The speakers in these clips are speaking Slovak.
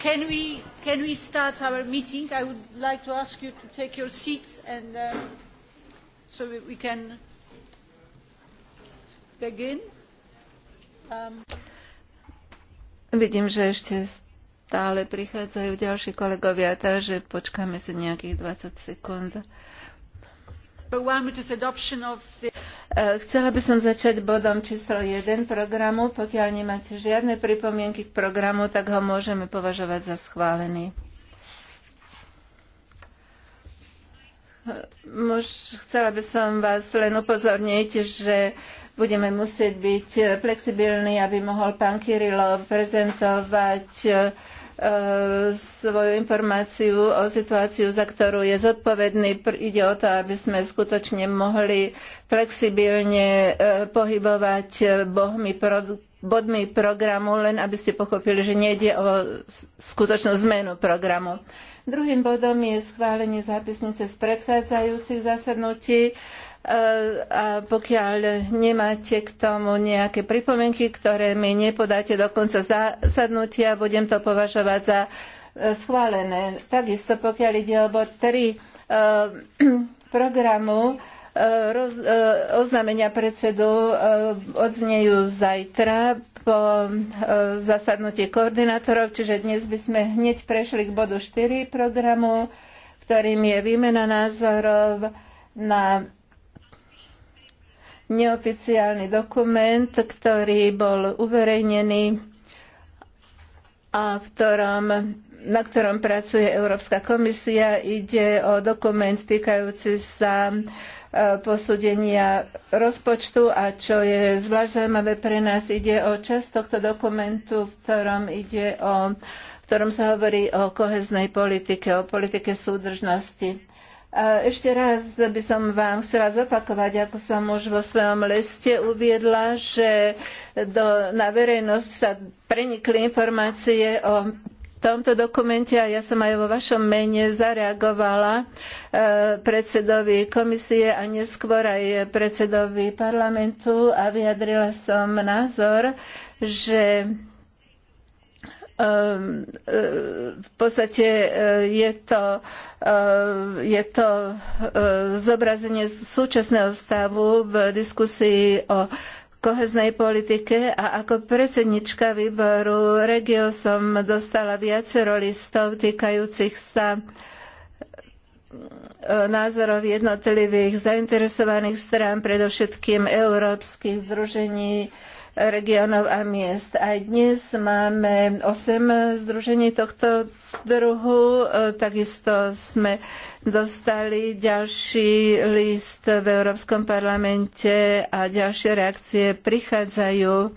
can we can we start our meeting? I would like to ask you to take your seats and uh, so we, we can begin. Um. Vidím, že ešte stále prichádzajú ďalší kolegovia, takže počkáme si nejakých 20 sekúnd. E, chcela by som začať bodom číslo 1 programu. Pokiaľ nemáte žiadne pripomienky k programu, tak ho môžeme považovať za schválený. E, chcela by som vás len upozorniť, že budeme musieť byť flexibilní, aby mohol pán Kirilo prezentovať e, E, svoju informáciu o situáciu, za ktorú je zodpovedný. Ide o to, aby sme skutočne mohli flexibilne e, pohybovať e, bohmi bodmi programu, len aby ste pochopili, že nejde o skutočnú zmenu programu. Druhým bodom je schválenie zápisnice z predchádzajúcich zasadnutí. E, a pokiaľ nemáte k tomu nejaké pripomienky, ktoré mi nepodáte do konca zasadnutia, budem to považovať za e, schválené. Takisto pokiaľ ide o bod 3 e, programu, roz, oznámenia predsedu odznejú zajtra po zasadnutí koordinátorov, čiže dnes by sme hneď prešli k bodu 4 programu, ktorým je výmena názorov na neoficiálny dokument, ktorý bol uverejnený a v ktorom, na ktorom pracuje Európska komisia. Ide o dokument týkajúci sa e, posúdenia rozpočtu a čo je zvlášť zaujímavé pre nás, ide o časť tohto dokumentu, v ktorom ide o v ktorom sa hovorí o koheznej politike, o politike súdržnosti. Ešte raz by som vám chcela zopakovať, ako som už vo svojom liste uviedla, že do, na verejnosť sa prenikli informácie o tomto dokumente a ja som aj vo vašom mene zareagovala e, predsedovi komisie a neskôr aj predsedovi parlamentu a vyjadrila som názor, že Ehm, ehm, v podstate eh, je to, eh, je to eh, zobrazenie súčasného stavu v diskusii o koheznej politike a ako predsednička výboru Regio som dostala viacero listov týkajúcich sa názorov jednotlivých zainteresovaných strán, predovšetkým európskych združení, regionov a miest. Aj dnes máme 8 združení tohto druhu. E, Takisto sme dostali ďalší list v Európskom parlamente a ďalšie reakcie prichádzajú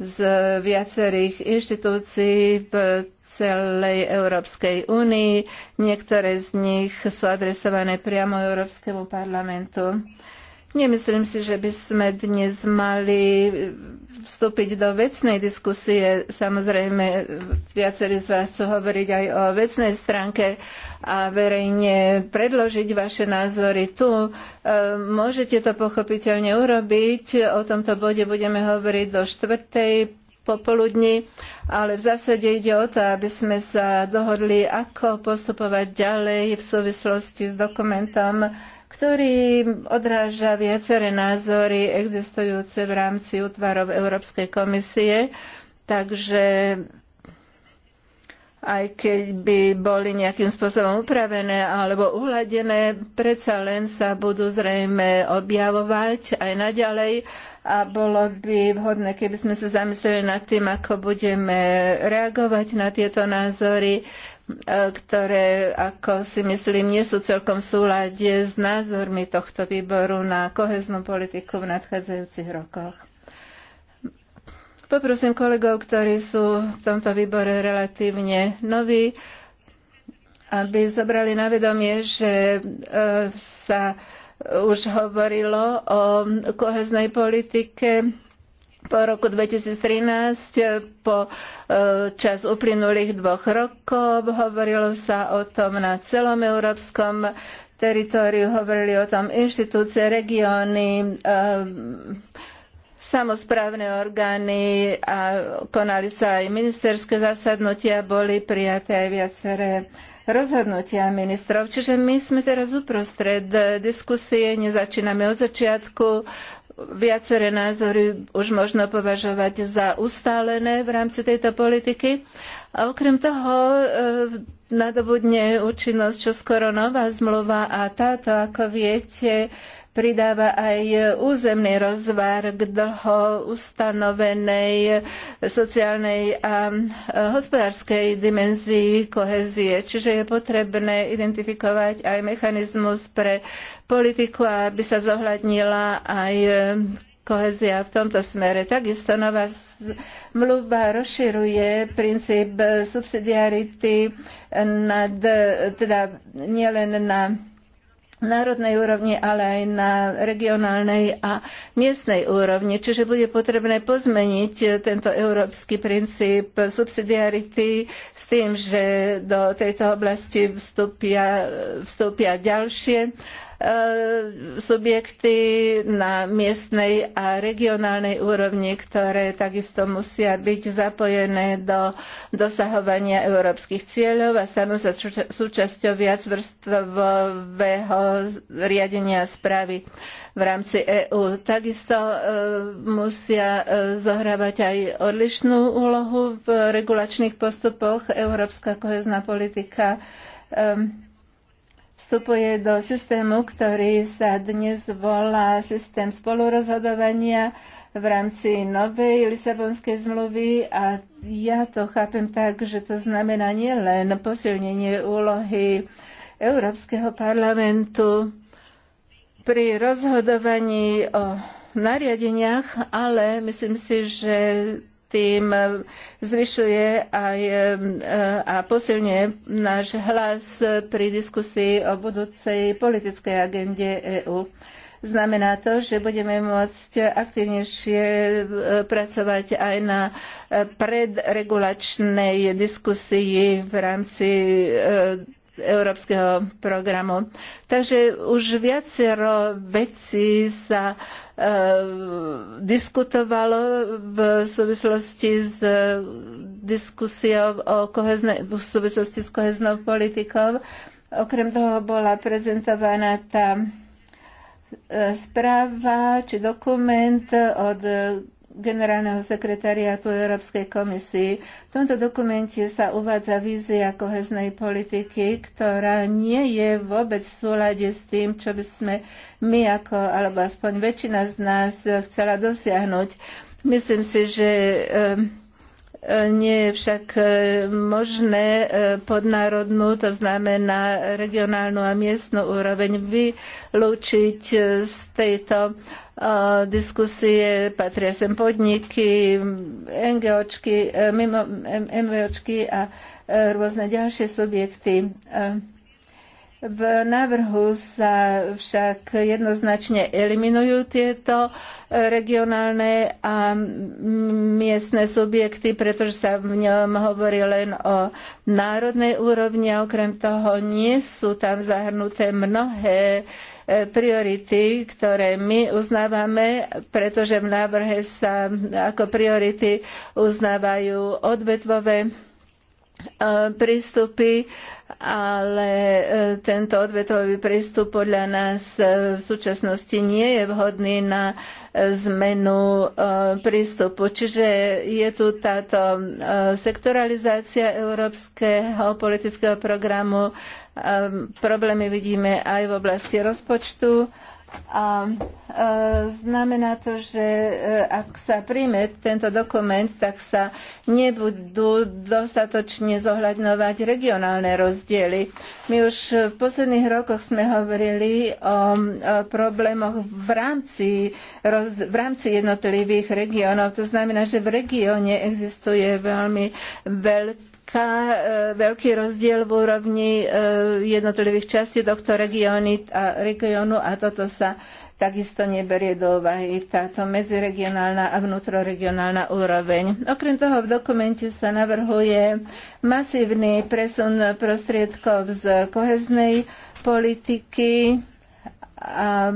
z viacerých inštitúcií v celej Európskej únii. Niektoré z nich sú adresované priamo Európskemu parlamentu. Nemyslím si, že by sme dnes mali vstúpiť do vecnej diskusie. Samozrejme, viacerí z vás chcú hovoriť aj o vecnej stránke a verejne predložiť vaše názory tu. E, môžete to pochopiteľne urobiť. O tomto bode budeme hovoriť do štvrtej popoludní, ale v zásade ide o to, aby sme sa dohodli, ako postupovať ďalej v súvislosti s dokumentom ktorý odráža viaceré názory existujúce v rámci útvarov Európskej komisie. Takže aj keď by boli nejakým spôsobom upravené alebo uhladené, predsa len sa budú zrejme objavovať aj naďalej a bolo by vhodné, keby sme sa zamysleli nad tým, ako budeme reagovať na tieto názory E, ktoré, ako si myslím, nie sú celkom v súlade s názormi tohto výboru na koheznú politiku v nadchádzajúcich rokoch. Poprosím kolegov, ktorí sú v tomto výbore relatívne noví, aby zobrali na vedomie, že e, sa už hovorilo o koheznej politike po roku 2013, po e, čas uplynulých dvoch rokov, hovorilo sa o tom na celom európskom teritoriu, hovorili o tom inštitúcie, regióny, e, samozprávne orgány a konali sa aj ministerské zasadnutia, boli prijaté aj viaceré rozhodnutia ministrov. Čiže my sme teraz uprostred diskusie, nezačíname od začiatku, viaceré názory už možno považovať za ustálené v rámci tejto politiky. A okrem toho e, nadobudne účinnosť čoskoro nová zmluva a táto, ako viete, pridáva aj územný rozvar k dlho ustanovenej sociálnej a hospodárskej dimenzii kohezie. Čiže je potrebné identifikovať aj mechanizmus pre politiku, aby sa zohľadnila aj kohezia v tomto smere. Takisto nová mluva rozširuje princíp subsidiarity nad, teda nielen na národnej úrovni, ale aj na regionálnej a miestnej úrovni. Čiže bude potrebné pozmeniť tento európsky princíp subsidiarity s tým, že do tejto oblasti vstúpia, vstúpia ďalšie E, subjekty na miestnej a regionálnej úrovni, ktoré takisto musia byť zapojené do dosahovania európskych cieľov a stanú sa súčasťou viacvrstového riadenia správy v rámci EÚ. Takisto e, musia e, zohrávať aj odlišnú úlohu v regulačných postupoch. Európska kohezná politika vstupuje do systému, ktorý sa dnes volá systém spolurozhodovania v rámci novej Lisabonskej zmluvy a ja to chápem tak, že to znamená nielen posilnenie úlohy Európskeho parlamentu pri rozhodovaní o nariadeniach, ale myslím si, že tým e, zvyšuje aj e, e, a posilňuje náš hlas pri diskusii o budúcej politickej agende EÚ. Znamená to, že budeme môcť aktivnejšie pracovať aj na predregulačnej diskusii v rámci európskeho programu. Takže už viacero vecí sa e, diskutovalo v súvislosti s diskusiou o kohezne, v súvislosti s koheznou politikou. Okrem toho bola prezentovaná tá e, správa či dokument od generálneho sekretariátu Európskej komisii. V tomto dokumente sa uvádza vízia koheznej politiky, ktorá nie je vôbec v súlade s tým, čo by sme my ako, alebo aspoň väčšina z nás e, chcela dosiahnuť. Myslím si, že e, e, nie je však možné podnárodnú, to znamená regionálnu a miestnu úroveň, vylúčiť z tejto diskusie, patria sem podniky, NGOčky, e, mimo, MVOčky a e, rôzne ďalšie subjekty. V návrhu sa však jednoznačne eliminujú tieto e, regionálne a miestne subjekty, pretože sa v ňom hovorí len o národnej úrovni a okrem toho nie sú tam zahrnuté mnohé e, priority, ktoré my uznávame, pretože v návrhe sa ako priority uznávajú odvetvové e, prístupy, ale e, tento odvetový prístup podľa nás e, v súčasnosti nie je vhodný na e, zmenu prístupu. Čiže je tu táto sektoralizácia európskeho politického programu. Problémy vidíme aj v oblasti rozpočtu a e, znamená to, že e, ak sa príjme tento dokument, tak sa nebudú dostatočne zohľadňovať regionálne rozdiely. My už v posledných rokoch sme hovorili o, o problémoch v rámci, roz, v rámci jednotlivých regiónov. To znamená, že v regióne existuje veľmi veľký veľká, e, veľký rozdiel v úrovni e, jednotlivých častí tohto regiónu a, regionu a toto sa takisto neberie do úvahy táto medziregionálna a vnútroregionálna úroveň. Okrem toho v dokumente sa navrhuje masívny presun prostriedkov z koheznej politiky a e,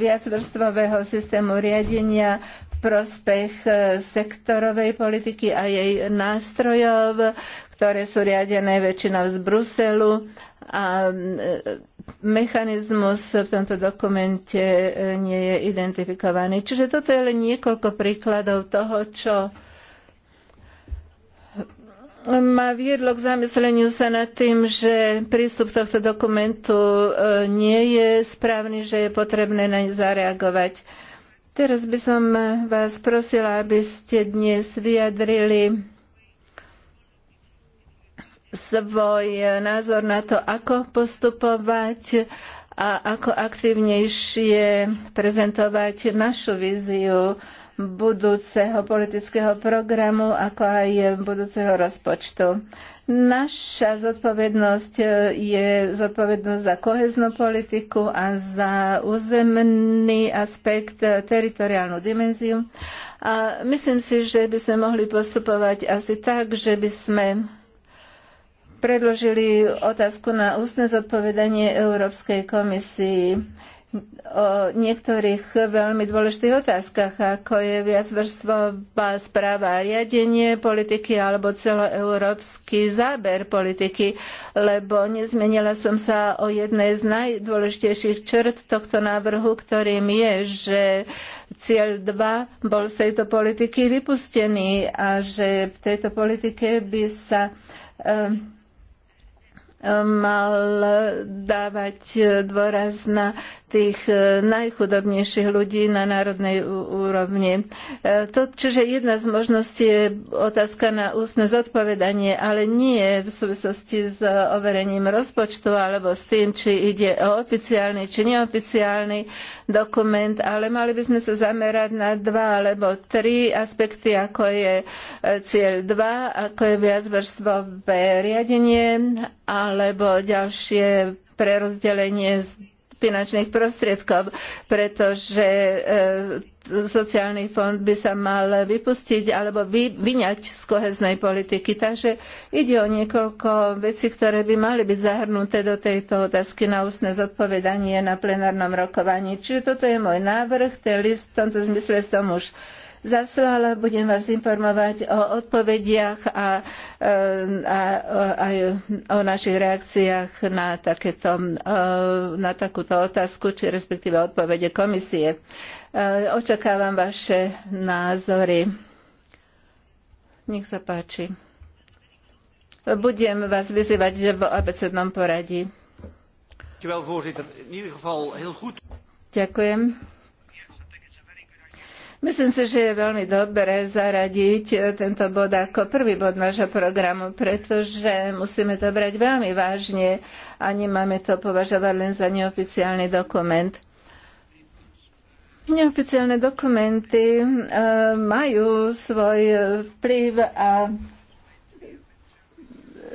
viacvrstvového systému riadenia prospech e, sektorovej politiky a jej nástrojov, ktoré sú riadené väčšinou z Bruselu a e, mechanizmus v tomto dokumente e, nie je identifikovaný. Čiže toto je len niekoľko príkladov toho, čo ma viedlo k zamysleniu sa nad tým, že prístup tohto dokumentu nie je správny, že je potrebné na ne zareagovať. Teraz by som eh, vás prosila, aby ste dnes vyjadrili svoj eh, názor na to, ako postupovať a ako aktivnejšie prezentovať našu víziu budúceho politického programu, ako aj budúceho rozpočtu. Naša zodpovednosť e, je zodpovednosť za koheznú politiku a za územný aspekt, e, teritoriálnu dimenziu. A myslím si, že by sme mohli postupovať asi tak, že by sme predložili otázku na ústne zodpovedanie Európskej komisii o niektorých veľmi dôležitých otázkach, ako je viacvrstvová správa a riadenie politiky alebo celoeurópsky záber politiky, lebo nezmenila som sa o jednej z najdôležitejších črt tohto návrhu, ktorým je, že cieľ 2 bol z tejto politiky vypustený a že v tejto politike by sa um, mal dávať dôraz na tých e, najchudobnejších ľudí na národnej úrovni. E, to, čiže jedna z možností je otázka na ústne zodpovedanie, ale nie v súvislosti s overením rozpočtu alebo s tým, či ide o oficiálny či neoficiálny dokument, ale mali by sme sa zamerať na dva alebo tri aspekty, ako je e, cieľ 2, ako je v riadenie alebo ďalšie prerozdelenie finančných prostriedkov, pretože e, sociálny fond by sa mal vypustiť alebo vy, vyňať z koheznej politiky. Takže ide o niekoľko vecí, ktoré by mali byť zahrnuté do tejto otázky na ústne zodpovedanie na plenárnom rokovaní. Čiže toto je môj návrh, ten list v tomto zmysle som už zaslala. Budem vás informovať o odpovediach eh, a, a, aj o našich reakciách na, takéto, eh, na takúto otázku, či respektíve odpovede komisie. Eh, očakávam vaše názory. Nech sa páči. Budem vás vyzývať v abecednom poradí. Ďakujem. Myslím si, že je veľmi dobré zaradiť e, tento bod ako prvý bod nášho programu, pretože musíme to brať veľmi vážne a nemáme to považovať len za neoficiálny dokument. Neoficiálne dokumenty e, majú svoj vplyv a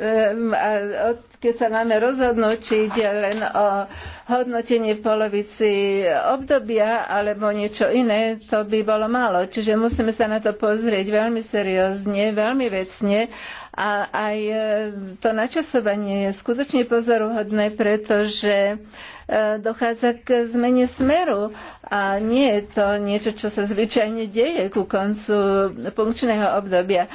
e, a od keď sa máme rozhodnúť, či ide len o hodnotenie v polovici obdobia alebo niečo iné, to by bolo málo. Čiže musíme sa na to pozrieť veľmi seriózne, veľmi vecne a aj to načasovanie je skutočne pozoruhodné, pretože dochádza k zmene smeru a nie je to niečo, čo sa zvyčajne deje ku koncu funkčného obdobia.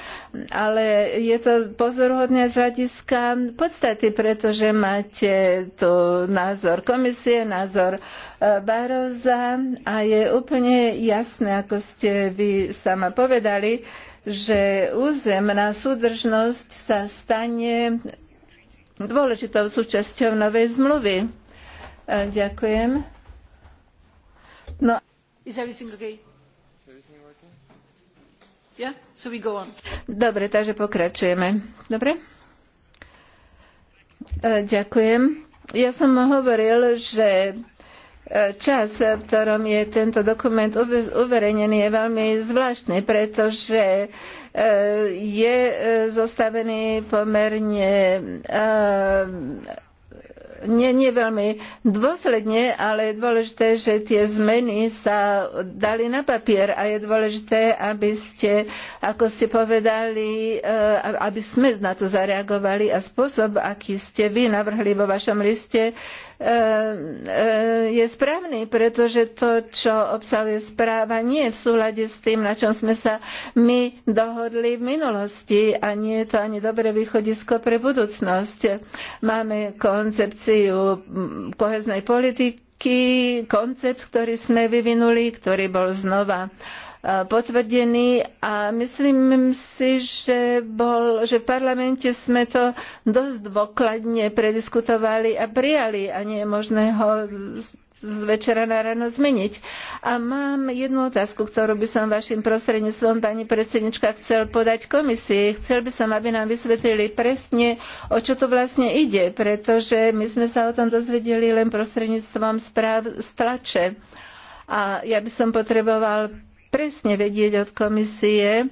Ale je to pozorhodné z hľadiska podstaty, pretože máte tu názor komisie, názor e, Baroza a je úplne jasné, ako ste vy sama povedali, že územná súdržnosť sa stane dôležitou súčasťou novej zmluvy. Ďakujem. No. Is everything okay? Is everything working? Yeah? So we go on. Dobre, takže pokračujeme. Dobre? E, ďakujem. Ja som hovoril, že e, čas, v ktorom je tento dokument uverejnený, je veľmi zvláštny, pretože e, je zostavený pomerne nie, nie veľmi dôsledne, ale je dôležité, že tie zmeny sa dali na papier a je dôležité, aby ste, ako ste povedali, eh, aby sme na to zareagovali a spôsob, aký ste vy navrhli vo vašom liste, E, e, je správny, pretože to, čo obsahuje správa, nie je v súlade s tým, na čom sme sa my dohodli v minulosti a nie je to ani dobré východisko pre budúcnosť. Máme koncepciu koheznej politiky, koncept, ktorý sme vyvinuli, ktorý bol znova potvrdený a myslím si, že, bol, že v parlamente sme to dosť dôkladne prediskutovali a prijali a nie je možné ho z večera na ráno zmeniť. A mám jednu otázku, ktorú by som vašim prostredníctvom, pani predsednička, chcel podať komisii. Chcel by som, aby nám vysvetlili presne, o čo to vlastne ide, pretože my sme sa o tom dozvedeli len prostredníctvom správ z tlače. A ja by som potreboval presne vedieť od komisie,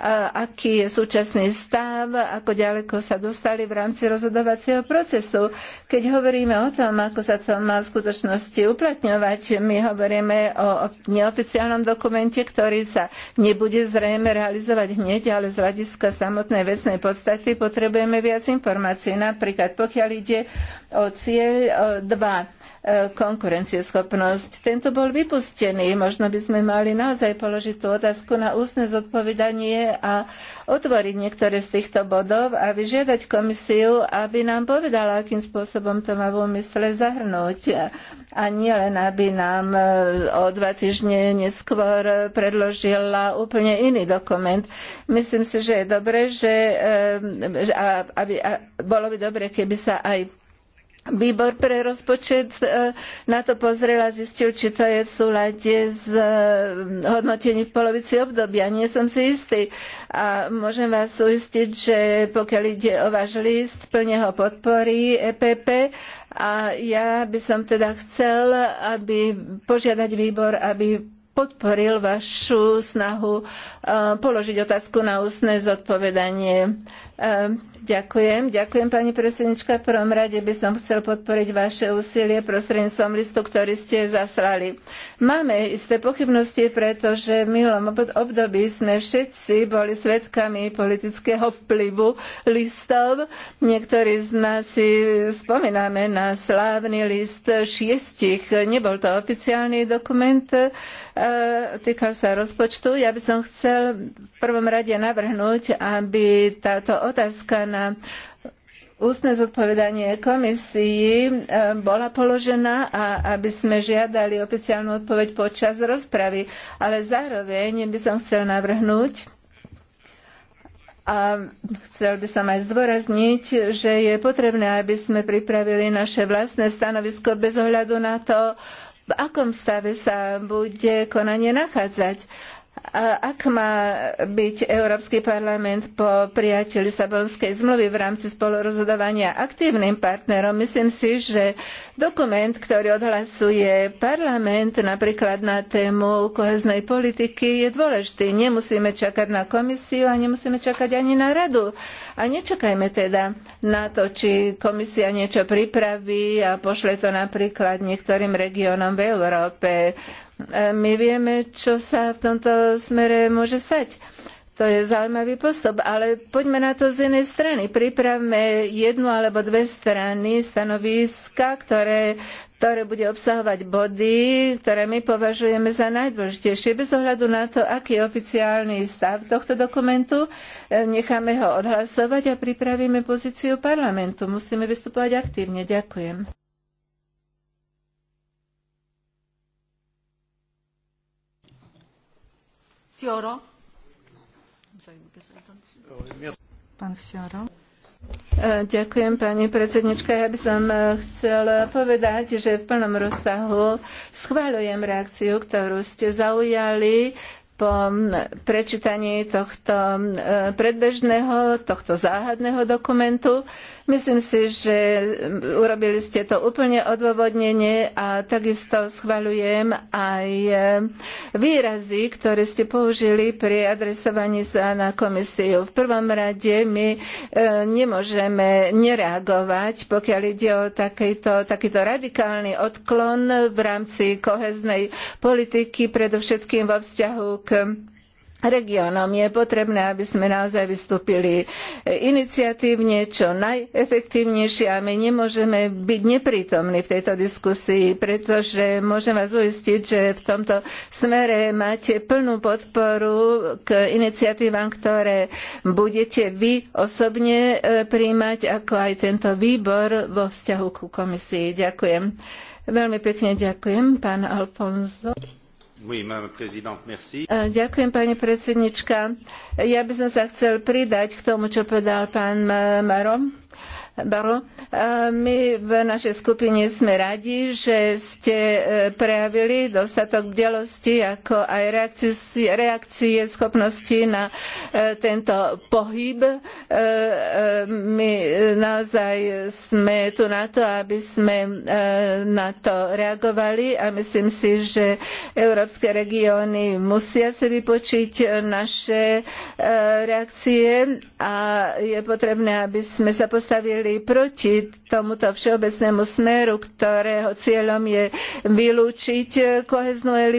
aký je súčasný stav, ako ďaleko sa dostali v rámci rozhodovacieho procesu. Keď hovoríme o tom, ako sa to má v skutočnosti uplatňovať, my hovoríme o neoficiálnom dokumente, ktorý sa nebude zrejme realizovať hneď, ale z hľadiska samotnej vecnej podstaty potrebujeme viac informácií. Napríklad, pokiaľ ide o cieľ 2 e, konkurencieschopnosť. Tento bol vypustený. Možno by sme mali naozaj položiť tú otázku na ústne zodpovedanie a otvoriť niektoré z týchto bodov a vyžiadať komisiu, aby nám povedala, akým spôsobom to má v úmysle zahrnúť. A nie len, aby nám e, o dva týždne neskôr predložila úplne iný dokument. Myslím si, že je dobre, že, e, aby, a, bolo by dobre, keby sa aj Výbor pre rozpočet e, na to pozrel a zistil, či to je v súlade s e, hodnotením v polovici obdobia. Nie som si istý. A môžem vás uistiť, že pokiaľ ide o váš list, plne ho podporí EPP a ja by som teda chcel, aby požiadať výbor, aby podporil vašu snahu e, položiť otázku na ústne zodpovedanie. Ďakujem, ďakujem pani predsednička. V prvom rade by som chcel podporiť vaše úsilie prostredníctvom listu, ktorý ste zaslali. Máme isté pochybnosti, pretože v minulom období sme všetci boli svedkami politického vplyvu listov. Niektorí z nás si spomíname na slávny list šiestich. Nebol to oficiálny dokument, E, týkal sa rozpočtu. Ja by som chcel v prvom rade navrhnúť, aby táto otázka na ústne zodpovedanie komisii e, bola položená a aby sme žiadali oficiálnu odpoveď počas rozpravy. Ale zároveň by som chcel navrhnúť a chcel by som aj zdôrazniť, že je potrebné, aby sme pripravili naše vlastné stanovisko bez ohľadu na to, v akom stave sa bude konanie nachádzať. A ak má byť Európsky parlament po prijatí Lisabonskej zmluvy v rámci spolurozhodovania aktívnym partnerom, myslím si, že dokument, ktorý odhlasuje parlament napríklad na tému koheznej politiky, je dôležitý. Nemusíme čakať na komisiu a nemusíme čakať ani na radu. A nečakajme teda na to, či komisia niečo pripraví a pošle to napríklad niektorým regiónom v Európe my vieme, čo sa v tomto smere môže stať. To je zaujímavý postup, ale poďme na to z inej strany. Pripravme jednu alebo dve strany stanoviska, ktoré, ktoré bude obsahovať body, ktoré my považujeme za najdôležitejšie. Bez ohľadu na to, aký je oficiálny stav tohto dokumentu, e, necháme ho odhlasovať a pripravíme pozíciu parlamentu. Musíme vystupovať aktívne. Ďakujem. Pán Fioro. E, ďakujem, pani predsednička. Ja by som e, chcela povedať, že v plnom rozsahu schváľujem reakciu, ktorú ste zaujali po prečítaní tohto e, predbežného, tohto záhadného dokumentu. Myslím si, že urobili ste to úplne odôvodnenie a takisto schvaľujem aj e, výrazy, ktoré ste použili pri adresovaní sa na komisiu. V prvom rade my e, nemôžeme nereagovať, pokiaľ ide o takýto, takýto radikálny odklon v rámci koheznej politiky, predovšetkým vo vzťahu k regiónom. Je potrebné, aby sme naozaj vystúpili iniciatívne, čo najefektívnejšie a my nemôžeme byť neprítomní v tejto diskusii, pretože môžem vás uistiť, že v tomto smere máte plnú podporu k iniciatívam, ktoré budete vy osobne e, príjmať, ako aj tento výbor vo vzťahu ku komisii. Ďakujem. Veľmi pekne ďakujem, pán Alfonso. E, ďakujem, pani predsednička. Ja by som sa chcel pridať k tomu, čo povedal pán Maro. Uh, Baro. My v našej skupine sme radi, že ste e, prejavili dostatok bdelosti, ako aj reakcie, reakcie schopnosti na e, tento pohyb. E, my naozaj sme tu na to, aby sme na to reagovali a myslím si, že európske regióny musia si vypočiť naše reakcie a je potrebné, aby sme sa postavili postavili proti tomuto všeobecnému smeru, ktorého cieľom je vylúčiť koheznú e,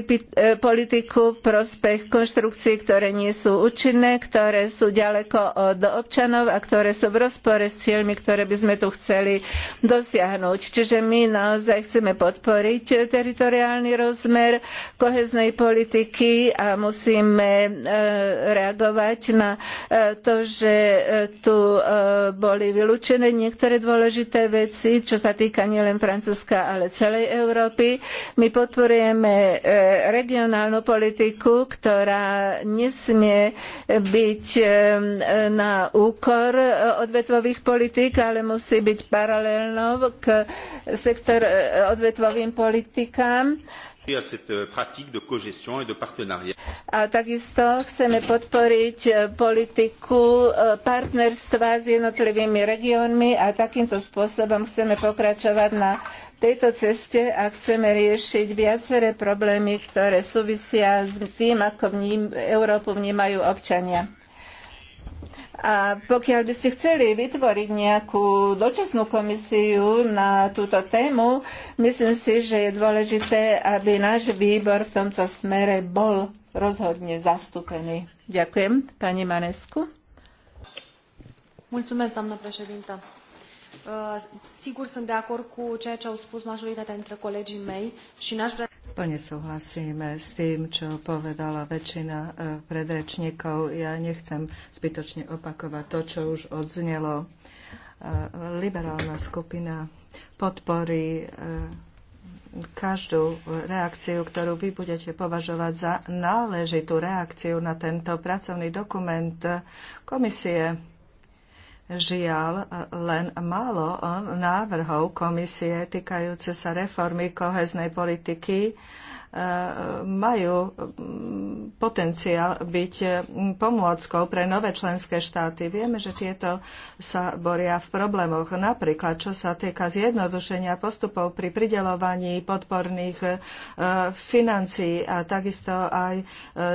politiku v prospech konštrukcií, ktoré nie sú účinné, ktoré sú ďaleko od občanov a ktoré sú v rozpore s cieľmi, ktoré by sme tu chceli dosiahnuť. Čiže my naozaj chceme podporiť teritoriálny rozmer koheznej politiky a musíme e, reagovať na e, to, že tu boli vylúčené niektoré dôležité veci, čo sa týka nielen Francúzska, ale celej Európy. My podporujeme e, regionálnu politiku, ktorá nesmie byť e, na úkor e, odvetvových politík, ale musí byť paralelnou k sektor odvetvovým politikám Euh, a takisto chceme podporiť e, politiku e, partnerstva s jednotlivými regiónmi a takýmto spôsobom chceme pokračovať na tejto ceste a chceme riešiť viaceré problémy, ktoré súvisia s tým, ako vním, Európu vnímajú občania. A pokiaľ by ste chceli vytvoriť nejakú dočasnú komisiu na túto tému, myslím si, že je dôležité, aby náš výbor v tomto smere bol rozhodne zastúpený. Ďakujem. Pani Manesku. Mulțumesc, doamnă președintă. Uh, sigur sunt de acord cu ceea ce au spus majoritatea dintre colegii mei și n-aș vrea... Plne súhlasíme s tým, čo povedala väčšina uh, predrečníkov. Ja nechcem zbytočne opakovať to, čo už odznelo. Uh, liberálna skupina podporí každú reakciu, ktorú vy budete považovať za náležitú reakciu na tento pracovný dokument komisie Žiaľ, len málo eh, návrhov komisie týkajúce sa reformy koheznej politiky eh, majú mm, potenciál byť eh, pomôckou pre nové členské štáty. Vieme, že tieto sa boria v problémoch. Napríklad, čo sa týka zjednodušenia postupov pri prideľovaní podporných financií a takisto aj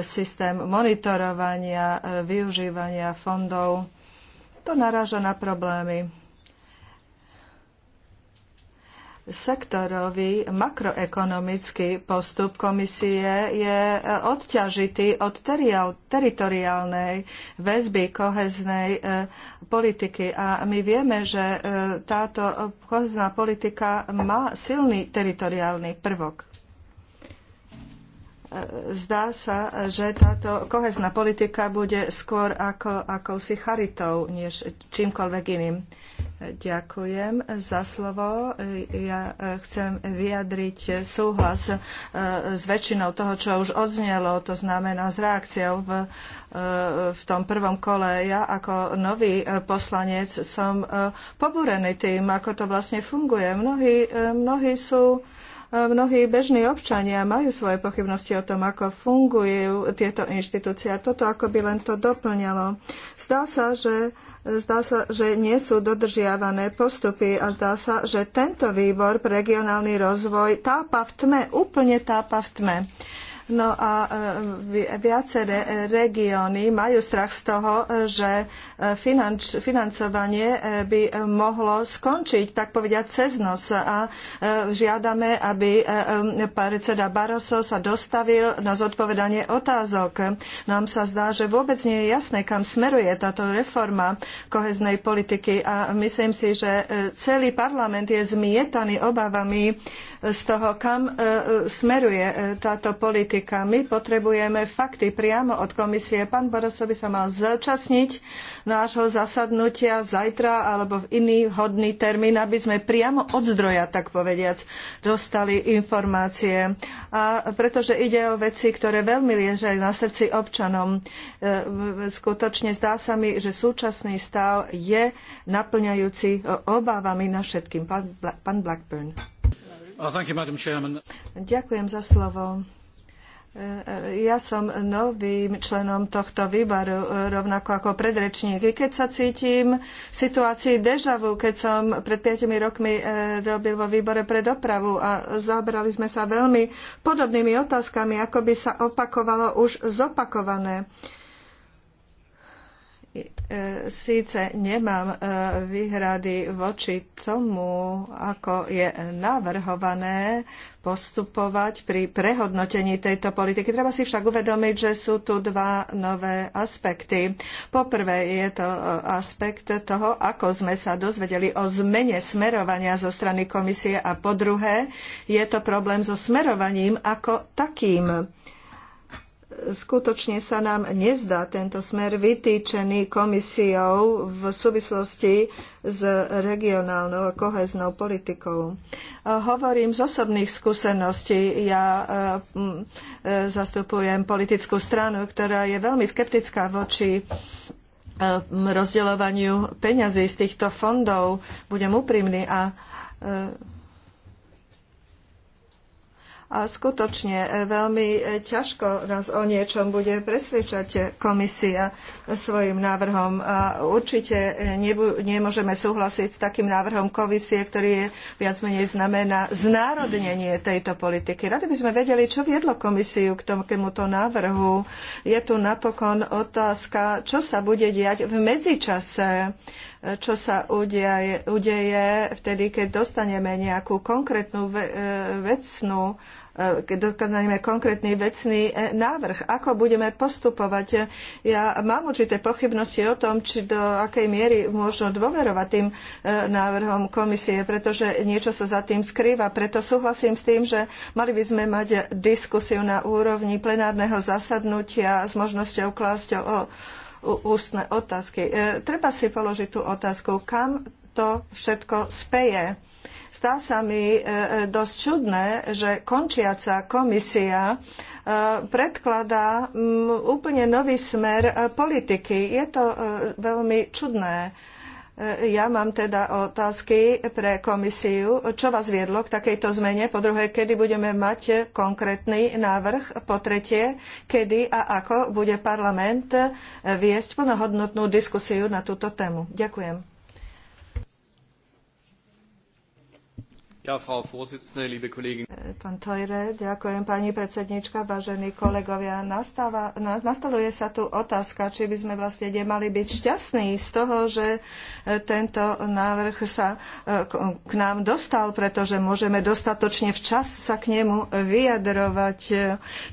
systém monitorovania využívania fondov to naráža na problémy. Sektorový makroekonomický postup komisie je e, odťažitý od teritoriálnej väzby koheznej e, politiky a my vieme, že e, táto kohezná politika má silný teritoriálny prvok zdá sa, že táto kohezná politika bude skôr ako, akousi charitou, než čímkoľvek iným. Ďakujem za slovo. Ja e, chcem vyjadriť súhlas e, s väčšinou toho, čo už odznelo, to znamená s reakciou v, e, v tom prvom kole. Ja ako nový poslanec som pobúrený tým, ako to vlastne funguje. Mnohí, mnohí sú mnohí bežní občania majú svoje pochybnosti o tom, ako fungujú tieto inštitúcie a toto ako by len to doplňalo. Zdá sa, že, zdá sa, že nie sú dodržiavané postupy a zdá sa, že tento výbor pre regionálny rozvoj tápa v tme, úplne tápa v tme. No a e, viaceré regióny majú strach z toho, že e, finanč, financovanie e, by mohlo skončiť, tak povediať, cez noc. A žiadame, aby predseda Barroso sa dostavil na zodpovedanie otázok. Nám sa zdá, že vôbec nie je jasné, kam smeruje táto reforma koheznej politiky a myslím si, že celý parlament je zmietaný obavami z toho, kam smeruje táto politika politikami. Potrebujeme fakty priamo od komisie. Pán Borosovi by sa mal zúčastniť nášho zasadnutia zajtra alebo v iný hodný termín, aby sme priamo od zdroja, tak povediac, dostali informácie. A pretože ide o veci, ktoré veľmi liežajú na srdci občanom. E, skutočne zdá sa mi, že súčasný stav je naplňajúci obávami na všetkým. Pán Blackburn. Oh, you, Ďakujem za slovo. Ja som novým členom tohto výboru, rovnako ako predrečník. I keď sa cítim v situácii deja vu, keď som pred 5 rokmi eh, robil vo výbore pre dopravu a zaoberali sme sa veľmi podobnými otázkami, ako by sa opakovalo už zopakované. Síce nemám e, výhrady voči tomu, ako je navrhované postupovať pri prehodnotení tejto politiky. Treba si však uvedomiť, že sú tu dva nové aspekty. Poprvé je to e, aspekt toho, ako sme sa dozvedeli o zmene smerovania zo strany komisie a po druhé je to problém so smerovaním ako takým skutočne sa nám nezdá tento smer vytýčený komisiou v súvislosti s regionálnou a koheznou politikou. E, hovorím z osobných skúseností. Ja e, e, zastupujem politickú stranu, ktorá je veľmi skeptická voči rozdeľovaniu peňazí z týchto fondov. Budem úprimný a a skutočne e, veľmi e, ťažko nás o niečom bude presvedčať e, komisia svojim návrhom. A určite nemôžeme súhlasiť s takým návrhom komisie, ktorý je viac menej znamená znárodnenie tejto politiky. Radi by sme vedeli, čo viedlo komisiu k tomuto návrhu. Je tu napokon otázka, čo sa bude diať v medzičase čo sa udeje, udeje vtedy, keď dostaneme nejakú konkrétnu e, vecnú e, keď dokonaneme konkrétny vecný e, návrh, ako budeme postupovať. Ja mám určité pochybnosti o tom, či do akej miery možno dôverovať tým návrhom komisie, pretože niečo sa za tým skrýva. Preto súhlasím s tým, že mali by sme mať diskusiu na úrovni plenárneho zasadnutia s možnosťou klásť o ústne otázky. E, treba si položiť tú otázku, kam to všetko speje. Zdá sa mi e, e, dosť čudné, že končiaca komisia predkladá úplne nový smer politiky. Je to veľmi čudné E, ja mám teda otázky pre komisiu. Čo vás viedlo k takejto zmene? Po druhé, kedy budeme mať konkrétny návrh? Po tretie, kedy a ako bude parlament viesť plnohodnotnú diskusiu na túto tému? Ďakujem. E, pán Tojre, ďakujem pani predsednička, vážení kolegovia. Nastáva, sa tu otázka, či by sme vlastne nemali byť šťastní z toho, že e, tento návrh sa e, k nám dostal, pretože môžeme dostatočne včas sa k nemu vyjadrovať.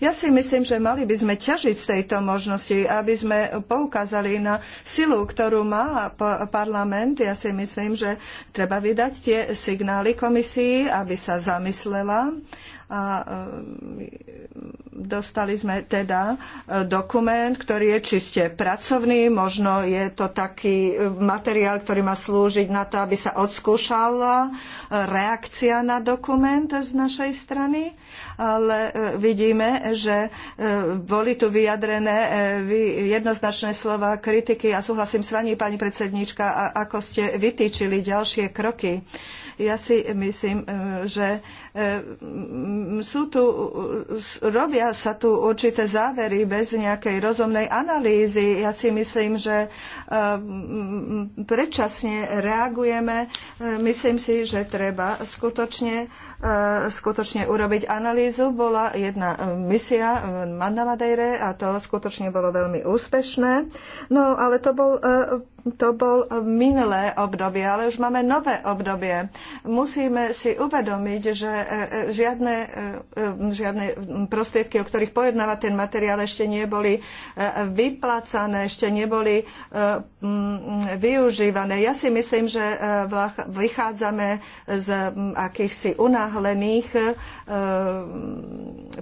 Ja si myslím, že mali by sme ťažiť z tejto možnosti, aby sme poukázali na silu, ktorú má parlament. Ja si myslím, že treba vydať tie signály komisii komisii, aby sa zamyslela a e, dostali sme teda e, dokument, ktorý je čiste pracovný, možno je to taký e, materiál, ktorý má slúžiť na to, aby sa odskúšala reakcia na dokument z našej strany ale e, vidíme, že e, boli tu vyjadrené e, jednoznačné slova kritiky a súhlasím s vami, pani predsedníčka, ako ste vytýčili ďalšie kroky. Ja si myslím, že sú tu, robia sa tu určité závery bez nejakej rozumnej analýzy. Ja si myslím, že predčasne reagujeme. Myslím si, že treba skutočne, skutočne urobiť analýzu Paradisu bola jedna e, misia v e, Mandamadejre a to skutočne bolo veľmi úspešné. No ale to bol e, to bol minulé obdobie, ale už máme nové obdobie. Musíme si uvedomiť, že e, e, žiadne, e, žiadne prostriedky, o ktorých pojednáva ten materiál, ešte neboli vyplacané, ešte neboli využívané. Ja si myslím, že vychádzame z akýchsi unáhlených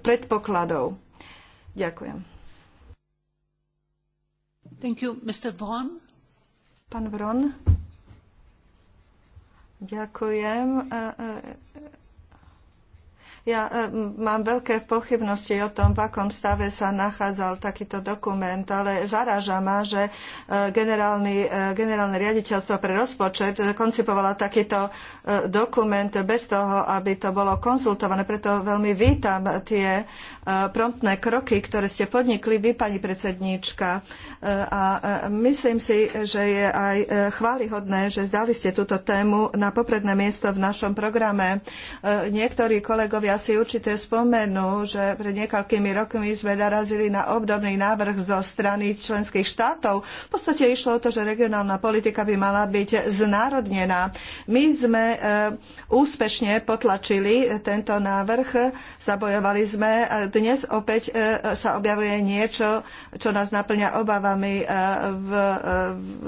predpokladov. Ďakujem. Thank you, Mr. Vaughan. Pán Vron. Ďakujem e, e, ja eh, mám veľké pochybnosti o tom, v akom stave sa nachádzal takýto dokument, ale zaráža ma, že eh, generálny, eh, generálne riaditeľstvo pre rozpočet koncipovala takýto dokument bez toho, aby to bolo konzultované. Preto veľmi vítam tie promptné kroky, ktoré ste podnikli vy, pani predsedníčka. A myslím si, že je aj chválihodné, že zdali ste túto tému na popredné miesto v našom programe. Niektorí kolegovia ja si určite spomenú, že pred niekoľkými rokmi sme narazili na obdobný návrh zo strany členských štátov. V podstate išlo o to, že regionálna politika by mala byť znárodnená. My sme eh, úspešne potlačili tento návrh, zabojovali sme. Dnes opäť eh, sa objavuje niečo, čo nás naplňa obavami eh, v, v,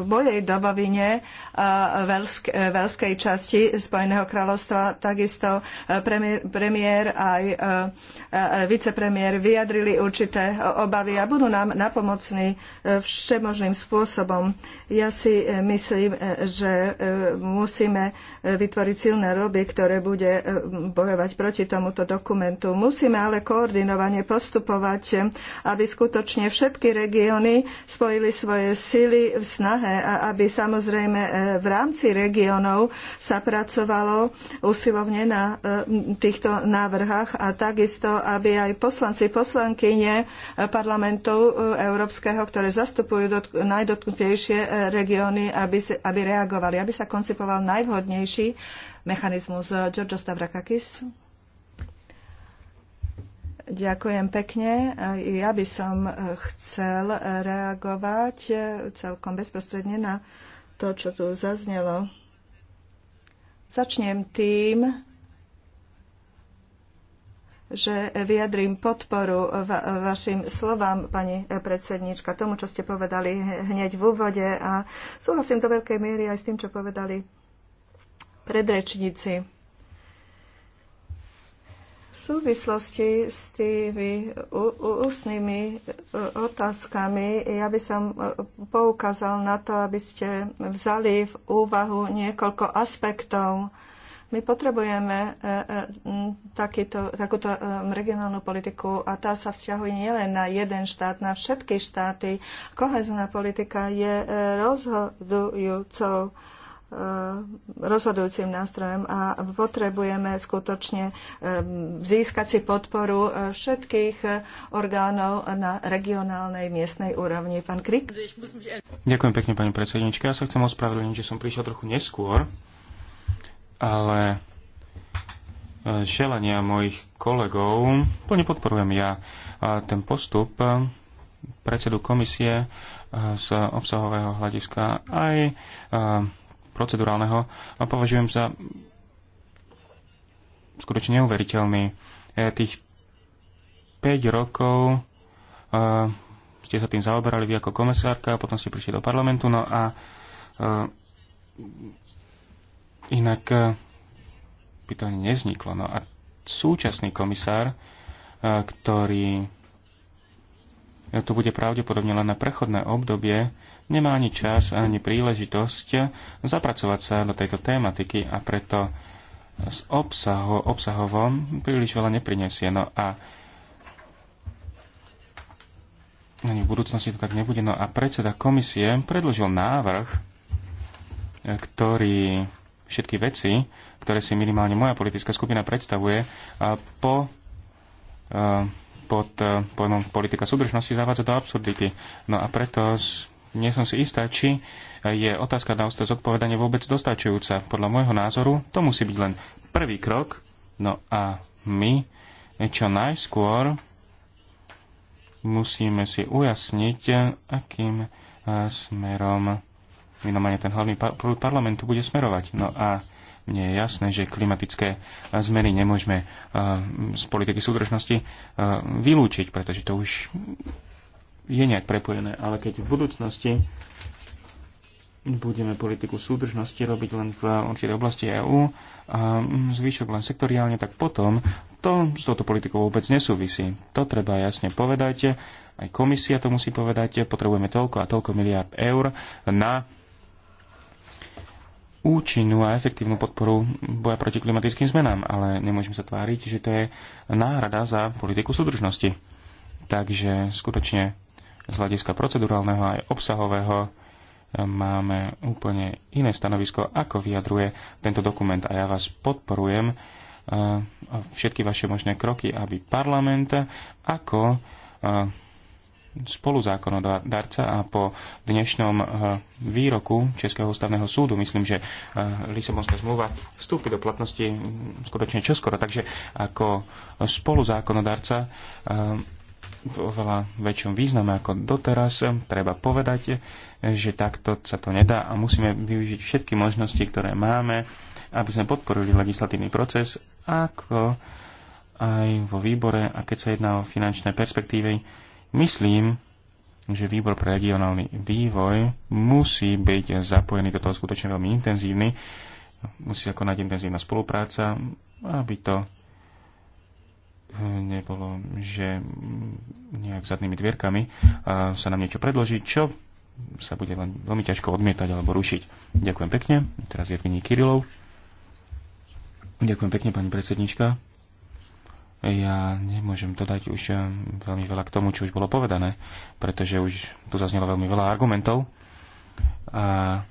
v mojej dobovine veľskej časti Spojeného kráľovstva takisto premiér premiér aj e, e, vicepremiér vyjadrili určité obavy a budú nám napomocní e, všemožným spôsobom. Ja si myslím, že musíme vytvoriť silné lobby, ktoré bude bojovať proti tomuto dokumentu. Musíme ale koordinovane postupovať, aby skutočne všetky regióny spojili svoje sily v snahe, aby samozrejme v rámci regiónov sa pracovalo usilovne na tých týchto návrhách a takisto, aby aj poslanci, poslankyne parlamentu eh, európskeho, ktoré zastupujú najdotknutejšie eh, regióny, aby, si, aby reagovali, aby sa koncipoval najvhodnejší mechanizmus. George Stavrakakis. Ďakujem pekne. Ja by som eh, chcel reagovať celkom bezprostredne na to, čo tu zaznelo. Začnem tým, že vyjadrím podporu vašim slovám, pani predsednička, tomu, čo ste povedali hneď v úvode a súhlasím do veľkej miery aj s tým, čo povedali predrečníci. V súvislosti s tými ústnymi otázkami ja by som poukázal na to, aby ste vzali v úvahu niekoľko aspektov my potrebujeme e, e, takýto, takúto e, regionálnu politiku a tá sa vzťahuje nielen na jeden štát, na všetky štáty. Kohezná politika je rozhodujúcou rozhodujúcim nástrojem a potrebujeme skutočne získať si podporu všetkých orgánov na regionálnej miestnej úrovni. Pán Krik. Ďakujem pekne, pani predsednička. Ja sa chcem ospravedlniť, že som prišiel trochu neskôr ale e, želania mojich kolegov plne podporujem ja. Ten postup e, predsedu komisie e, z obsahového hľadiska aj procedurálneho A považujem za skutočne neuveriteľný. Tých 5 rokov ste sa tým zaoberali vy ako komisárka, potom ste prišli do parlamentu, no a Inak e, by to nevzniklo. No a súčasný komisár, e, ktorý e, to bude pravdepodobne len na prechodné obdobie, nemá ani čas, ani príležitosť zapracovať sa do tejto tématiky a preto s obsaho, obsahovom príliš veľa neprinesie. No a ani v budúcnosti to tak nebude. No a predseda komisie predložil návrh, ktorý všetky veci, ktoré si minimálne moja politická skupina predstavuje, po, pod pojmom politika súdržnosti zavádza do absurdity. No a preto nie som si istá, či je otázka na ústa zodpovedanie vôbec dostačujúca. Podľa môjho názoru to musí byť len prvý krok, no a my čo najskôr musíme si ujasniť, akým smerom minimálne ten hlavný par- prúd parlamentu bude smerovať. No a mne je jasné, že klimatické zmeny nemôžeme eh, z politiky súdržnosti eh, vylúčiť, pretože to už je nejak prepojené. Ale keď v budúcnosti budeme politiku súdržnosti robiť len v určitej oblasti EÚ a zvyšok len sektoriálne, tak potom to s touto politikou vôbec nesúvisí. To treba jasne povedať, aj komisia to musí povedať, potrebujeme toľko a toľko miliard eur na účinnú a efektívnu podporu boja proti klimatickým zmenám, ale nemôžem sa tváriť, že to je náhrada za politiku súdržnosti. Takže skutočne z hľadiska procedurálneho aj obsahového e, máme úplne iné stanovisko, ako vyjadruje tento dokument. A ja vás podporujem e, všetky vaše možné kroky, aby parlament ako e, spoluzákonodarca a po dnešnom eh, výroku Českého ústavného súdu myslím, že eh, Lisabonská zmluva vstúpi do platnosti mm, skutočne čoskoro. Takže ako spoluzákonodarca eh, v oveľa väčšom význame ako doteraz treba povedať, že takto sa to nedá a musíme využiť všetky možnosti, ktoré máme, aby sme podporili legislatívny proces, ako aj vo výbore a keď sa jedná o finančné perspektívy, Myslím, že výbor pre regionálny vývoj musí byť zapojený do toho skutočne veľmi intenzívny. Musí sa konať intenzívna spolupráca, aby to eh, nebolo, že nejak zadnými dvierkami sa nám niečo predloží, čo sa bude len veľmi ťažko odmietať alebo rušiť. Ďakujem pekne. Teraz je v Kirilov. Ďakujem pekne, pani predsednička. Ja nemôžem dodať už eh, veľmi veľa k tomu, čo už bolo povedané, pretože už tu zaznelo veľmi veľa argumentov. A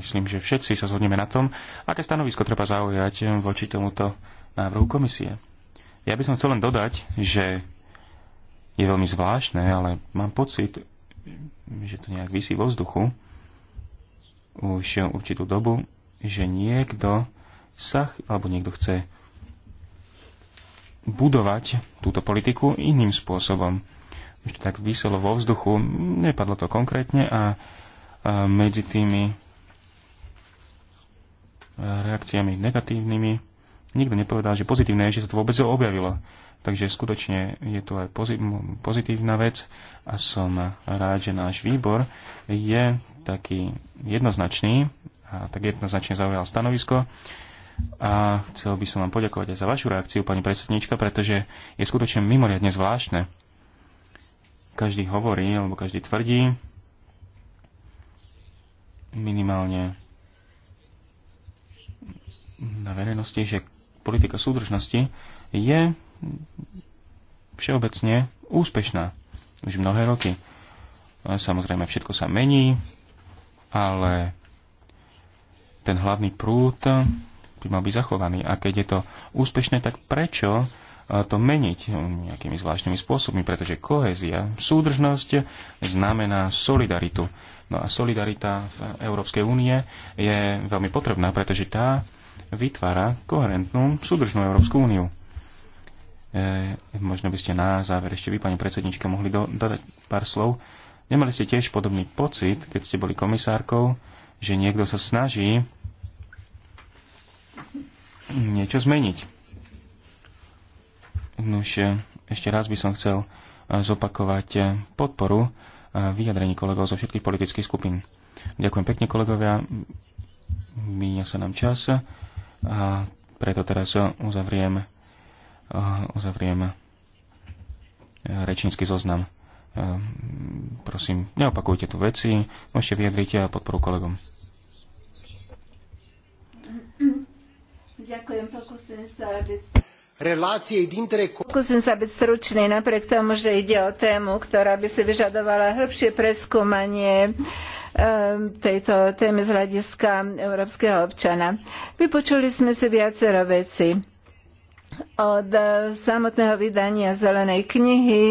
myslím, že všetci sa zhodneme na tom, aké stanovisko treba zaujať eh, voči tomuto návrhu komisie. Ja by som chcel len dodať, že je veľmi zvláštne, ale mám pocit, že to nejak vysí vo vzduchu, už určitú dobu, že niekto sa, alebo niekto chce budovať túto politiku iným spôsobom. Už to tak vyselo vo vzduchu, nepadlo to konkrétne a, a medzi tými e, reakciami negatívnymi nikto nepovedal, že pozitívne je, že sa to vôbec objavilo. Takže skutočne je tu aj pozitívna vec a som rád, že náš výbor je taký jednoznačný a tak jednoznačne zaujal stanovisko. A chcel by som vám poďakovať aj za vašu reakciu, pani predsednička, pretože je skutočne mimoriadne zvláštne. Každý hovorí, alebo každý tvrdí, minimálne na verejnosti, že politika súdržnosti je všeobecne úspešná už mnohé roky. Samozrejme, všetko sa mení, ale ten hlavný prúd by mal byť zachovaný. A keď je to úspešné, tak prečo e, to meniť nejakými zvláštnymi spôsobmi? Pretože kohézia, súdržnosť znamená solidaritu. No a solidarita v Európskej únie je veľmi potrebná, pretože tá vytvára koherentnú, súdržnú Európsku úniu. E, možno by ste na záver ešte vy, pani predsednička, mohli do, dodať pár slov Nemali ste tiež podobný pocit, keď ste boli komisárkou, že niekto sa snaží niečo zmeniť. Nuž, ešte raz by som chcel eh, zopakovať eh, podporu eh, vyjadrení kolegov zo všetkých politických skupín. Ďakujem pekne, kolegovia. Míňa sa nám čas a preto teraz uzavriem, uzavriem rečnícky zoznam. Ehm, prosím, neopakujte tu veci, môžete vyjadriť a podporu kolegom. Ďakujem, pokúsim sa byť relácie dintre... Pokúsim sa byť stručný, napriek tomu, že ide o tému, ktorá by si vyžadovala hĺbšie preskúmanie ehm, tejto témy z hľadiska európskeho občana. Vypočuli sme si viacero veci. Od eh, samotného vydania zelenej knihy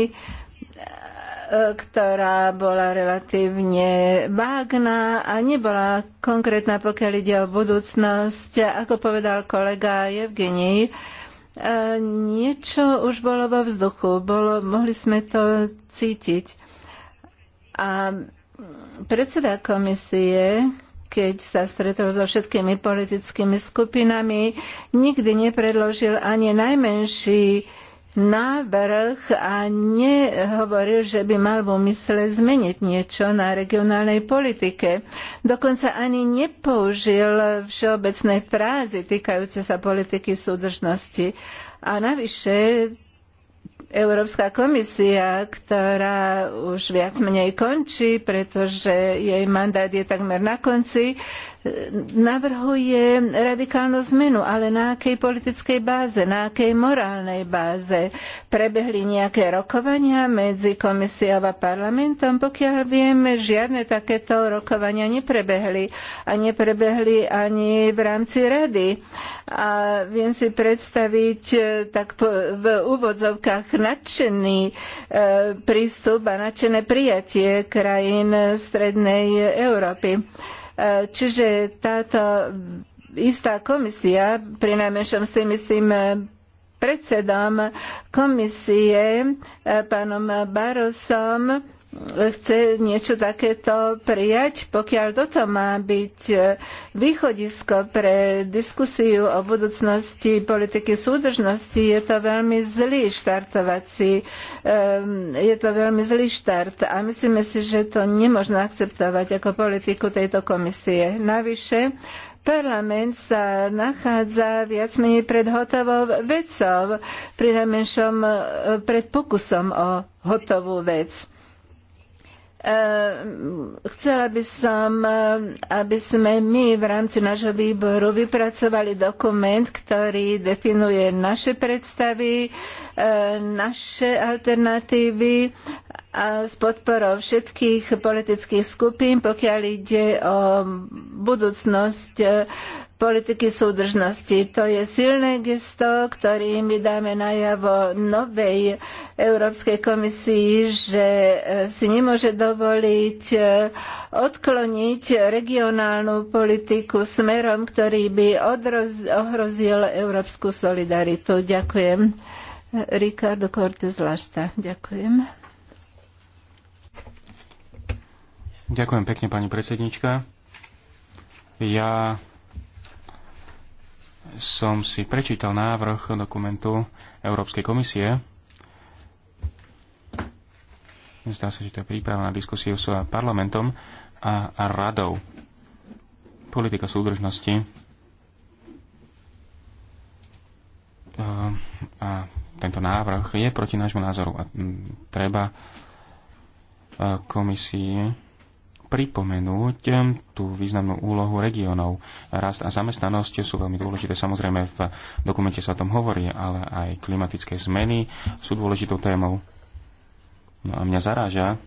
ktorá bola relatívne vágná a nebola konkrétna, pokiaľ ide o budúcnosť. Ako povedal kolega Evgenij, e, niečo už bolo vo vzduchu, bolo, mohli sme to cítiť. A predseda komisie, keď sa stretol so všetkými politickými skupinami, nikdy nepredložil ani najmenší návrh a nehovoril, že by mal v úmysle zmeniť niečo na regionálnej politike. Dokonca ani nepoužil všeobecné frázy týkajúce sa politiky súdržnosti. A navyše Európska komisia, ktorá už viac menej končí, pretože jej mandát je takmer na konci, navrhuje radikálnu zmenu, ale na akej politickej báze, na akej morálnej báze prebehli nejaké rokovania medzi komisiou a parlamentom. Pokiaľ viem, žiadne takéto rokovania neprebehli a neprebehli ani v rámci rady. A viem si predstaviť e, tak v úvodzovkách nadšený e, prístup a nadšené prijatie krajín strednej Európy. Čiže táto istá komisia, pri najmenšom s tým istým predsedom komisie, pánom Barosom, chce niečo takéto prijať, pokiaľ toto má byť e, východisko pre diskusiu o budúcnosti politiky súdržnosti, je to veľmi zlý štartovací, je to veľmi zlý štart a myslíme si, že to nemôžno akceptovať ako politiku tejto komisie. Navyše, parlament sa nachádza viac menej pred hotovou vecou, pri najmenšom e, pred pokusom o hotovú vec. Eh, chcela by som, eh, aby sme my v rámci nášho výboru vypracovali dokument, ktorý definuje naše predstavy, eh, naše alternatívy a s podporou všetkých politických skupín, pokiaľ ide o budúcnosť politiky súdržnosti. To je silné gesto, ktorým my dáme najavo novej Európskej komisii, že eh, si nemôže dovoliť eh, odkloniť regionálnu politiku smerom, ktorý by odroz- ohrozil európsku solidaritu. Ďakujem. Ricardo Cortez Lašta. Ďakujem. Ďakujem pekne, pani predsednička. Ja som si prečítal návrh dokumentu Európskej komisie. Zdá sa, že to je príprava na diskusiu s parlamentom a, a radou. Politika súdržnosti ehm, a tento návrh je proti nášmu názoru a treba e, komisii pripomenúť eh, tú významnú úlohu regiónov. Rast a zamestnanosť sú veľmi dôležité. Samozrejme, v dokumente sa o tom hovorí, ale aj klimatické zmeny sú dôležitou témou. No a mňa zaráža, eh,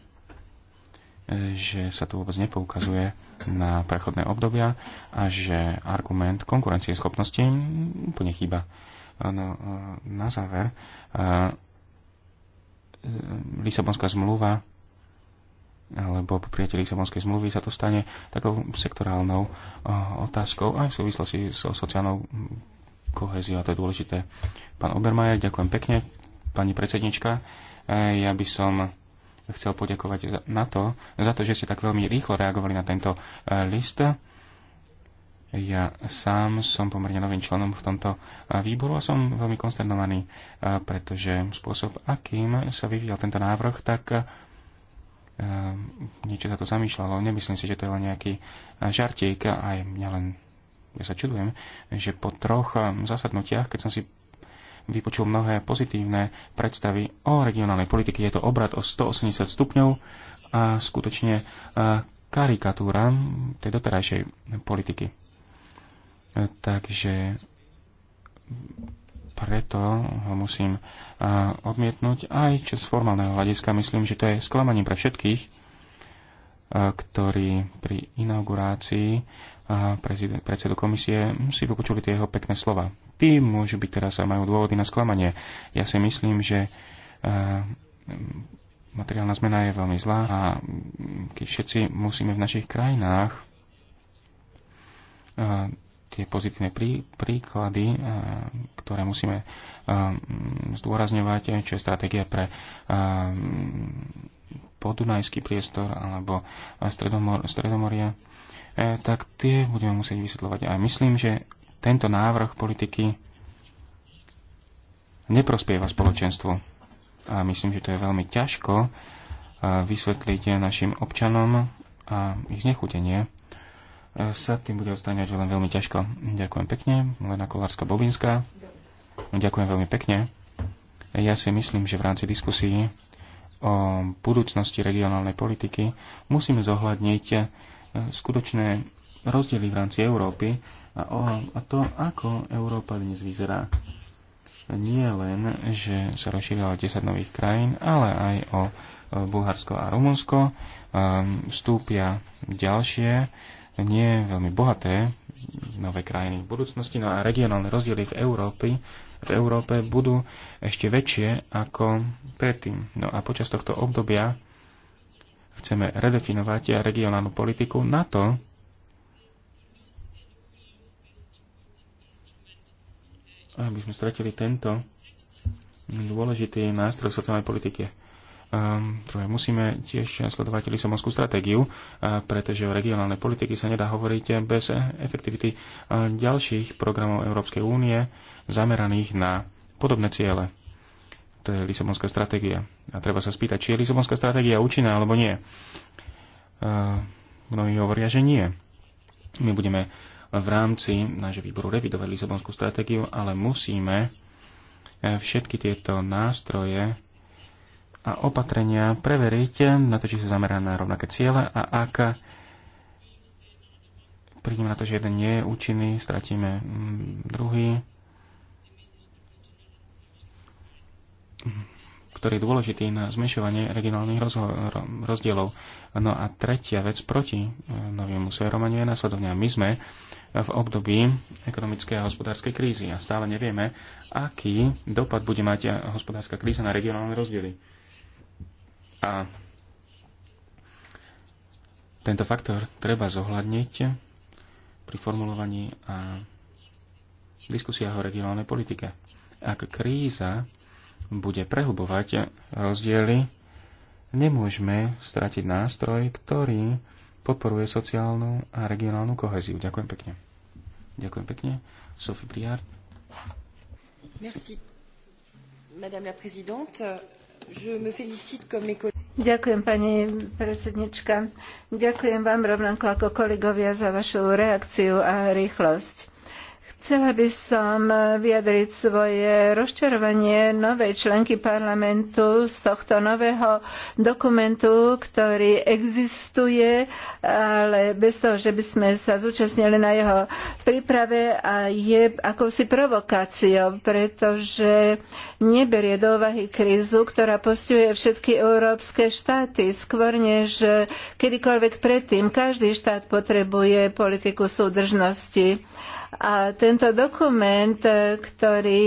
že sa tu vôbec nepoukazuje na prechodné obdobia a že argument konkurencieschopnosti úplne chýba. No, eh, na záver, Lisabonská zmluva alebo po prijatí Lisabonskej zmluvy sa to stane takou sektorálnou eh, otázkou aj v súvislosti so sociálnou koheziou a to je dôležité. Pán Obermajer, ďakujem pekne. Pani predsednička, eh, ja by som chcel poďakovať za, na to, za to, že ste tak veľmi rýchlo reagovali na tento eh, list. Ja sám som pomerne novým členom v tomto výboru a som veľmi konsternovaný, pretože spôsob, akým sa vyvíjal tento návrh, tak Ehm, niečo sa to zamýšľalo. Nemyslím si, že to je len nejaký e, a Aj mňa len, ja sa čudujem, že po troch e, zasadnutiach, keď som si vypočul mnohé pozitívne predstavy o regionálnej politike, je to obrad o 180 stupňov a skutočne e, karikatúra tej doterajšej politiky. Takže preto ho musím odmietnúť. Aj čo z formálneho hľadiska myslím, že to je sklamaním pre všetkých, ktorí pri inaugurácii predsedu komisie si vypočuli tie jeho pekné slova. Tí môžu byť teraz a majú dôvody na sklamanie. Ja si myslím, že materiálna zmena je veľmi zlá a keď všetci musíme v našich krajinách tie pozitívne prí, príklady, eh, ktoré musíme eh, zdôrazňovať, eh, čo je stratégia pre podunajský priestor alebo stredomor, stredomoria, tak tie budeme musieť vysvetľovať. A myslím, že tento návrh politiky neprospieva spoločenstvu. A myslím, že to je veľmi ťažko vysvetliť našim občanom a ich znechutenie sa tým bude odstaňovať len veľmi ťažko. Ďakujem pekne, Lena Kolárska-Bobinská. No, ďakujem veľmi pekne. Ja si myslím, že v rámci diskusí o budúcnosti regionálnej politiky musíme zohľadniť eh, skutočné rozdiely v rámci Európy a, o, a to, ako Európa dnes vyzerá. Nie len, že sa rozšírila 10 nových krajín, ale aj o eh, Bulharsko a Rumunsko. Ehm, vstúpia ďalšie nie veľmi bohaté nové krajiny v budúcnosti, no a regionálne rozdiely v Európe, v Európe budú ešte väčšie ako predtým. No a počas tohto obdobia chceme redefinovať regionálnu politiku na to, aby sme stratili tento dôležitý nástroj sociálnej politiky. Um, musíme tiež sledovať Lisabonskú stratégiu, eh, pretože o regionálnej politiky sa nedá hovoriť bez efektivity eh, ďalších programov Európskej únie zameraných na podobné ciele. To je Lisabonská stratégia. A treba sa spýtať, či je Lisabonská stratégia účinná alebo nie. Eh, mnohí hovoria, že nie. My budeme v rámci nášho výboru revidovať Lisabonskú stratégiu, ale musíme všetky tieto nástroje a opatrenia preveriť, na to, či sa zamerá na rovnaké ciele a ak prídeme na to, že jeden nie je účinný, stratíme mm, druhý, ktorý je dôležitý na zmenšovanie regionálnych rozdielov. No a tretia vec proti e, novému smerovaniu je následovňa. My sme v období ekonomickej a hospodárskej krízy a stále nevieme, aký dopad bude mať hospodárska kríza na regionálne rozdiely a tento faktor treba zohľadniť pri formulovaní a diskusiách o regionálnej politike. Ak kríza bude prehlbovať rozdiely, nemôžeme stratiť nástroj, ktorý podporuje sociálnu a regionálnu koheziu. Ďakujem pekne. Ďakujem pekne. Sophie Briard. Merci. Madame la Présidente, je me félicite comme mes collègues Ďakujem, pani predsednička. Ďakujem vám rovnako ako kolegovia za vašu reakciu a rýchlosť. Chcela by som vyjadriť svoje rozčarovanie novej členky parlamentu z tohto nového dokumentu, ktorý existuje, ale bez toho, že by sme sa zúčastnili na jeho príprave a je akousi provokáciou, pretože neberie do ovahy krízu, ktorá postiuje všetky európske štáty, skôr než kedykoľvek predtým. Každý štát potrebuje politiku súdržnosti. A tento dokument, ktorý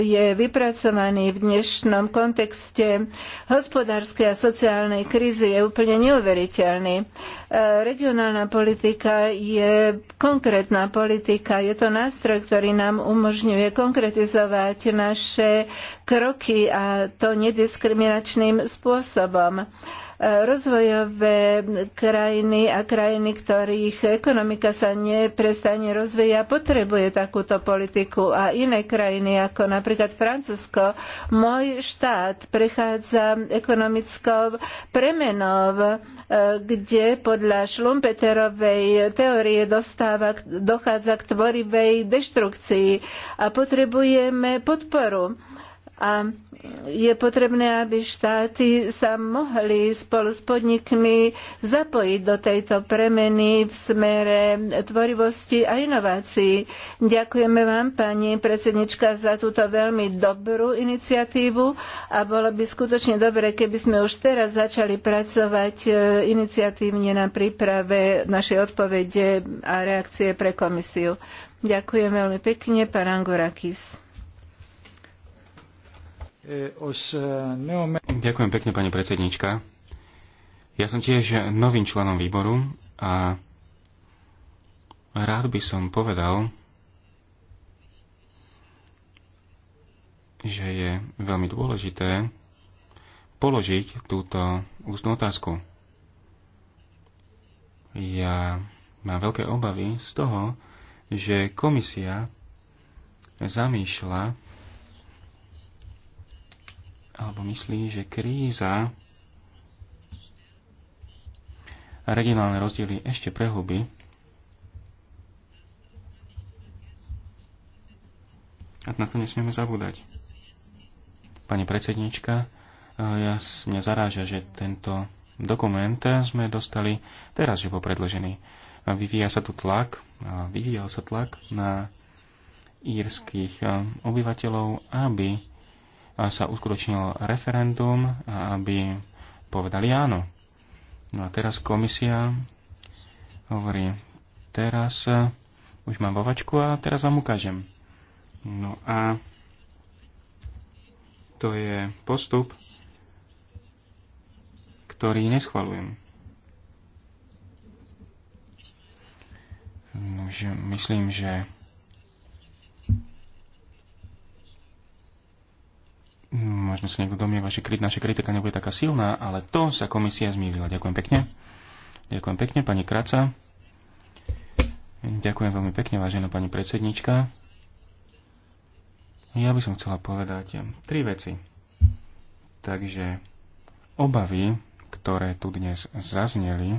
je vypracovaný v dnešnom kontexte hospodárskej a sociálnej krízy, je úplne neuveriteľný. E, regionálna politika je konkrétna politika, je to nástroj, ktorý nám umožňuje konkretizovať naše kroky a to nediskriminačným spôsobom. Rozvojové krajiny a krajiny, ktorých ekonomika sa neprestane rozvíja, potrebuje takúto politiku a iné krajiny, ako napríklad Francúzsko, môj štát prechádza ekonomickou premenou, e, kde podľa Šlumpeterovej teórie dostáva, dochádza k tvorivej deštrukcii a potrebujeme podporu a je potrebné, aby štáty sa mohli spolu s podnikmi zapojiť do tejto premeny v smere tvorivosti a inovácií. Ďakujeme vám, pani predsednička, za túto veľmi dobrú iniciatívu a bolo by skutočne dobre, keby sme už teraz začali pracovať e, iniciatívne na príprave našej odpovede a reakcie pre komisiu. Ďakujem veľmi pekne, pán Angorakis. Eh, Ďakujem pekne, pani predsednička. Ja som tiež novým členom výboru a rád by som povedal, že je veľmi dôležité položiť túto ústnú otázku. Ja mám veľké obavy z toho, že komisia zamýšľa alebo myslí, že kríza a regionálne rozdiely ešte prehlbí. A na to nesmieme zabúdať. Pani predsednička, eh, ja, mňa zaráža, že tento dokument sme dostali teraz živo predložený. Vyvíja sa tu tlak, vyvíjal sa tlak na írskych eh, obyvateľov, aby sa uskutočnil referendum aby povedali áno. No a teraz komisia hovorí, teraz už mám bavačku a teraz vám ukážem. No a to je postup, ktorý neschvalujem. No, myslím, že Možno sa niekto domnieva, že naša kritika nebude taká silná, ale to sa komisia zmýlila. Ďakujem pekne. Ďakujem pekne, pani Kraca. Ďakujem veľmi pekne, vážená pani predsednička. Ja by som chcela povedať tri veci. Takže obavy, ktoré tu dnes zazneli,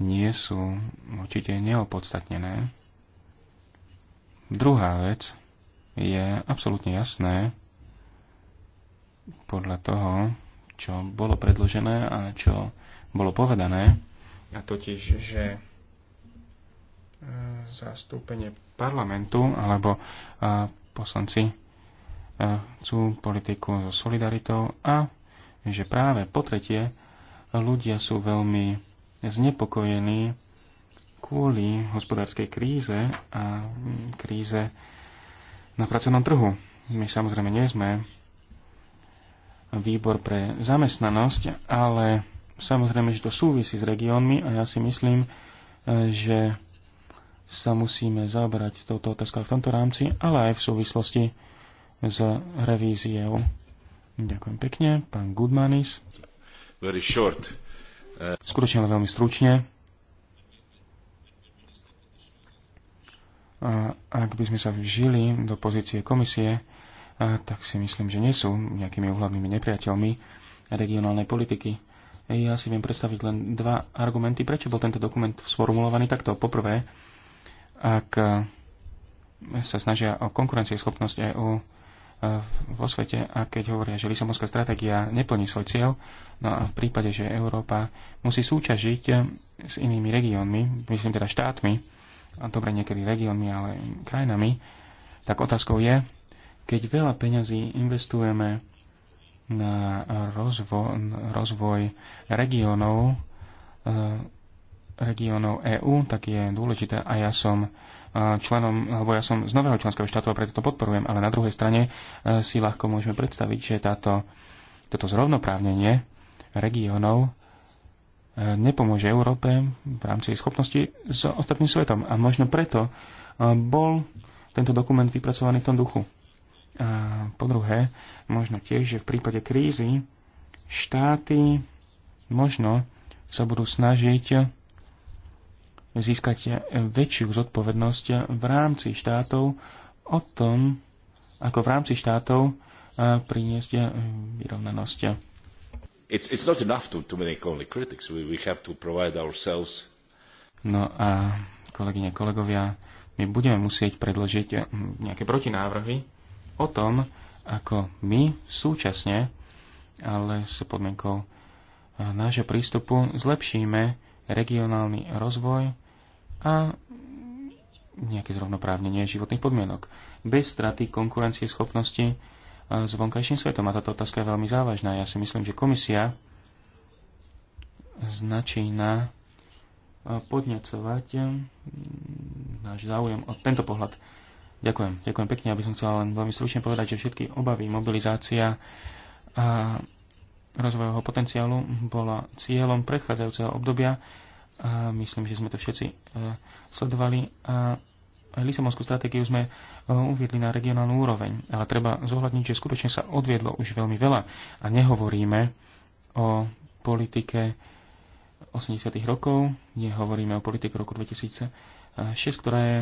nie sú určite neopodstatnené. Druhá vec je absolútne jasné, podľa toho, čo bolo predložené a čo bolo povedané, a totiž, že e, zastúpenie parlamentu alebo e, poslanci e, chcú politiku so solidaritou a že práve po tretie ľudia sú veľmi znepokojení kvôli hospodárskej kríze a kríze na pracovnom trhu. My samozrejme nie sme výbor pre zamestnanosť, ale samozrejme, že to súvisí s regiónmi a ja si myslím, e, že sa musíme zaoberať touto otázkou v tomto rámci, ale aj v súvislosti s revíziou. Ďakujem pekne, pán Goodmanis. Very short. E, Skutočne ale veľmi stručne. A ak by sme sa vžili do pozície komisie, tak si myslím, že nie sú nejakými uhlavnými nepriateľmi regionálnej politiky. Ja si viem predstaviť len dva argumenty, prečo bol tento dokument sformulovaný takto. Poprvé, ak sa snažia o konkurencieschopnosť EÚ e, vo svete a keď hovoria, že Lisabonská stratégia neplní svoj cieľ, no a v prípade, že Európa musí súťažiť s inými regiónmi, myslím teda štátmi, a dobre niekedy regiónmi, ale krajinami, tak otázkou je, keď veľa peňazí investujeme na rozvoj, rozvoj regiónov, regionov EÚ, eh, e tak je dôležité a ja som eh, členom, alebo ja som z nového členského štátu a preto to podporujem, ale na druhej strane eh, si ľahko môžeme predstaviť, že táto, toto zrovnoprávnenie regiónov nepomôže Európe v rámci schopnosti s ostatným svetom. A možno preto bol tento dokument vypracovaný v tom duchu. A po druhé, možno tiež, že v prípade krízy štáty možno sa budú snažiť získať väčšiu zodpovednosť v rámci štátov o tom, ako v rámci štátov priniesť e, vyrovnanosť. It's, it's not enough to, to make only critics. We, we have to provide ourselves. No a kolegyne, kolegovia, my budeme musieť predložiť nejaké protinávrhy, o tom, ako my súčasne, ale s podmienkou eh, nášho prístupu, zlepšíme regionálny rozvoj a nejaké zrovnoprávnenie životných podmienok. Bez straty konkurencie schopnosti eh, s vonkajším svetom. A táto otázka je veľmi závažná. Ja si myslím, že komisia na eh, podnecovať náš záujem o tento pohľad. Ďakujem. Ďakujem pekne. Aby som chcel len veľmi stručne povedať, že všetky obavy, mobilizácia a rozvojového potenciálu bola cieľom predchádzajúceho obdobia a myslím, že sme to všetci e, sledovali a aj Lisabonskú stratégiu sme e, uviedli na regionálnu úroveň, ale treba zohľadniť, že skutočne sa odviedlo už veľmi veľa a nehovoríme o politike 80. rokov, nehovoríme o politike roku 2006, ktorá je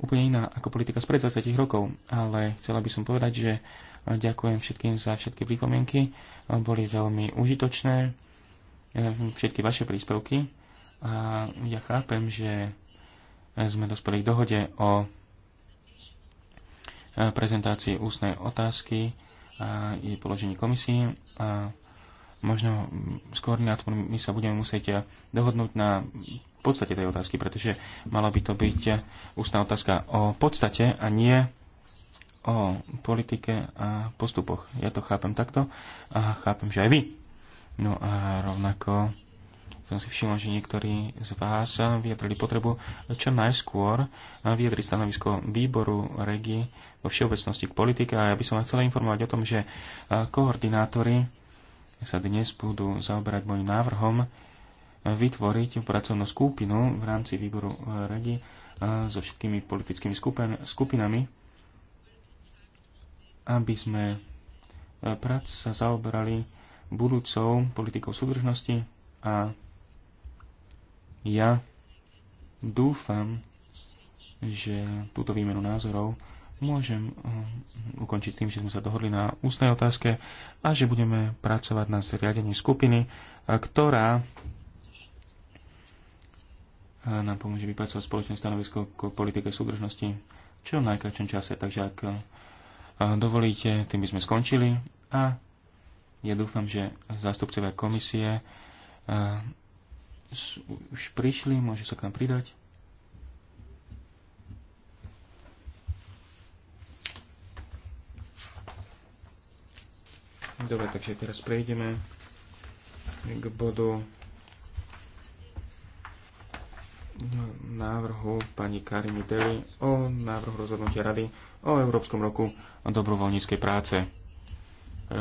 úplne iná ako politika spred 20 rokov, ale chcela by som povedať, že eh, ďakujem všetkým za všetky pripomienky, eh, boli veľmi užitočné, eh, všetky vaše príspevky a ja chápem, že sme dospeli k dohode o prezentácii ústnej otázky a jej položení komisii a možno mm, skôr na my sa budeme musieť dohodnúť na podstate tej otázky, pretože mala by to byť ústna otázka o podstate a nie o politike a postupoch. Ja to chápem takto a chápem, že aj vy. No a rovnako som si všimol, že niektorí z vás vyjadrili potrebu čo najskôr vyjadriť stanovisko výboru regi vo všeobecnosti k politike a ja by som vás chcela informovať o tom, že koordinátori sa dnes budú zaoberať môjim návrhom vytvoriť pracovnú skupinu v rámci výboru e, rady e, so všetkými politickými skupinami, aby sme e, prac sa zaoberali budúcou politikou súdržnosti a ja dúfam, že túto výmenu názorov môžem ukončiť tým, že sme sa dohodli na ústnej otázke a že budeme pracovať na zriadení skupiny, ktorá nám pomôže vypracovať spoločné stanovisko k politike súdržnosti v čo najkračom čase. Takže ak e, dovolíte, tým by sme skončili a ja dúfam, že zástupcovia komisie e, už prišli, môže sa k nám pridať. Dobre, takže teraz prejdeme k bodu návrhu pani Karimi Deli o návrhu rozhodnutia Rady o Európskom roku dobrovoľníckej práce. E,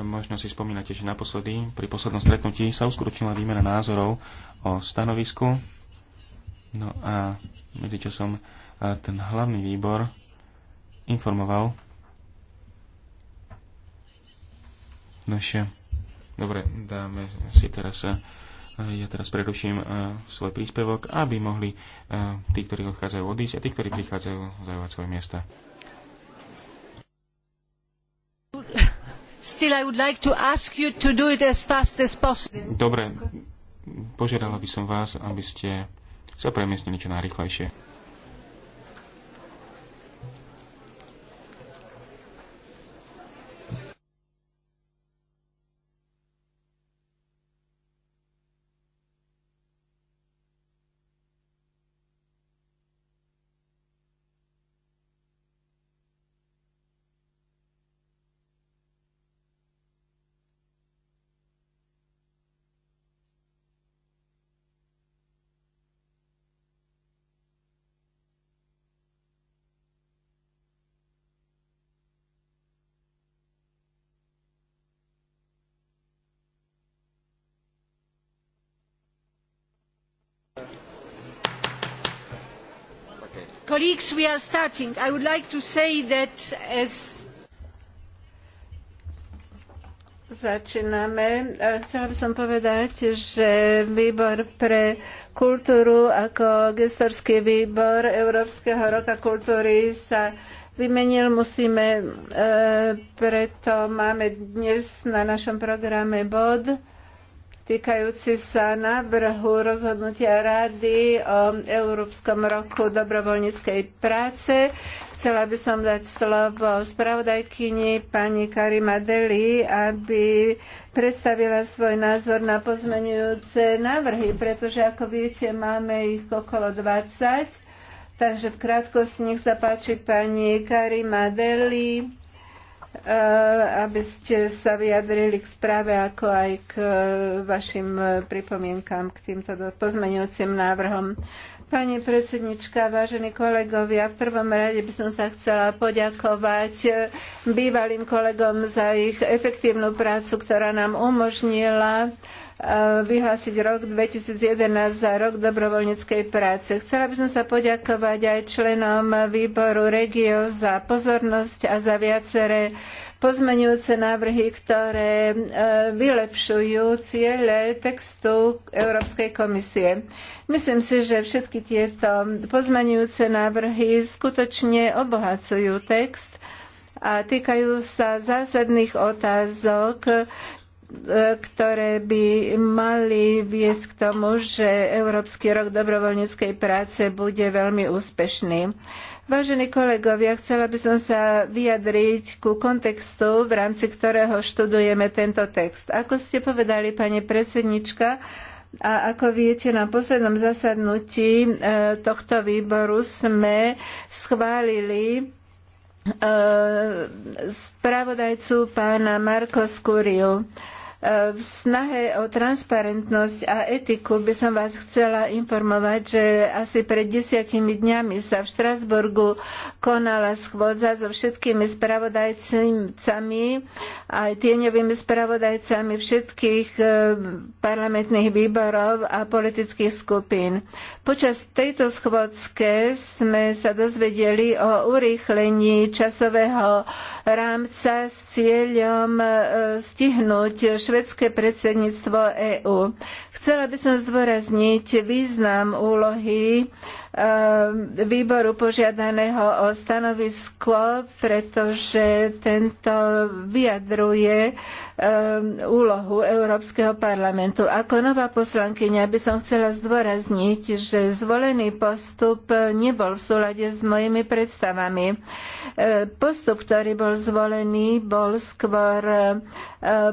možno si spomínate, že naposledy pri poslednom stretnutí sa uskutočnila výmena názorov o stanovisku. No a medzičasom e, ten hlavný výbor informoval. Nože, dobre, dáme si teraz e, ja teraz preruším e, svoj príspevok, aby mohli e, tí, ktorí odchádzajú, odísť a tí, ktorí prichádzajú, zajovať svoje miesta. Still I would like to ask you to do it as fast as possible. Dobre, požiadala by som vás, aby ste sa premiestnili čo najrychlejšie. Colleagues, we are starting. I would like to say that as Začíname. Chcela by som povedať, že výbor pre kultúru ako gestorský výbor Európskeho roka kultúry sa vymenil. Musíme, e, preto máme dnes na našom programe bod týkajúci sa návrhu rozhodnutia Rady o Európskom roku dobrovoľníckej práce. Chcela by som dať slovo spravodajkyni pani Karima Deli, aby predstavila svoj názor na pozmenujúce návrhy, pretože ako viete, máme ich okolo 20. Takže v krátkosti nech sa páči pani Karima Deli. Eh, aby ste sa vyjadrili k správe, ako aj k eh, vašim eh, pripomienkám k týmto pozmeňujúcim návrhom. Pani predsednička, vážení kolegovia, v prvom rade by som sa chcela poďakovať bývalým kolegom za ich efektívnu prácu, ktorá nám umožnila Eh, vyhlásiť rok 2011 za rok dobrovoľníckej práce. Chcela by som sa poďakovať aj členom výboru Regio za pozornosť a za viaceré pozmenujúce návrhy, ktoré eh, vylepšujú ciele textu Európskej komisie. Myslím si, že všetky tieto pozmenujúce návrhy skutočne obohacujú text a týkajú sa zásadných otázok, ktoré by mali viesť k tomu, že Európsky rok dobrovoľníckej práce bude veľmi úspešný. Vážení kolegovia, chcela by som sa vyjadriť ku kontextu, v rámci ktorého študujeme tento text. Ako ste povedali, pani predsednička, a ako viete, na poslednom zasadnutí e, tohto výboru sme schválili e, spravodajcu pána Marko Skuriu. V snahe o transparentnosť a etiku by som vás chcela informovať, že asi pred desiatimi dňami sa v Štrasburgu konala schôdza so všetkými spravodajcami, aj tieňovými spravodajcami všetkých e, parlamentných výborov a politických skupín. Počas tejto schôdzke sme sa dozvedeli o urýchlení časového rámca s cieľom e, stihnúť švedské predsedníctvo EÚ. Chcela by som zdôrazniť význam úlohy eh, výboru požiadaného o stanovisko, pretože tento vyjadruje eh, úlohu Európskeho parlamentu. Ako nová poslankyňa by som chcela zdôrazniť, že zvolený postup nebol v súlade s mojimi predstavami. Eh, postup, ktorý bol zvolený, bol skôr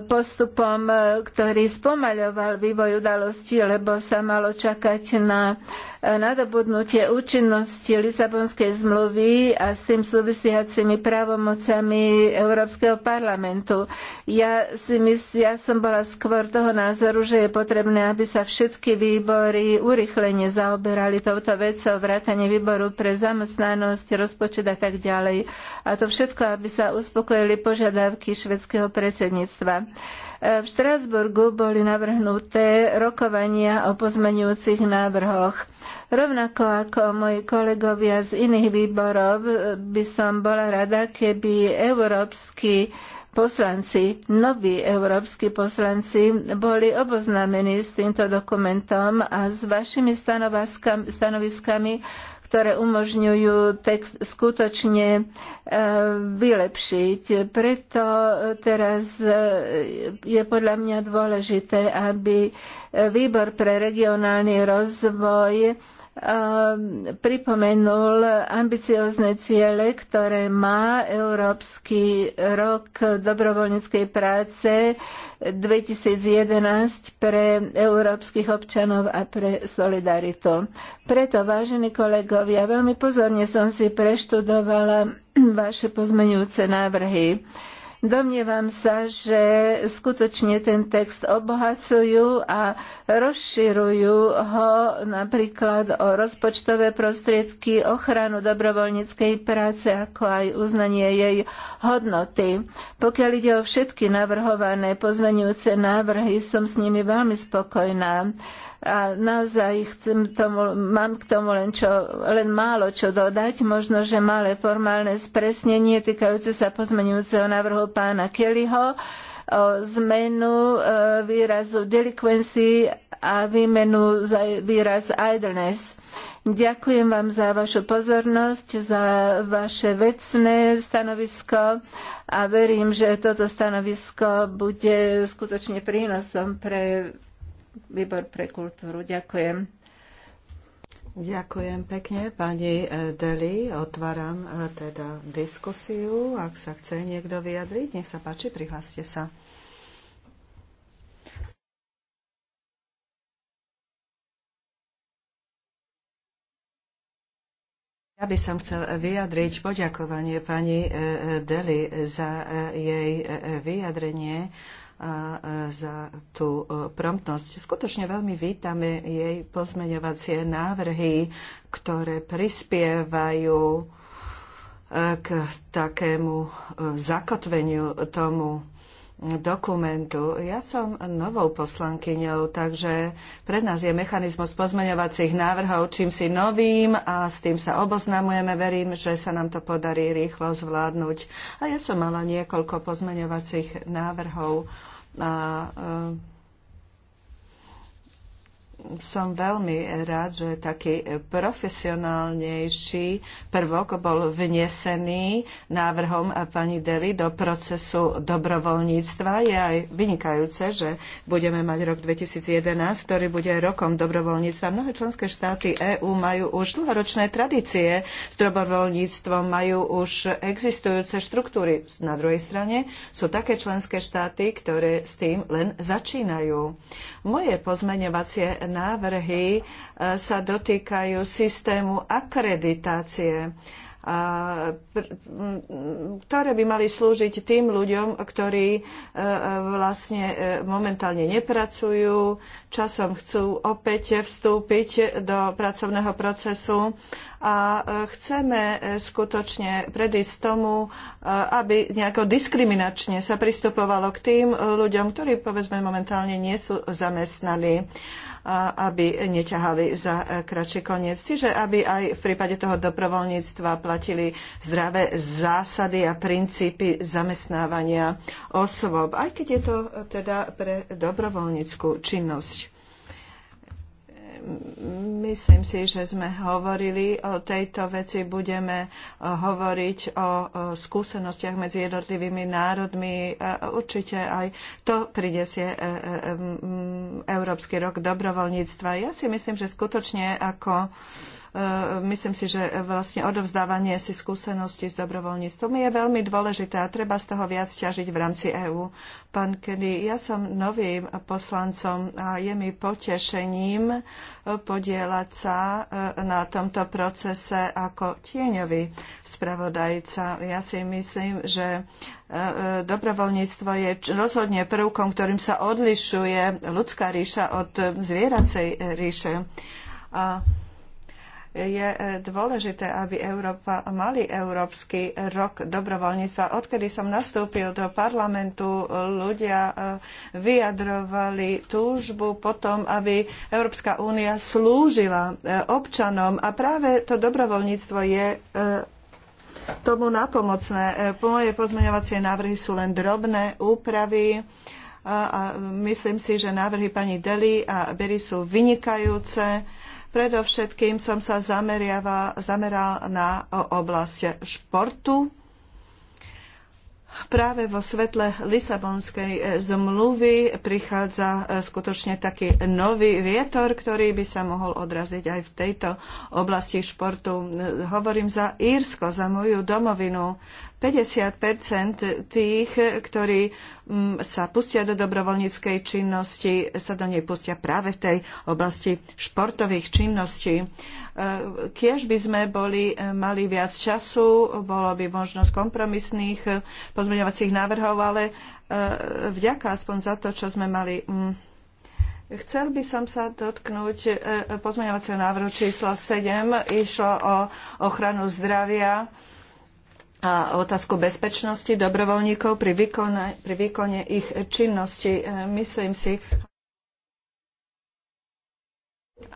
postupom spôsobom, e, ktorý spomaľoval vývoj udalostí, lebo sa malo čakať na e, nadobudnutie účinnosti Lisabonskej zmluvy a s tým súvisiacimi právomocami Európskeho parlamentu. Ja, si mysl, ja som bola skôr toho názoru, že je potrebné, aby sa všetky výbory urychlene zaoberali touto vecou, vrátane výboru pre zamestnanosť, rozpočet a tak ďalej. A to všetko, aby sa uspokojili požiadavky švedského predsedníctva. V Štrásburgu boli navrhnuté rokovania o pozmenujúcich návrhoch. Rovnako ako moji kolegovia z iných výborov by som bola rada, keby európsky poslanci, noví európsky poslanci boli oboznámení s týmto dokumentom a s vašimi stanoviskami, ktoré umožňujú text skutočne e, vylepšiť. Preto teraz e, je podľa mňa dôležité, aby e, výbor pre regionálny rozvoj Ehm, pripomenul ambiciozne ciele, ktoré má Európsky rok dobrovoľníckej práce 2011 pre európskych občanov a pre solidaritu. Preto, vážení kolegovia, veľmi pozorne som si preštudovala vaše pozmenujúce návrhy. Domnievam sa, že skutočne ten text obohacujú a rozširujú ho napríklad o rozpočtové prostriedky, ochranu dobrovoľníckej práce, ako aj uznanie jej hodnoty. Pokiaľ ide o všetky navrhované pozmenujúce návrhy, som s nimi veľmi spokojná a naozaj chcem tomu, mám k tomu len, čo, len málo čo dodať. Možno, že malé formálne spresnenie týkajúce sa pozmenujúceho návrhu pána Kellyho o zmenu e, výrazu delinquency a výmenu za výraz idleness. Ďakujem vám za vašu pozornosť, za vaše vecné stanovisko a verím, že toto stanovisko bude skutočne prínosom pre výbor pre kultúru. Ďakujem. Ďakujem pekne, pani eh, Deli. Otváram eh, teda diskusiu. Ak sa chce niekto vyjadriť, nech sa páči, prihláste sa. Ja by som chcel vyjadriť poďakovanie pani eh, Deli za jej vyjadrenie a za tú e, promptnosť. Skutočne veľmi vítame jej pozmeňovacie návrhy, ktoré prispievajú e, k takému e, zakotveniu tomu dokumentu. Ja som novou poslankyňou, takže pre nás je mechanizmus pozmeňovacích návrhov čím si novým a s tým sa oboznamujeme. Verím, že sa nám to podarí rýchlo zvládnuť. A ja som mala niekoľko pozmeňovacích návrhov a som veľmi rád, že taký profesionálnejší prvok bol vnesený návrhom pani Deli do procesu dobrovoľníctva. Je aj vynikajúce, že budeme mať rok 2011, ktorý bude rokom dobrovoľníctva. Mnohé členské štáty EÚ majú už dlhoročné tradície s dobrovoľníctvom, majú už existujúce štruktúry. Na druhej strane sú také členské štáty, ktoré s tým len začínajú. Moje pozmeňovacie návrhy e, sa dotýkajú systému akreditácie ktoré by mali slúžiť tým ľuďom, ktorí e, vlastne e, momentálne nepracujú, časom chcú opäť vstúpiť do pracovného procesu a chceme skutočne predísť tomu, aby nejako diskriminačne sa pristupovalo k tým ľuďom, ktorí povedzme momentálne nie sú zamestnaní a aby neťahali za e, kratší koniec. Čiže aby aj v prípade toho dobrovoľníctva platili zdravé zásady a princípy zamestnávania osôb, aj keď je to e, teda pre dobrovoľníckú činnosť. Myslím si, že sme hovorili o tejto veci, budeme eh, hovoriť o skúsenostiach medzi jednotlivými národmi. Eh, určite aj to pridesie eh, mm, Európsky rok dobrovoľníctva. Ja si myslím, že skutočne ako Eh, myslím si, že vlastne odovzdávanie si skúseností s dobrovoľníctvom je veľmi dôležité a treba z toho viac ťažiť v rámci EÚ. Pán Kedy, ja som novým poslancom a je mi potešením eh, podielať sa eh, na tomto procese ako tieňový spravodajca. Ja si myslím, že dobrovoľníctvo je rozhodne prvkom, ktorým sa odlišuje ľudská ríša od zvieracej ríše. A je e, dôležité, aby Európa mali Európsky rok dobrovoľníctva. Odkedy som nastúpil do parlamentu, ľudia e, vyjadrovali túžbu potom, aby Európska únia slúžila e, občanom a práve to dobrovoľníctvo je tomu napomocné. Moje pozmeňovacie návrhy sú len drobné úpravy a myslím si, že návrhy pani Deli a Berry sú vynikajúce Predovšetkým som sa zameral na oblasť športu. Práve vo svetle Lisabonskej e, zmluvy prichádza e, skutočne taký nový vietor, ktorý by sa mohol odraziť aj v tejto oblasti športu. E, hovorím za Írsko, za moju domovinu. 50 tých, ktorí mm, sa pustia do dobrovoľníckej činnosti, sa do nej pustia práve v tej oblasti športových činností. E, kiež by sme boli, e, mali viac času, bolo by možnosť kompromisných e, pozmeňovacích návrhov, ale vďaka aspoň za to, čo sme mali mm. Chcel by som sa dotknúť pozmeňovacieho návrhu číslo 7. Išlo o ochranu zdravia a otázku bezpečnosti dobrovoľníkov pri výkone, pri výkone ich činnosti. E, myslím si,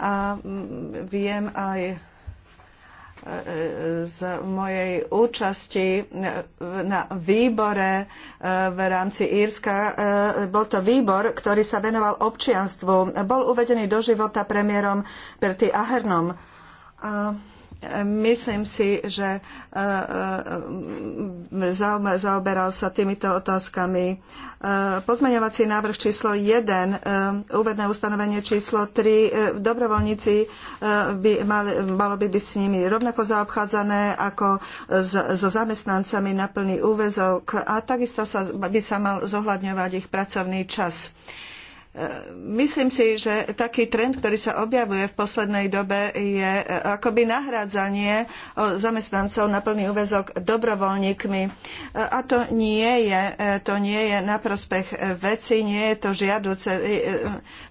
a viem aj e, z mojej účasti na výbore e, v rámci Írska. Bol to výbor, ktorý sa venoval občianstvu. Bol uvedený do života premiérom Bertie Ahernom. A Myslím si, že e, e, zaoberal sa týmito otázkami. E, pozmeňovací návrh číslo 1, úvedné ustanovenie číslo 3, dobrovoľníci by mali, malo by byť s nimi rovnako zaobchádzané ako so zamestnancami na plný úvezok a takisto sa, by sa mal zohľadňovať ich pracovný čas. Uh, Myslím si, že taký trend, ktorý sa objavuje v poslednej dobe, je e, akoby nahrádzanie e, zamestnancov na plný úvezok dobrovoľníkmi. E, a to nie je, to nie je na prospech veci, nie je to žiaduce.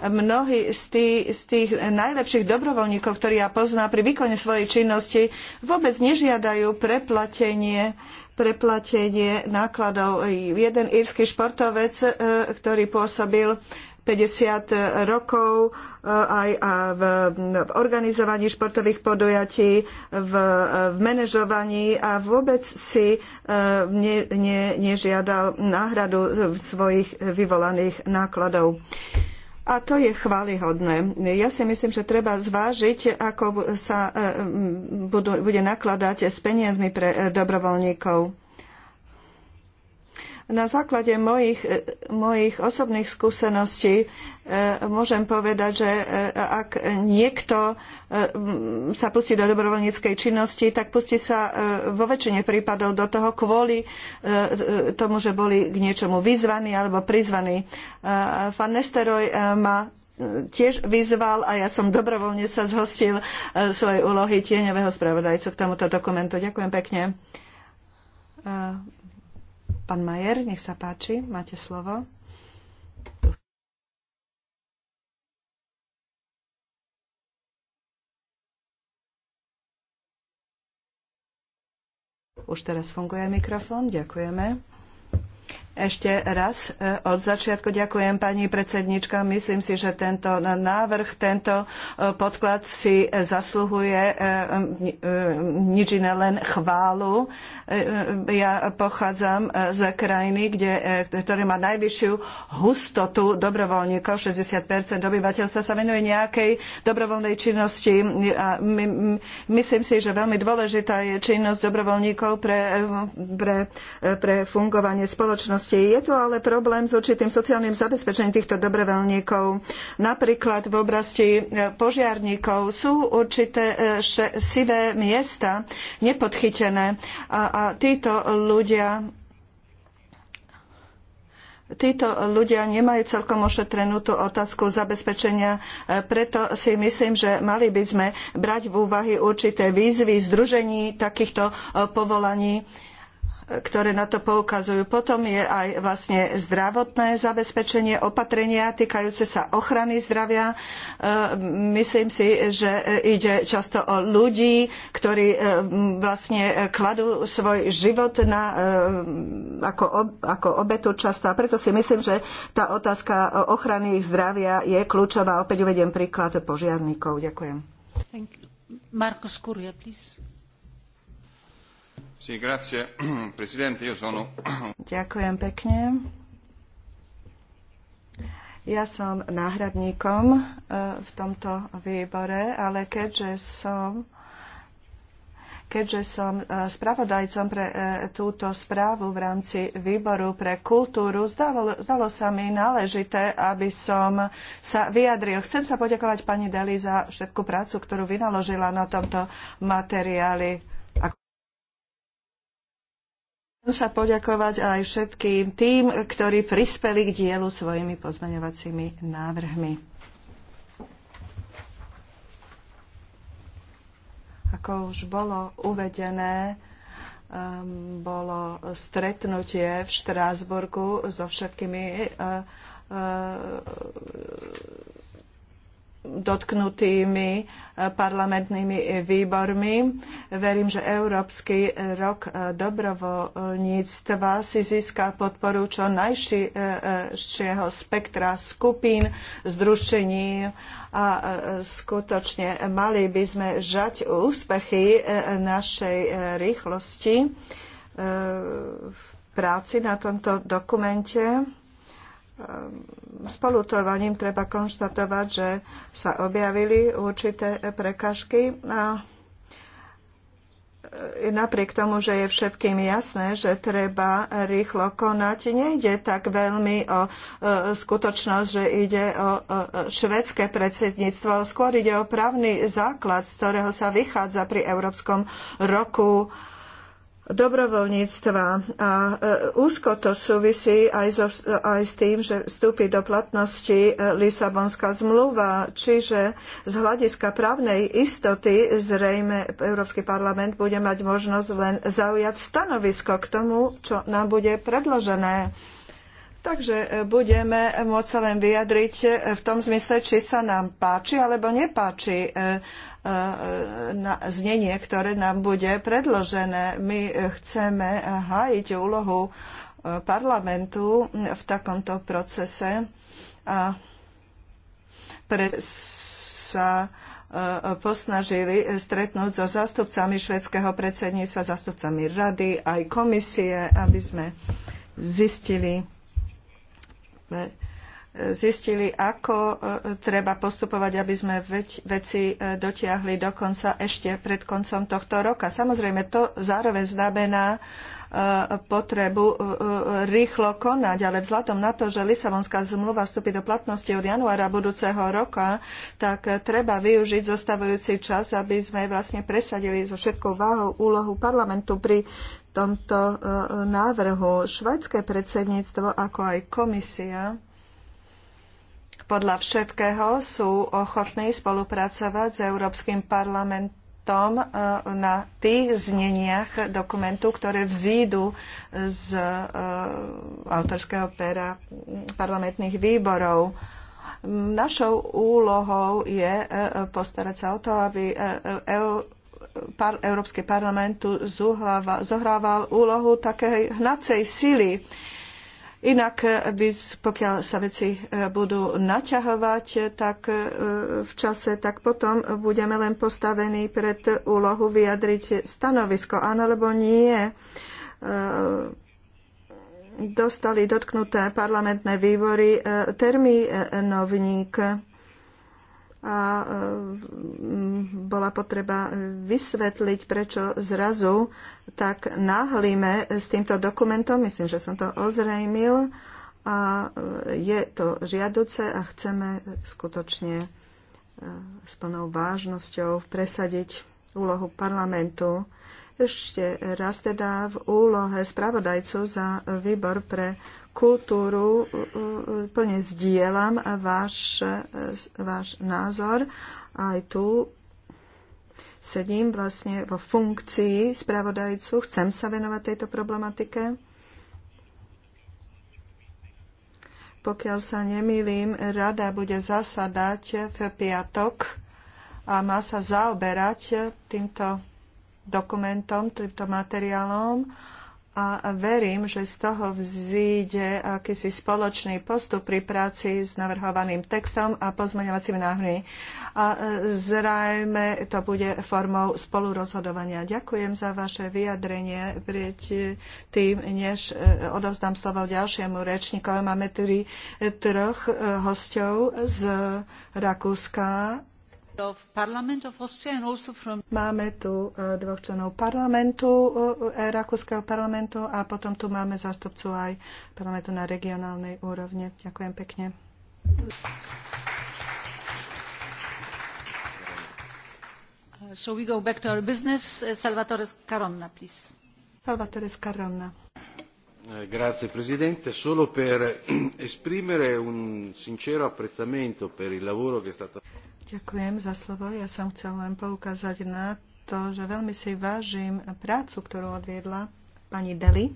Mnohí z tých, z tých najlepších dobrovoľníkov, ktorí ja poznám pri výkone svojej činnosti, vôbec nežiadajú preplatenie preplatenie nákladov. Jeden írsky športovec, ktorý pôsobil 50 rokov eh, aj v, organizovaní športových podujatí, v, manažovaní a vôbec si eh, ne, ne, nežiadal náhradu svojich vyvolaných nákladov. A to je chválihodné. Ja si myslím, že treba zvážiť, ako sa eh, bude nakladať s peniazmi pre dobrovoľníkov. Na základe mojich, e, mojich osobných skúseností e, môžem povedať, že e, ak niekto sa pustí do dobrovoľníckej činnosti, tak pustí sa vo väčšine prípadov do toho kvôli tomu, že boli k niečomu vyzvaní alebo prizvaní. Pán Nesteroj má tiež vyzval a ja som dobrovoľne sa zhostil svojej úlohy tieňového spravodajcu k tomuto dokumentu. Ďakujem pekne. Pán Majer, nech sa páči, máte slovo. Už teraz funguje mikrofón, ďakujeme. Ešte raz e, od začiatku ďakujem pani predsednička. Myslím si, že tento návrh, tento e, podklad si zasluhuje e, nič iné len chválu. Ja pochádzam z krajiny, kde, ktorý má najvyššiu hustotu dobrovoľníkov. 60 obyvateľstva sa venuje nejakej dobrovoľnej činnosti. A my, myslím si, že veľmi dôležitá je činnosť dobrovoľníkov pre, pre, pre fungovanie spoločnosti spoločnosti. Je tu ale problém s určitým sociálnym zabezpečením týchto dobrovoľníkov. Napríklad v oblasti e, požiarníkov sú určité e, sivé miesta nepodchytené a, a títo ľudia títo ľudia nemajú celkom ošetrenú tú otázku zabezpečenia, e, preto si myslím, že mali by sme brať v úvahy určité výzvy združení takýchto povolaní ktoré na to poukazujú. Potom je aj vlastne zdravotné zabezpečenie, opatrenia týkajúce sa ochrany zdravia. E, myslím si, že ide často o ľudí, ktorí e, vlastne kladú svoj život na, e, ako, ako obetu často. A preto si myslím, že tá otázka ochrany ich zdravia je kľúčová. Opäť uvediem príklad požiarníkov. Ďakujem. Ďakujem pekne. Ja som náhradníkom e, v tomto výbore, ale keďže som keďže som e, spravodajcom pre e, túto správu v rámci výboru pre kultúru, zdalo, zdalo sa mi náležité, aby som sa vyjadril. Chcem sa poďakovať pani Deli za všetku prácu, ktorú vynaložila na tomto materiáli. Chcem sa poďakovať aj všetkým tým, ktorí prispeli k dielu svojimi pozmeňovacími návrhmi. Ako už bolo uvedené, um, bolo stretnutie v Štrásburgu so všetkými uh, uh, dotknutými eh, parlamentnými výbormi. Verím, že Európsky rok eh, dobrovoľníctva si získa podporu čo najširšieho eh, spektra skupín, združení a skutočne mali by sme žať úspechy našej rýchlosti v práci na tomto dokumente Ehm, spolutovaním treba konštatovať, že sa objavili určité prekažky a e, napriek tomu, že je všetkým jasné, že treba rýchlo konať, nejde tak veľmi o e, skutočnosť, že ide o švedské predsedníctvo, skôr ide o právny základ, z ktorého sa vychádza pri Európskom roku dobrovoľníctva a e, úzko to súvisí aj, so, aj s tým, že vstúpi do platnosti e, Lisabonská zmluva, čiže z hľadiska právnej istoty zrejme Európsky parlament bude mať možnosť len zaujať stanovisko k tomu, čo nám bude predložené. Takže e, budeme môcť sa len vyjadriť v tom zmysle, či sa nám páči alebo nepáči znenie, ktoré nám bude predložené. My chceme hájiť úlohu e, parlamentu v takomto procese a pre sa e, posnažili stretnúť so zástupcami švedského predsedníctva, zástupcami rady aj komisie, aby sme zistili, e, zistili, ako e, treba postupovať, aby sme veci e, dotiahli do konca ešte pred koncom tohto roka. Samozrejme, to zároveň znamená e, potrebu rýchlo konať, ale vzhľadom na to, že Lisabonská zmluva vstúpi do platnosti od januára budúceho roka, tak treba využiť zostavujúci čas, aby sme vlastne presadili so všetkou váhou úlohu parlamentu pri tomto návrhu. Švedské predsedníctvo, ako aj komisia, podľa všetkého sú ochotní spolupracovať s Európskym parlamentom e, na tých zneniach dokumentu, ktoré vzídu z e, autorského pera parlamentných výborov. Našou úlohou je e, postarať sa o to, aby Európsky parlament tu zohrával úlohu takej hnacej sily Inak, eh, by, pokiaľ sa veci eh, budú naťahovať eh, tak v čase, tak potom budeme len postavení pred úlohu vyjadriť stanovisko, áno alebo nie. Dostali dotknuté parlamentné výbory termínovník a e, bola potreba e, vysvetliť, prečo zrazu tak náhlime s týmto dokumentom. Myslím, že som to ozrejmil a e, je to žiaduce a chceme skutočne s plnou vážnosťou presadiť úlohu parlamentu. Ešte raz teda v úlohe spravodajcu za výbor pre kultúru e, e, plne zdieľam váš, e, váš názor. Aj tu sedím vlastne vo funkcii spravodajcu. Chcem sa venovať tejto problematike. Pokiaľ sa nemýlim, rada bude zasadať v piatok a má sa zaoberať týmto dokumentom, týmto materiálom a verím, že z toho vzíde akýsi spoločný postup pri práci s navrhovaným textom a pozmeňovacími návrhmi. A e, zrajme to bude formou spolurozhodovania. Ďakujem za vaše vyjadrenie. Pred e, tým, než e, odovzdám slovo ďalšiemu rečníkovi, máme tri troch hostov z Rakúska Máme tu e, dvoch členov parlamentu, e, e, Rakúskeho parlamentu a potom tu máme zástupcu aj parlamentu na regionálnej úrovni. Ďakujem pekne. Uh, so we go back to our business. Uh, Salvatore Scaronna, please. Salvatore Scaronna. Eh, grazie Presidente, solo per eh, esprimere un sincero apprezzamento per il lavoro che è stato fatto Ďakujem za slovo. Ja som chcel len poukázať na to, že veľmi si vážim prácu, ktorú odviedla pani Deli.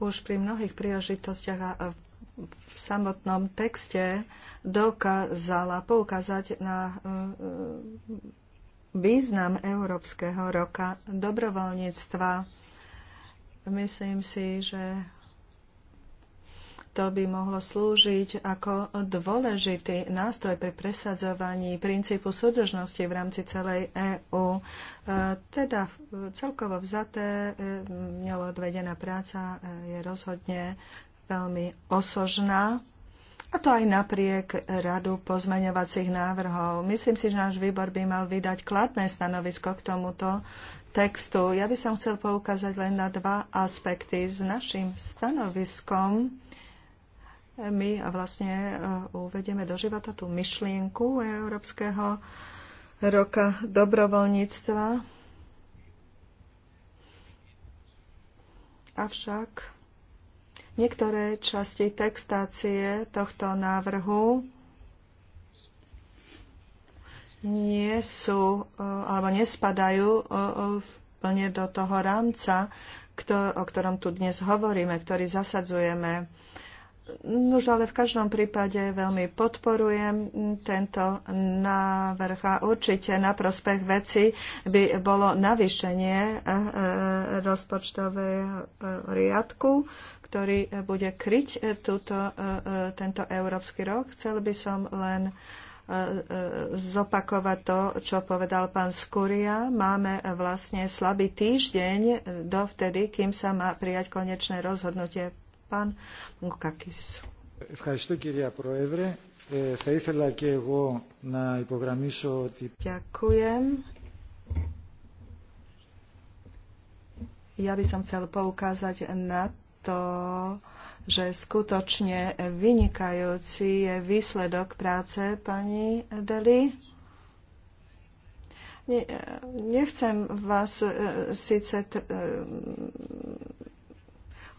Už pri mnohých príležitostiach a v samotnom texte dokázala poukázať na e, e, význam Európskeho roka dobrovoľníctva. Myslím si, že to by mohlo slúžiť ako dôležitý nástroj pri presadzovaní princípu súdržnosti v rámci celej EÚ. E, teda celkovo vzaté e, ňou odvedená práca e, je rozhodne veľmi osožná. A to aj napriek radu pozmeňovacích návrhov. Myslím si, že náš výbor by mal vydať kladné stanovisko k tomuto textu. Ja by som chcel poukázať len na dva aspekty. S našim stanoviskom my vlastne e, uvedieme do života tú myšlienku Európskeho roka dobrovoľníctva. Avšak niektoré časti textácie tohto návrhu nie sú e, alebo nespadajú e, plne do toho rámca, o ktorom tu dnes hovoríme, ktorý zasadzujeme Nož ale v každom prípade veľmi podporujem tento návrh a určite na prospech veci by bolo navýšenie eh, eh, rozpočtového eh, riadku, ktorý bude kryť túto, tento európsky rok. Chcel by som len zopakovať to, čo povedal pán Skúria. Máme vlastne slabý týždeň dovtedy, kým sa má prijať konečné rozhodnutie Pán Mukakis. Ďakujem. Ja by som chcel poukázať na to, že skutočne vynikajúci je výsledok práce pani Deli. Nechcem vás e, síce e,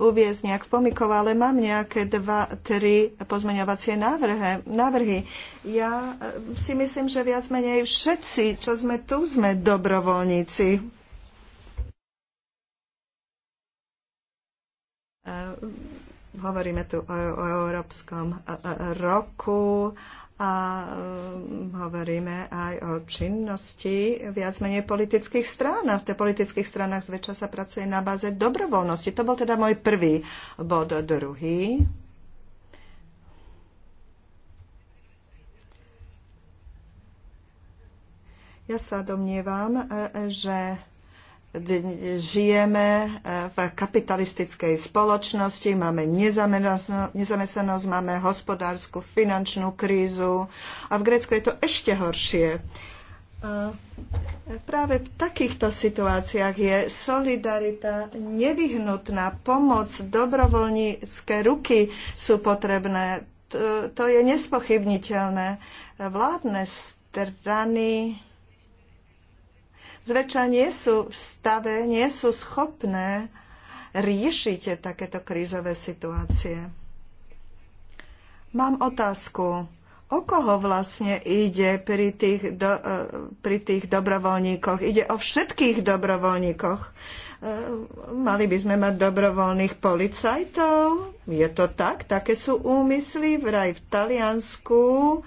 uviezť nejak pomikov, ale mám nejaké dva, tri pozmeňovacie návrhy. návrhy. Ja e, si myslím, že viac menej všetci, čo sme tu, sme dobrovoľníci. E, hovoríme tu o, o Európskom e, roku a um, hovoríme aj o činnosti viac menej politických strán. A v tých politických stranách zväčša sa pracuje na báze dobrovoľnosti. To bol teda môj prvý bod. Druhý Ja sa domnievam, e, e, že žijeme eh, v kapitalistickej spoločnosti, máme nezamestnanosť, máme hospodárskú, finančnú krízu a v Grécku je to ešte horšie. A eh, práve v takýchto situáciách je solidarita nevyhnutná, pomoc, dobrovoľnícke ruky sú potrebné. To, to je nespochybniteľné. Vládne strany zväčša nie sú v stave, nie sú schopné riešiť takéto krízové situácie. Mám otázku. O koho vlastne ide pri tých, do, e, pri tých dobrovoľníkoch? Ide o všetkých dobrovoľníkoch. E, mali by sme mať dobrovoľných policajtov? Je to tak? Také sú úmysly vraj v Taliansku. E,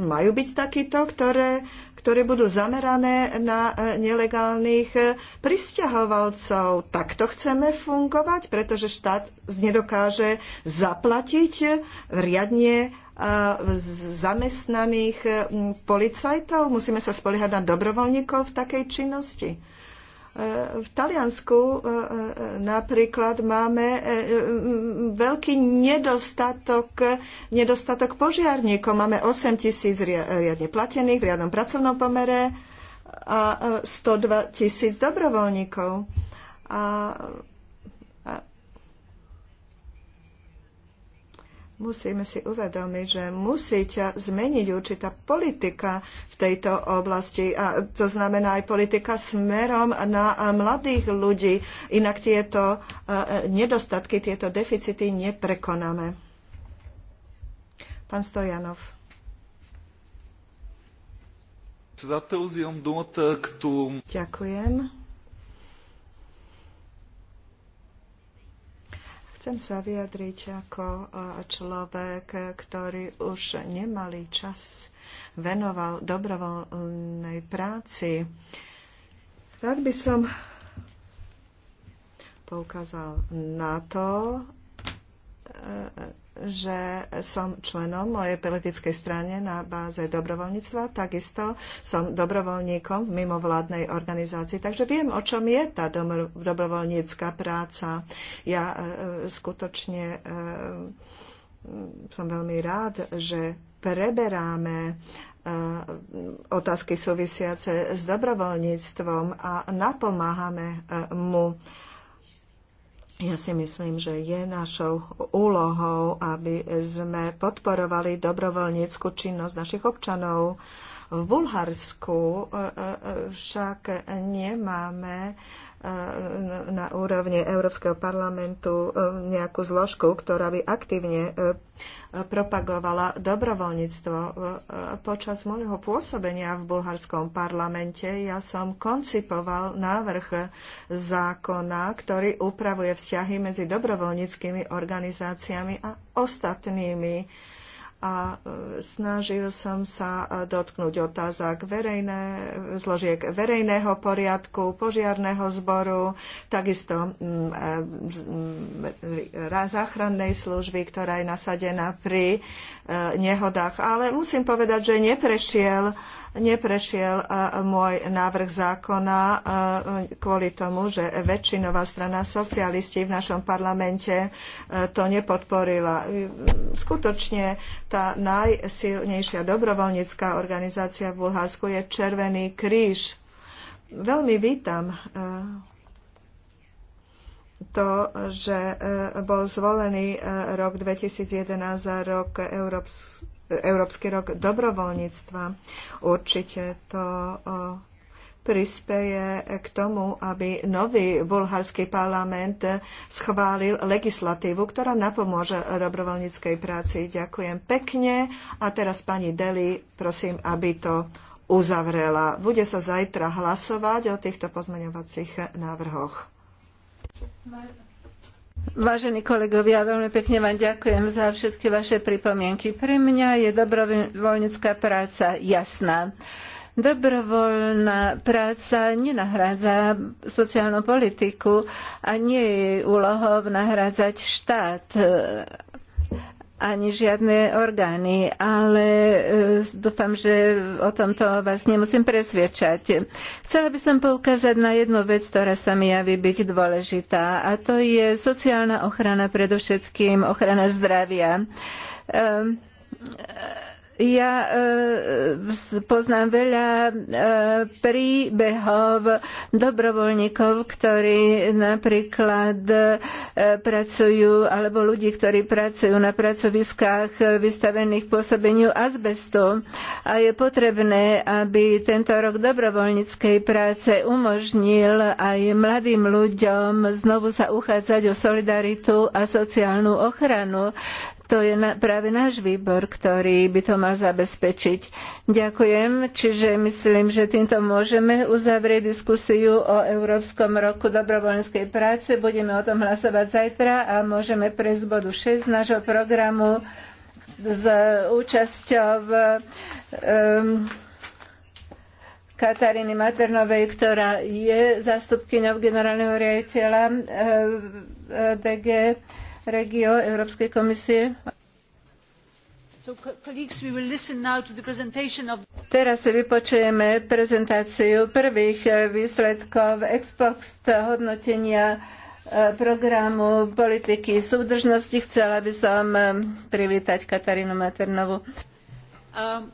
majú byť takíto, ktoré ktoré budú zamerané na e, nelegálnych e, pristahovalcov. Takto chceme fungovať, pretože štát nedokáže zaplatiť riadne e, zamestnaných policajtov. Musíme sa spoliehať na dobrovoľníkov v takej činnosti. E, v Taliansku e, e, napríklad máme veľký nedostatok, nedostatok požiarníkov. Máme 8 tisíc riadne platených v riadnom pracovnom pomere a 102 tisíc dobrovoľníkov. A musíme si uvedomiť, že musí ťa zmeniť určitá politika v tejto oblasti. A to znamená aj politika smerom na mladých ľudí. Inak tieto e, nedostatky, tieto deficity neprekonáme. Pán Stojanov. E, Ďakujem. Chcem sa vyjadriť ako človek, ktorý už nemalý čas venoval dobrovoľnej práci. Rád by som poukázal na to, e, že som členom mojej politickej strane na báze dobrovoľníctva, takisto som dobrovoľníkom v mimovládnej organizácii, takže viem, o čom je tá dobrovoľnícka práca. Ja e, e, skutočne e, som veľmi rád, že preberáme otázky súvisiace s dobrovoľníctvom a napomáhame mu ja si myslím, že je našou úlohou, aby sme podporovali dobrovoľníckú činnosť našich občanov. V Bulharsku e, e, e, však nemáme na úrovni Európskeho parlamentu e, nejakú zložku, ktorá by aktívne e, propagovala dobrovoľníctvo. E, počas môjho pôsobenia v bulharskom parlamente ja som koncipoval návrh zákona, ktorý upravuje vzťahy medzi dobrovoľníckými organizáciami a ostatnými a e, snažil som sa e, dotknúť otázok verejné, zložiek verejného poriadku, požiarného zboru, takisto e, záchrannej služby, ktorá je nasadená pri nehodách. Ale musím povedať, že neprešiel neprešiel e, môj návrh zákona e, kvôli tomu, že väčšinová strana socialisti v našom parlamente e, to nepodporila. Skutočne tá najsilnejšia dobrovoľnícká organizácia v Bulharsku je Červený kríž. Veľmi vítam to, že bol zvolený rok 2011 za rok Európskej Európsky rok dobrovoľníctva. Určite to prispeje k tomu, aby nový bulharský parlament schválil legislatívu, ktorá napomôže dobrovoľníckej práci. Ďakujem pekne. A teraz pani Deli, prosím, aby to uzavrela. Bude sa zajtra hlasovať o týchto pozmeňovacích návrhoch. Vážení kolegovia, veľmi pekne vám ďakujem za všetky vaše pripomienky. Pre mňa je dobrovoľnícká práca jasná. Dobrovoľná práca nenahrádza sociálnu politiku a nie je úlohou nahrádzať štát ani žiadne orgány, ale e, dúfam, že o tomto vás nemusím presviečať. Chcela by som poukázať na jednu vec, ktorá sa mi javí byť dôležitá, a to je sociálna ochrana, predovšetkým ochrana zdravia. Um, ja e, poznám veľa e, príbehov dobrovoľníkov, ktorí napríklad e, pracujú, alebo ľudí, ktorí pracujú na pracoviskách vystavených pôsobeniu azbestu. A je potrebné, aby tento rok dobrovoľníckej práce umožnil aj mladým ľuďom znovu sa uchádzať o solidaritu a sociálnu ochranu to je na, práve náš výbor, ktorý by to mal zabezpečiť. Ďakujem, čiže myslím, že týmto môžeme uzavrieť diskusiu o Európskom roku dobrovoľníckej práce. Budeme o tom hlasovať zajtra a môžeme prejsť bodu 6 nášho programu s účasťou v, um, ehm, Kataríny Maternovej, ktorá je zástupkyňou generálneho riaditeľa ehm, e, DG Regio Európskej komisie. Teraz si vypočujeme prezentáciu prvých eh, výsledkov ex post hodnotenia eh, programu politiky súdržnosti. Chcela by som eh, privítať Katarínu Maternovu. Um...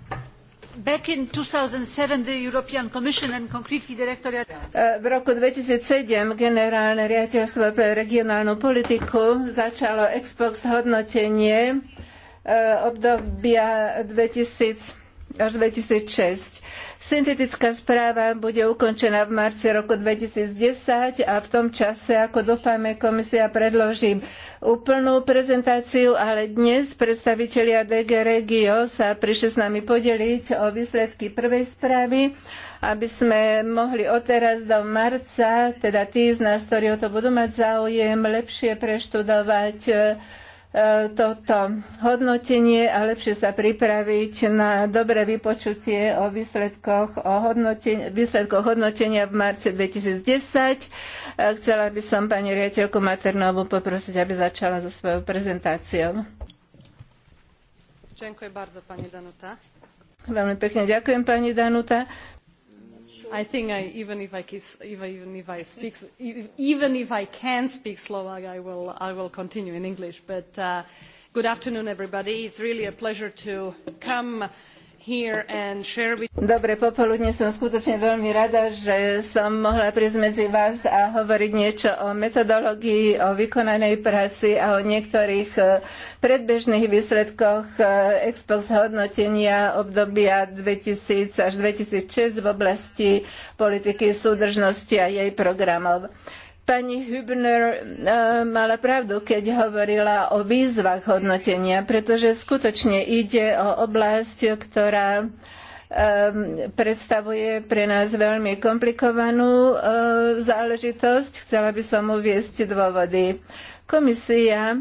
Back in 2007 the European Commission and concretely directorate... E, v roku 2007 generálne riaditeľstvo pre regionálnu politiku začalo ex post hodnotenie e, obdobia 2000 až 2006 Syntetická správa bude ukončená v marci roku 2010 a v tom čase, ako dúfame, komisia predloží úplnú prezentáciu, ale dnes predstavitelia DG Regio sa prišli s nami podeliť o výsledky prvej správy, aby sme mohli odteraz do marca, teda tí z nás, ktorí o to budú mať záujem, lepšie preštudovať E, toto hodnotenie a lepšie sa pripraviť na dobré vypočutie o výsledkoch, o hodnotenia, výsledkoch hodnotenia v marci 2010. E, chcela by som pani riaditeľku Maternovu poprosiť, aby začala so svojou prezentáciou. Ďakujem bardzo, pani Danuta. Veľmi pekne ďakujem, pani Danuta. I think I, even if I kiss, even if I speak, e, even if I can speak Slovak, I will, I will continue in English. But uh, good afternoon, everybody. It's really a pleasure to come Dobre popoludne som skutočne veľmi rada, že som mohla prísť medzi vás a hovoriť niečo o metodológii, o vykonanej práci a o niektorých e, predbežných výsledkoch e, ex post hodnotenia obdobia 2000 až 2006 v oblasti politiky súdržnosti a jej programov. Pani Hübner um, mala pravdu, keď hovorila o výzvach hodnotenia, pretože skutočne ide o oblasť, ktorá um, predstavuje pre nás veľmi komplikovanú uh, záležitosť. Chcela by som uviesť dôvody. Komisia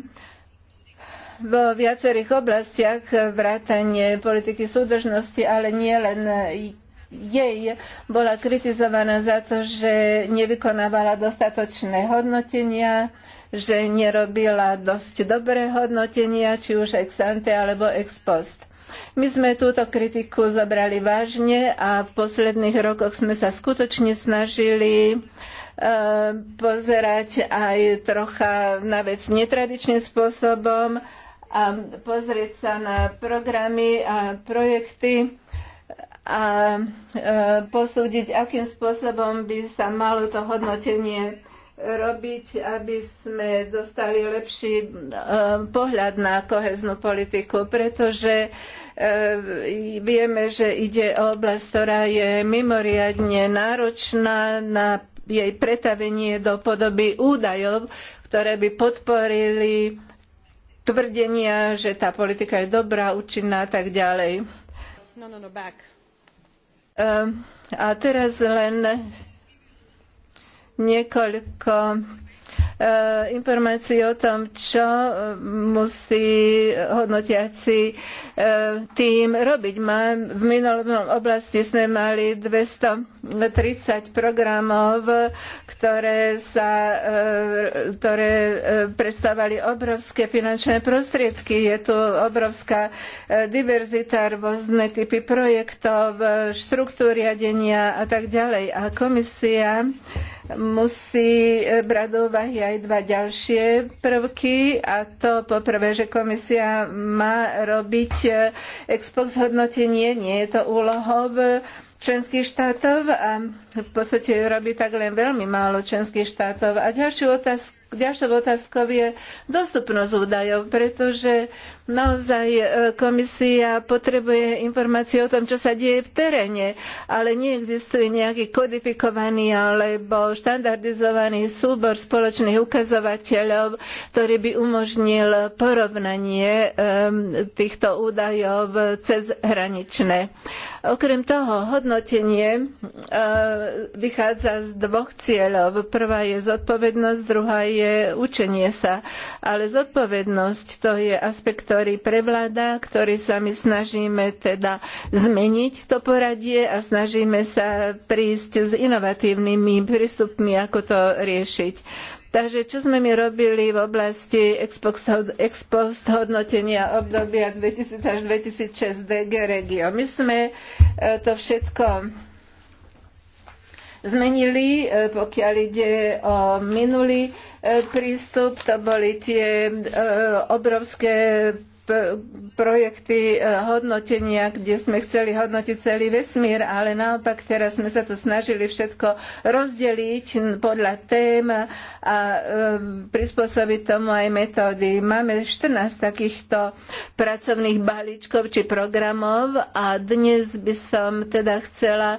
vo viacerých oblastiach vrátanie politiky súdržnosti, ale nie len jej bola kritizovaná za to, že nevykonávala dostatočné hodnotenia, že nerobila dosť dobré hodnotenia, či už ex ante alebo ex post. My sme túto kritiku zobrali vážne a v posledných rokoch sme sa skutočne snažili e, pozerať aj trocha na vec netradičným spôsobom a pozrieť sa na programy a projekty, a e, posúdiť, akým spôsobom by sa malo to hodnotenie robiť, aby sme dostali lepší e, pohľad na koheznú politiku, pretože e, vieme, že ide o oblasť, ktorá je mimoriadne náročná na jej pretavenie do podoby údajov, ktoré by podporili tvrdenia, že tá politika je dobrá, účinná a tak ďalej. No, no, no, back. Ehm, a teraz len niekoľko Eh, informácií o tom, čo eh, musí hodnotiaci eh, tým robiť. v minulom oblasti sme mali 230 programov, ktoré, sa, ktoré predstavali obrovské finančné prostriedky. Je tu obrovská diverzita, rôzne typy projektov, štruktúr riadenia a tak ďalej. A komisia musí e, brať do úvahy aj dva ďalšie prvky a to poprvé, že komisia má robiť e, ex post hodnotenie, nie je to úlohou e, členských štátov a v podstate robí tak len veľmi málo členských štátov. A ďalšiu otázku ďalšou otázkou je dostupnosť údajov, pretože naozaj e, komisia potrebuje informácie o tom, čo sa deje v teréne, ale neexistuje nejaký kodifikovaný alebo štandardizovaný súbor spoločných ukazovateľov, ktorý by umožnil porovnanie e, týchto údajov cez hraničné. Okrem toho, hodnotenie e, vychádza z dvoch cieľov. Prvá je zodpovednosť, druhá je učenie sa. Ale zodpovednosť to je aspekt, ktorý prevláda, ktorý sa my snažíme teda zmeniť to poradie a snažíme sa prísť s inovatívnymi prístupmi, ako to riešiť. Takže čo sme my robili v oblasti ex post hodnotenia obdobia 2000 až 2006 DG Regio? My sme e, to všetko zmenili, e, pokiaľ ide o minulý e, prístup, to boli tie obrovské projekty eh, hodnotenia, kde sme chceli hodnotiť celý vesmír, ale naopak teraz sme sa to snažili všetko rozdeliť podľa tém a eh, prispôsobiť tomu aj metódy. Máme 14 takýchto pracovných balíčkov či programov a dnes by som teda chcela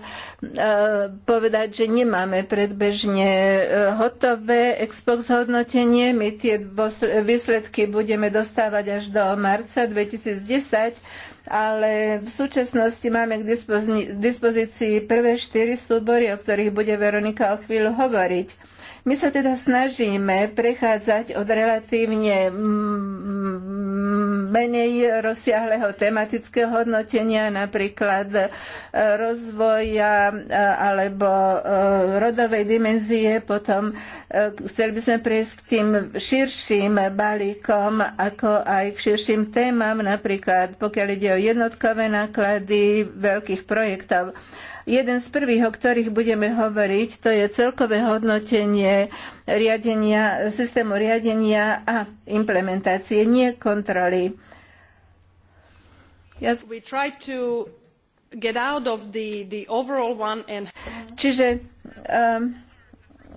eh, povedať, že nemáme predbežne hotové expo zhodnotenie. hodnotenie. My tie výsledky budeme dostávať až do marca marca 2010 ale v súčasnosti máme k dispozícii prvé štyri súbory, o ktorých bude Veronika o chvíľu hovoriť. My sa teda snažíme prechádzať od relatívne menej rozsiahleho tematického hodnotenia, napríklad e, rozvoja e, alebo e, rodovej dimenzie. Potom chceli by sme prejsť k tým širším balíkom, ako aj k širším témam, napríklad pokiaľ ide o jednotkové náklady veľkých projektov. Jeden z prvých, o ktorých budeme hovoriť, to je celkové hodnotenie riadenia, systému riadenia a implementácie, nie kontroly. Ja... The, the and... Čiže um,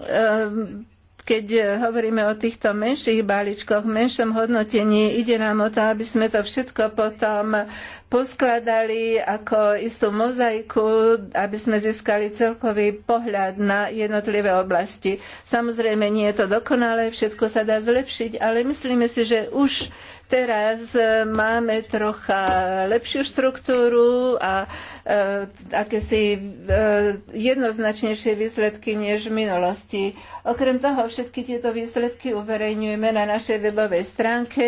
um, keď hovoríme o týchto menších balíčkoch, menšom hodnotení, ide nám o to, aby sme to všetko potom poskladali ako istú mozaiku, aby sme získali celkový pohľad na jednotlivé oblasti. Samozrejme, nie je to dokonalé, všetko sa dá zlepšiť, ale myslíme si, že už Teraz e, máme trocha lepšiu štruktúru a e, akési e, jednoznačnejšie výsledky než v minulosti. Okrem toho všetky tieto výsledky uverejňujeme na našej webovej stránke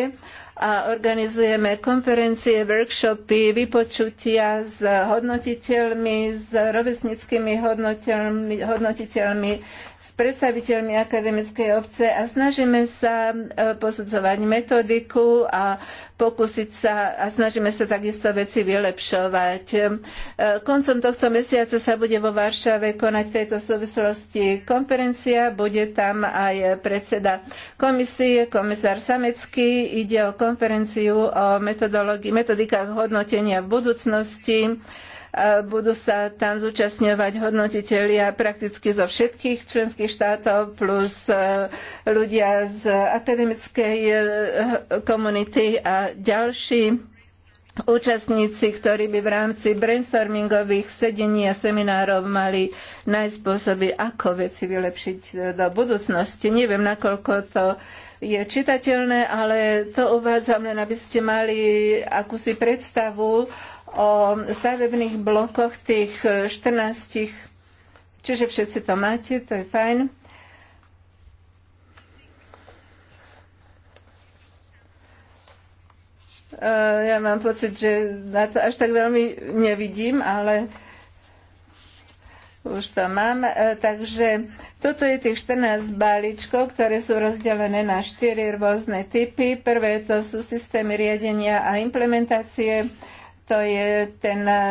a organizujeme konferencie, workshopy, vypočutia s hodnotiteľmi, s rovesnickými hodnotiteľmi, hodnotiteľmi predstaviteľmi akademickej obce a snažíme sa e, posudzovať metodiku a pokúsiť sa a snažíme sa takisto veci vylepšovať. E, koncom tohto mesiaca sa bude vo Varšave konať v tejto súvislosti konferencia, bude tam aj predseda komisie, komisár Samecký, ide o konferenciu o metodikách hodnotenia v budúcnosti. Budú sa tam zúčastňovať hodnotitelia prakticky zo všetkých členských štátov plus e, ľudia z akademickej e, komunity a ďalší účastníci, ktorí by v rámci brainstormingových sedení a seminárov mali nájsť spôsoby, ako veci vylepšiť e, do budúcnosti. Neviem, nakoľko to je čitateľné, ale to uvádzam len, aby ste mali akúsi predstavu o stavebných blokoch tých 14, e, čiže všetci to máte, to je fajn. E, ja mám pocit, že na to až tak veľmi nevidím, ale už to mám. E, takže toto je tých 14 balíčkov, ktoré sú rozdelené na 4 rôzne typy. Prvé to sú systémy riadenia a implementácie to je ten eh,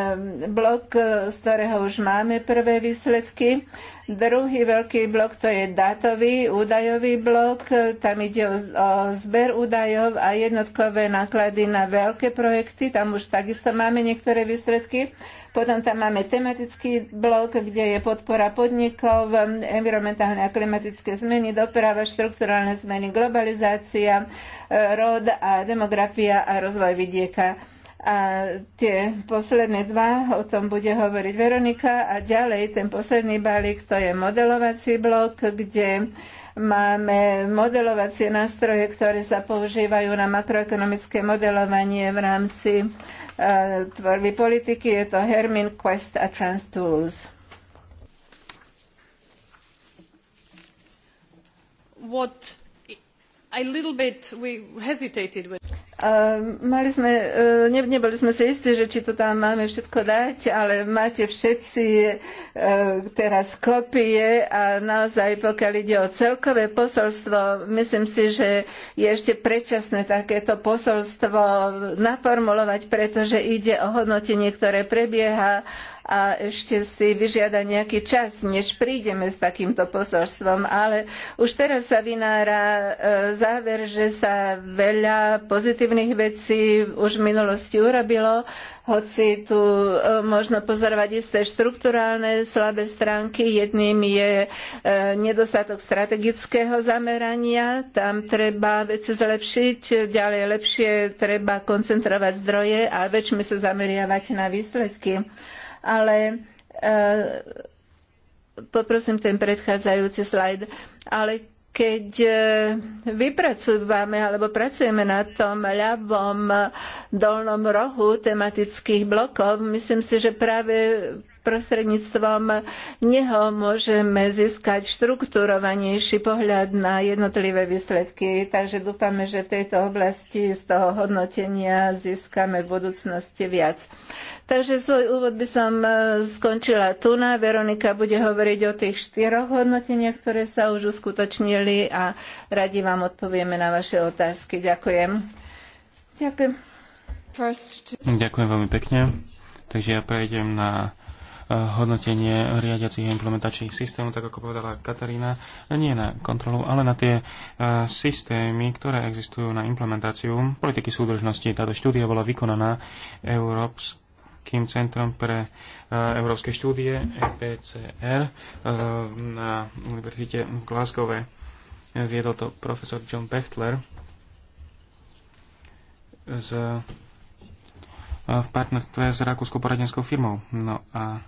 blok, eh, z ktorého už máme prvé výsledky. Druhý veľký blok to je dátový, údajový blok. Tam ide o, o zber údajov a jednotkové náklady na veľké projekty. Tam už takisto máme niektoré výsledky. Potom tam máme tematický blok, kde je podpora podnikov, environmentálne a klimatické zmeny, doprava, štrukturálne zmeny, globalizácia, eh, rod a demografia a rozvoj vidieka. A tie posledné dva, o tom bude hovoriť Veronika. A ďalej ten posledný balík, to je modelovací blok, kde máme modelovacie nástroje, ktoré sa používajú na makroekonomické modelovanie v rámci uh, tvorby politiky. Je to Hermin Quest a Trans Tools. What mali sme, e, ne, neboli sme si istí, že či to tam máme všetko dať, ale máte všetci e, teraz kopie a naozaj pokiaľ ide o celkové posolstvo, myslím si, že je ešte predčasné takéto posolstvo naformulovať, pretože ide o hodnotenie, ktoré prebieha a ešte si vyžiada nejaký čas, než prídeme s takýmto posolstvom. Ale už teraz sa vynára e, záver, že sa veľa pozitívnych vecí už v minulosti urobilo, hoci tu e, možno pozorovať isté štrukturálne slabé stránky. Jedným je e, nedostatok strategického zamerania, tam treba veci zlepšiť, ďalej lepšie treba koncentrovať zdroje a väčšmi sa zameriavať na výsledky ale e, poprosím ten predchádzajúci slajd, ale keď e, vypracujeme alebo pracujeme na tom ľavom e, dolnom rohu tematických blokov, myslím si, že práve prostredníctvom neho môžeme získať štrukturovanejší pohľad na jednotlivé výsledky. Takže dúfame, že v tejto oblasti z toho hodnotenia získame v budúcnosti viac. Takže svoj úvod by som e, skončila tu. Na Veronika bude hovoriť o tých štyroch hodnoteniach, ktoré sa už uskutočnili a radi vám odpovieme na vaše otázky. Ďakujem. Ďakujem. Ďakujem veľmi pekne. Takže ja prejdem na e, hodnotenie riadiacich a implementačných systémov, tak ako povedala Katarína, nie na kontrolu, ale na tie e, systémy, ktoré existujú na implementáciu politiky súdržnosti. Táto štúdia bola vykonaná Európskym Európskym centrom pre e, európske štúdie EPCR e, na Univerzite v Glasgow. Viedol to profesor John Bechtler z, e, v partnerstve s rakúskou poradenskou firmou. No a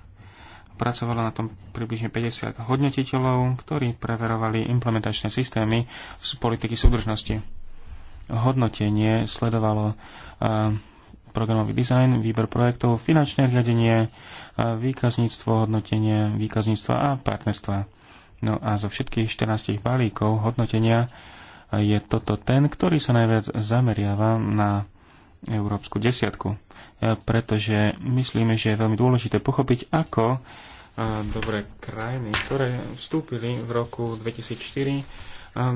pracovalo na tom približne 50 hodnotiteľov, ktorí preverovali implementačné systémy z politiky súdržnosti. Hodnotenie sledovalo programový dizajn, výber projektov, finančné riadenie, výkazníctvo, hodnotenie výkazníctva a partnerstva. No a zo všetkých 14 balíkov hodnotenia je toto ten, ktorý sa najviac zameriava na európsku desiatku. E, pretože myslíme, že je veľmi dôležité pochopiť, ako e, dobré krajiny, ktoré vstúpili v roku 2004, e,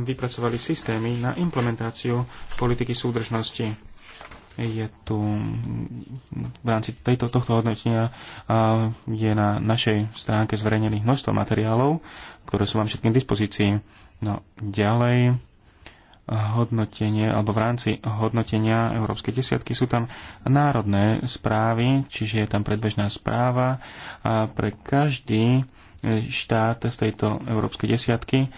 vypracovali systémy na implementáciu politiky súdržnosti je tu v rámci tejto, tohto hodnotenia je na našej stránke zverejnených množstvo materiálov, ktoré sú vám všetkým k dispozícii. No ďalej hodnotenie, alebo v rámci hodnotenia Európskej desiatky sú tam národné správy, čiže je tam predbežná správa a pre každý štát z tejto Európskej desiatky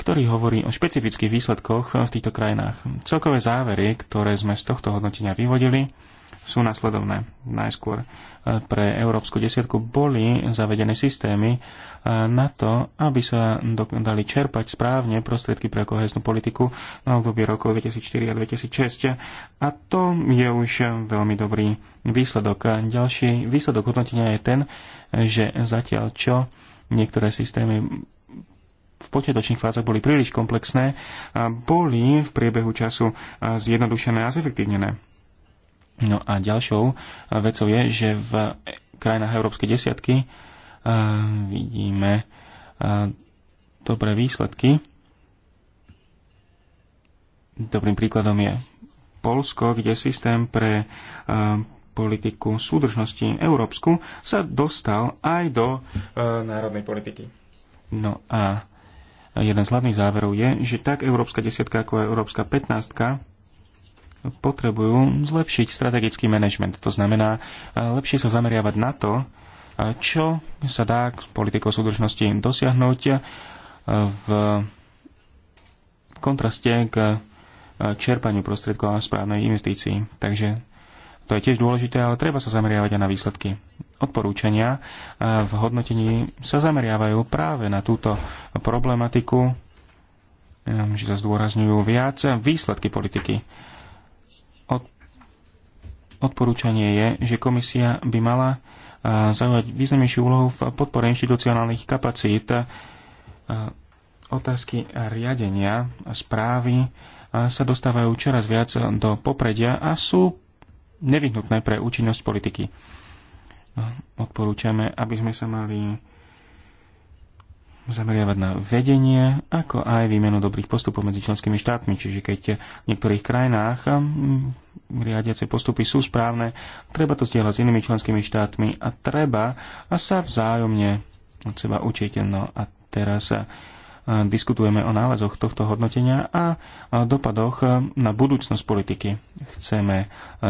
ktorý hovorí o špecifických výsledkoch v týchto krajinách. Celkové závery, ktoré sme z tohto hodnotenia vyvodili, sú nasledovné. Najskôr e, pre Európsku desiatku boli zavedené systémy e, na to, aby sa dali čerpať správne prostriedky pre koheznú politiku na obdobie rokov 2004 a 2006. A to je už veľmi dobrý výsledok. A ďalší výsledok hodnotenia je ten, že zatiaľ čo niektoré systémy v počiatočných fázach boli príliš komplexné, boli v priebehu času zjednodušené a zefektívnené. No a ďalšou vecou je, že v krajinách Európskej desiatky vidíme dobré výsledky. Dobrým príkladom je Polsko, kde systém pre politiku súdržnosti európsku sa dostal aj do národnej politiky. No a jeden z hlavných záverov je, že tak Európska desiatka ako aj Európska 15 potrebujú zlepšiť strategický manažment. To znamená e, lepšie sa zameriavať na to, e, čo sa dá s politikou súdržnosti dosiahnuť e, v kontraste k čerpaniu prostriedkov a správnej investícií. Takže to je tiež dôležité, ale treba sa zameriavať aj na výsledky. Odporúčania e, v hodnotení sa zameriavajú práve na túto problematiku, e, že sa zdôrazňujú viac výsledky politiky. Odporúčanie je, že komisia by mala e, zaujať významnejšiu úlohu v podpore inštitucionálnych kapacít otázky riadenia a správy sa dostávajú čoraz viac do popredia a sú nevyhnutné pre účinnosť politiky. No, odporúčame, aby sme sa mali zameriavať na vedenie, ako aj výmenu dobrých postupov medzi členskými štátmi. Čiže keď v niektorých krajinách riadiace postupy sú správne, treba to zdieľať s inými členskými štátmi a treba a sa vzájomne od seba učiť. No a teraz diskutujeme o nálezoch tohto hodnotenia a dopadoch e, na budúcnosť politiky. Chceme e,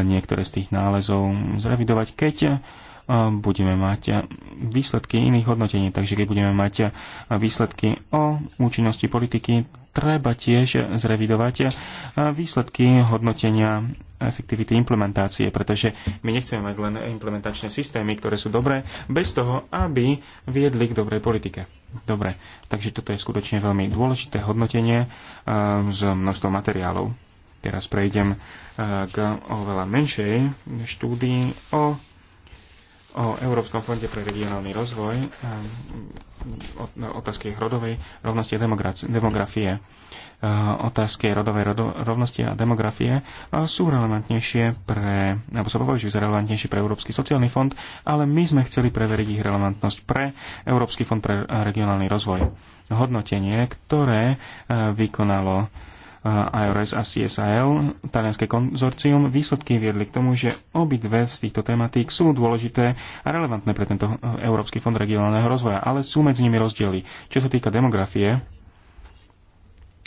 niektoré z tých nálezov zrevidovať, keď e, budeme mať výsledky iných hodnotení. Takže keď budeme mať výsledky o účinnosti politiky, treba tiež zrevidovať e, výsledky hodnotenia efektivity implementácie, pretože my nechceme mať len implementačné systémy, ktoré sú dobré, bez toho, aby viedli k dobrej politike. Dobre, takže toto je skutočne veľmi dôležité hodnotenie e, s množstvom materiálov. Teraz prejdem e, k oveľa menšej štúdii o o Európskom fonde pre regionálny rozvoj, eh, otázky rodovej rovnosti a demografie. Eh, otázky rodovej rodo, rovnosti a demografie eh, sú relevantnejšie pre, alebo sa považujú za relevantnejšie pre Európsky sociálny fond, ale my sme chceli preveriť ich relevantnosť pre Európsky fond pre regionálny rozvoj. Hodnotenie, ktoré vykonalo IRS a CSIL, talianské konzorcium, výsledky viedli k tomu, že obidve z týchto tematík sú dôležité a relevantné pre tento eh, Európsky fond regionálneho rozvoja, ale sú medzi nimi rozdiely. Čo sa týka demografie,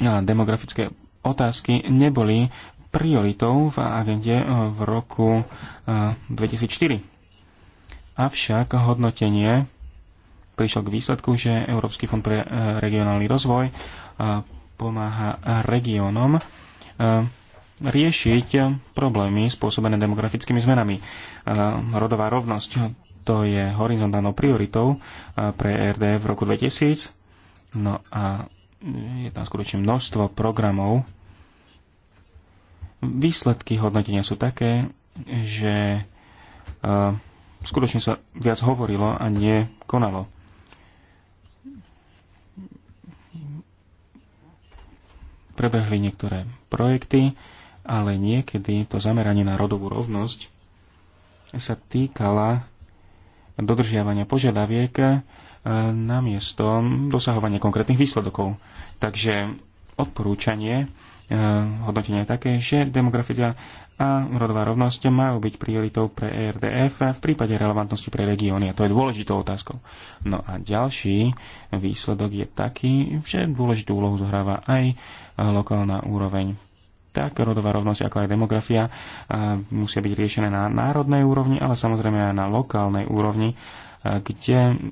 a demografické otázky neboli prioritou v agende eh, v roku 2004. Eh, Avšak hodnotenie prišlo k výsledku, že Európsky fond pre regionálny rozvoj pomáha regiónom e, riešiť problémy spôsobené demografickými zmenami. E, rodová rovnosť to je horizontálnou prioritou e, pre RD v roku 2000. No a je tam skutočne množstvo programov. Výsledky hodnotenia sú také, že skutočne sa viac hovorilo a nie konalo. prebehli niektoré projekty, ale niekedy to zameranie na rodovú rovnosť sa týkala dodržiavania požiadaviek e, namiesto dosahovania konkrétnych výsledokov. Takže odporúčanie E, hodnotenie je také, že demografia a rodová rovnosť majú byť prioritou pre ERDF v prípade relevantnosti pre regióny. A to je dôležitou otázkou. No a ďalší výsledok je taký, že dôležitú úlohu zohráva aj lokálna úroveň tak rodová rovnosť ako aj demografia e, musia byť riešené na národnej úrovni, ale samozrejme aj na lokálnej úrovni, e, kde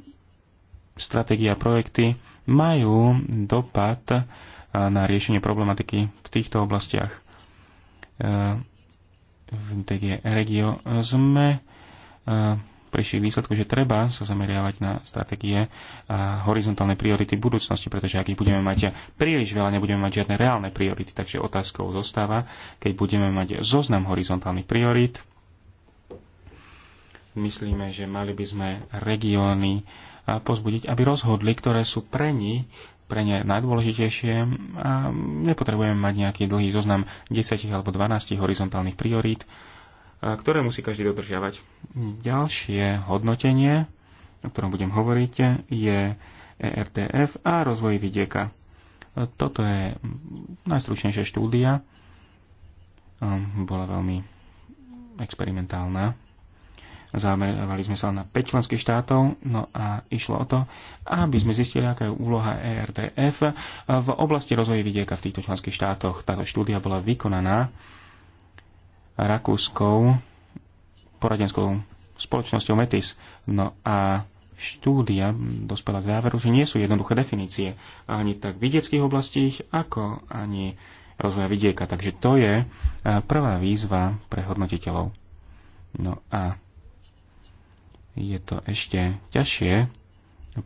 stratégia projekty majú dopad na riešenie problematiky v týchto oblastiach. E, v DG Regio sme e, prišli k výsledku, že treba sa zameriavať na stratégie a horizontálne priority budúcnosti, pretože ak ich budeme mať príliš veľa, nebudeme mať žiadne reálne priority. Takže otázkou zostáva, keď budeme mať zoznam horizontálnych priorít, myslíme, že mali by sme regióny pozbudiť, aby rozhodli, ktoré sú pre nich pre ne najdôležitejšie a nepotrebujeme mať nejaký dlhý zoznam 10 alebo 12 horizontálnych priorít, ktoré musí každý dodržiavať. Ďalšie hodnotenie, o ktorom budem hovoriť, je ERTF a rozvoj vidieka. Toto je najstručnejšia štúdia. Bola veľmi experimentálna Zamerali sme sa na 5 členských štátov, no a išlo o to, aby sme zistili, aká je úloha ERDF v oblasti rozvoja vidieka v týchto členských štátoch. Táto štúdia bola vykonaná rakúskou poradenskou spoločnosťou METIS. No a štúdia dospela k záveru, že nie sú jednoduché definície ani tak vidieckých oblastí, ako ani rozvoja vidieka. Takže to je eh, prvá výzva pre hodnotiteľov. No a je to ešte ťažšie,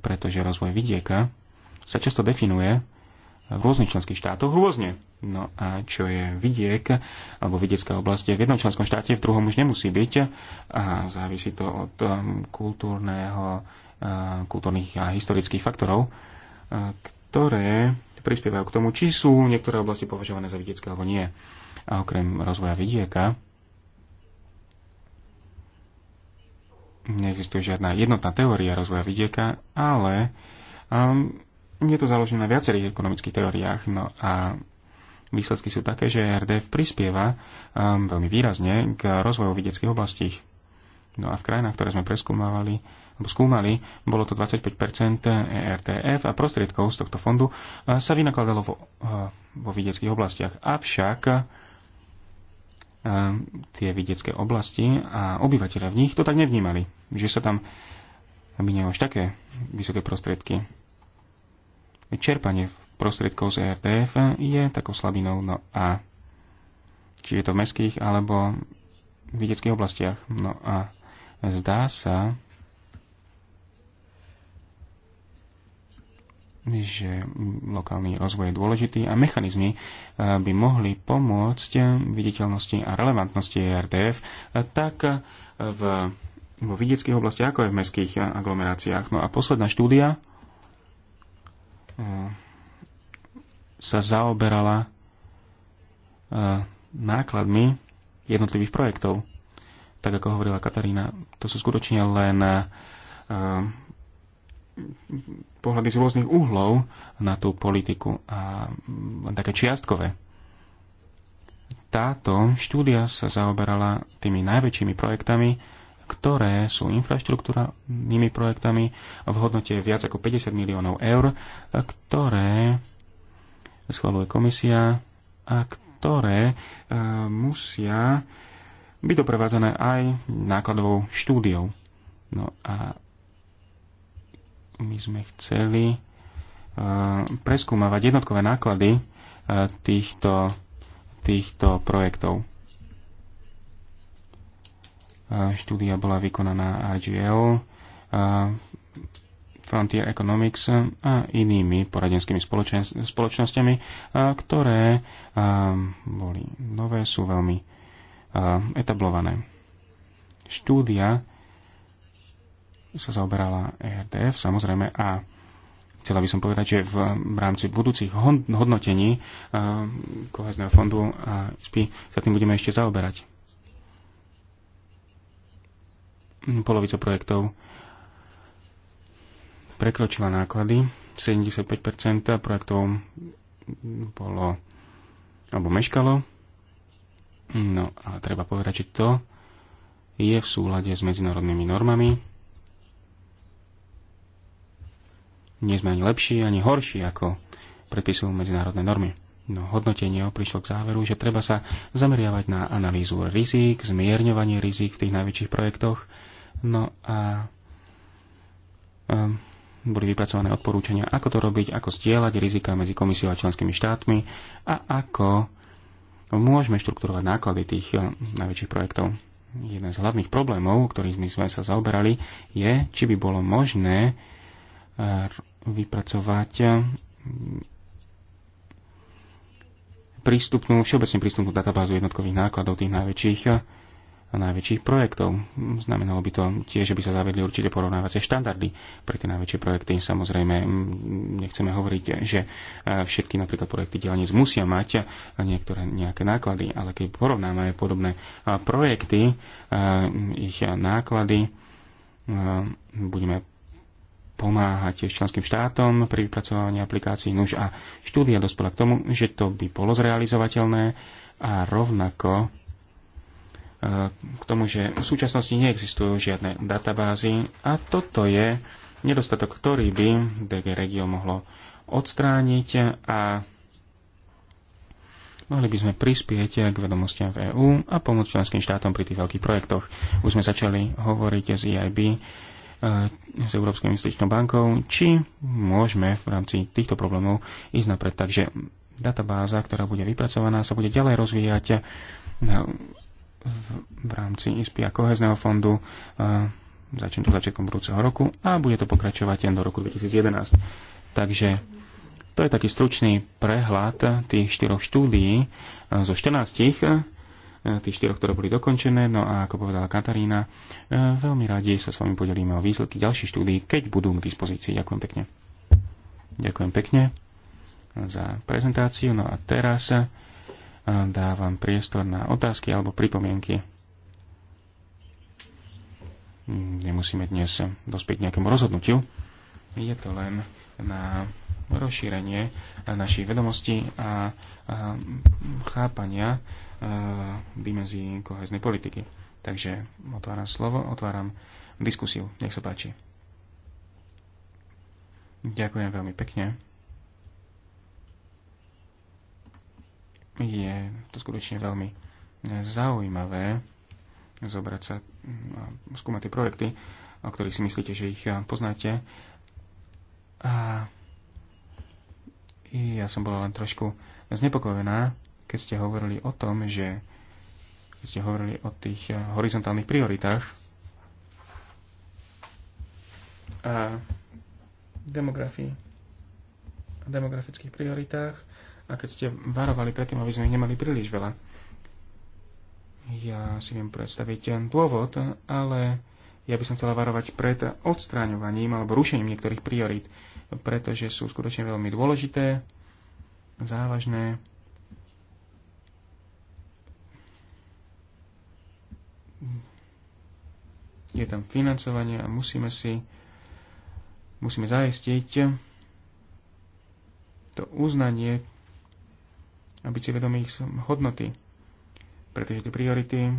pretože rozvoj vidieka sa často definuje v rôznych členských štátoch rôzne. No a čo je vidiek alebo vidiecká oblasti v jednom členskom štáte, v druhom už nemusí byť. A závisí to od um, kultúrneho, uh, kultúrnych a historických faktorov, uh, ktoré prispievajú k tomu, či sú niektoré oblasti považované za vidiecké alebo nie. A okrem rozvoja vidieka neexistuje žiadna jednotná teória rozvoja vidieka, ale um, je to založené na viacerých ekonomických teóriách. No a výsledky sú také, že RDF prispieva um, veľmi výrazne k rozvoju vidieckých oblastí. No a v krajinách, ktoré sme preskúmavali, alebo skúmali, bolo to 25 ERTF a prostriedkov z tohto fondu uh, sa vynakladalo vo, uh, vo vidieckých oblastiach. Avšak E, tie vidiecké oblasti a obyvateľe v nich to tak nevnímali, že sa tam minia až také vysoké prostriedky. Čerpanie prostriedkov z e RDF je takou slabinou, no a či je to v mestských alebo v vidieckých oblastiach. No a zdá sa, že lokálny rozvoj je dôležitý a mechanizmy eh, by mohli pomôcť viditeľnosti a relevantnosti e RDF eh, tak eh, v, vo vidieckých oblastiach, ako aj v mestských aglomeráciách. No a posledná štúdia sa zaoberala nákladmi jednotlivých projektov. Tak ako hovorila Katarína, to sú skutočne len pohľady z rôznych uhlov na tú politiku a také čiastkové. Táto štúdia sa zaoberala tými najväčšími projektami, ktoré sú infraštruktúrnymi projektami v hodnote viac ako 50 miliónov eur, ktoré schvaluje komisia a ktoré e, musia byť doprevádzané aj nákladovou štúdiou. No a my sme chceli eh, preskúmavať jednotkové náklady eh, týchto, týchto projektov. Eh, štúdia bola vykonaná RGL, Frontier Economics a inými poradenskými spoločnosťami, ktoré boli nové, sú veľmi etablované. Štúdia sa zaoberala ERDF, samozrejme, a chcela by som povedať, že v, v rámci budúcich hodnotení uh, kohezného fondu a SPI sa tým budeme ešte zaoberať. Polovica projektov prekročila náklady, 75% projektov bolo alebo meškalo. No a treba povedať, že to je v súlade s medzinárodnými normami nie sme ani lepší, ani horší, ako predpisujú medzinárodné normy. No hodnotenie prišlo k záveru, že treba sa zameriavať na analýzu rizik, zmierňovanie rizik v tých najväčších projektoch. No a um, boli vypracované odporúčania, ako to robiť, ako stielať rizika medzi komisiou a členskými štátmi a ako môžeme štrukturovať náklady tých ehm, najväčších projektov. Jeden z hlavných problémov, ktorým sme sa zaoberali, je, či by bolo možné vypracovať mm, prístupnú, všeobecne prístupnú databázu jednotkových nákladov tých najväčších, eh, najväčších projektov. Znamenalo by to tiež, že by sa zavedli určite porovnávacie štandardy pre tie najväčšie projekty. Samozrejme, mm, nechceme hovoriť, že eh, všetky napríklad projekty dielnic musia mať eh, niektoré nejaké náklady, ale keď porovnáme podobné projekty, ich náklady, budeme pomáhať členským štátom pri vypracovaní aplikácií. Nuž a štúdia dospela k tomu, že to by bolo zrealizovateľné a rovnako e, k tomu, že v súčasnosti neexistujú žiadne databázy a toto je nedostatok, ktorý by DG Regio mohlo odstrániť a mohli by sme prispieť k vedomostiam v EÚ a pomôcť členským štátom pri tých veľkých projektoch. Už sme začali hovoriť z EIB E, s Európskou investičnou bankou, či môžeme v rámci týchto problémov ísť napred. Takže databáza, ktorá bude vypracovaná, sa bude ďalej rozvíjať e, v, rámci ISPI a kohezného fondu e, začne to začiatkom budúceho roku a bude to pokračovať do roku 2011. Takže to je taký stručný prehľad tých štyroch štúdií zo 14, E, tých štyroch, ktoré boli dokončené. No a ako povedala Katarína, e, veľmi radi sa s vami podelíme o výsledky ďalších štúdí, keď budú k dispozícii. Ďakujem pekne. Ďakujem pekne za prezentáciu. No a teraz e, dávam priestor na otázky alebo pripomienky. Nemusíme dnes dospieť nejakému rozhodnutiu. Je to len na rozšírenie našich vedomostí a chápania Eh, dimenzí koheznej politiky. Takže otváram slovo, otváram diskusiu. Nech sa páči. Ďakujem veľmi pekne. Je to skutočne veľmi zaujímavé zobrať sa a skúmať tie projekty, o ktorých si myslíte, že ich eh, poznáte. A ja som bola len trošku znepokojená, keď ste hovorili o tom, že keď ste hovorili o tých eh, horizontálnych prioritách a demografii a demografických prioritách a keď ste varovali predtým, aby sme ich nemali príliš veľa. Ja si viem predstaviť ten dôvod, ale ja by som chcela varovať pred odstráňovaním alebo rušením niektorých priorít, pretože sú skutočne veľmi dôležité, závažné je tam financovanie a musíme si musíme zaistiť to uznanie, aby si vedomí ich hodnoty. Pretože tie priority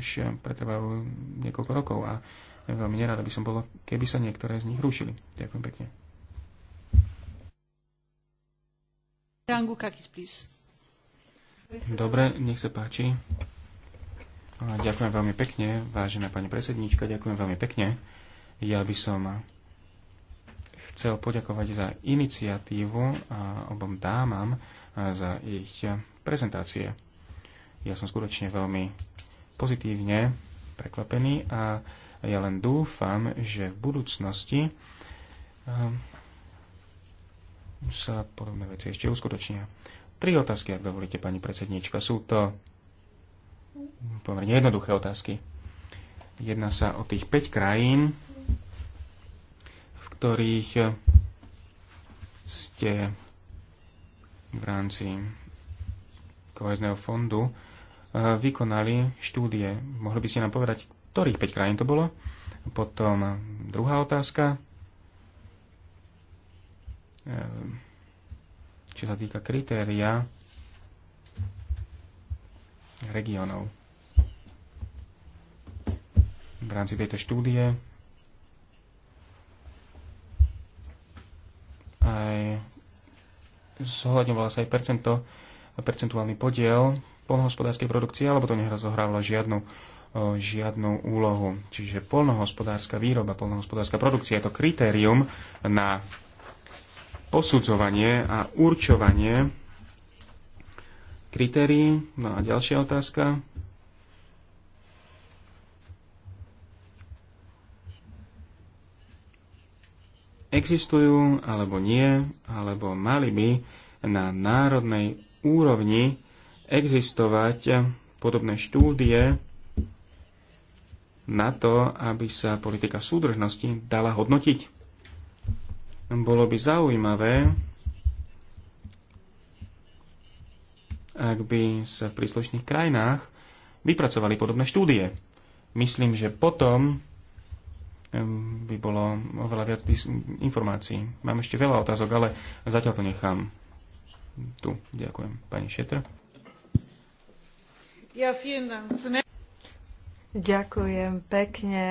už pretrvajú niekoľko rokov a ja veľmi nerád, aby som bolo, keby sa niektoré z nich rušili. Ďakujem pekne. Dobre, nech sa páči. Ďakujem veľmi pekne, vážená pani predsedníčka, ďakujem veľmi pekne. Ja by som chcel poďakovať za iniciatívu a obom dámam za ich prezentácie. Ja som skutočne veľmi pozitívne prekvapený a ja len dúfam, že v budúcnosti ehm, sa podobné veci ešte uskutočnia. Tri otázky, ak dovolíte, pani predsedníčka. Sú to pomerne jednoduché otázky. Jedná sa o tých 5 krajín, v ktorých ste v rámci kohezného fondu eh, vykonali štúdie. Mohli by ste nám povedať, ktorých 5 krajín to bolo? Potom druhá otázka. Eh, čo sa týka kritéria regiónov. V rámci tejto štúdie aj zohľadňovala sa aj percento, percentuálny podiel polnohospodárskej produkcie, alebo to nerozohrávalo žiadnu, žiadnu úlohu. Čiže polnohospodárska výroba, polnohospodárska produkcia je to kritérium na posudzovanie a určovanie kritérií. No a ďalšia otázka. Existujú alebo nie, alebo mali by na národnej úrovni existovať podobné štúdie na to, aby sa politika súdržnosti dala hodnotiť. Bolo by zaujímavé ak by sa v príslušných krajinách vypracovali podobné štúdie. Myslím, že potom by bolo oveľa viac informácií. Mám ešte veľa otázok, ale zatiaľ to nechám tu. Ďakujem. Pani Šetr. Ja, Ďakujem pekne.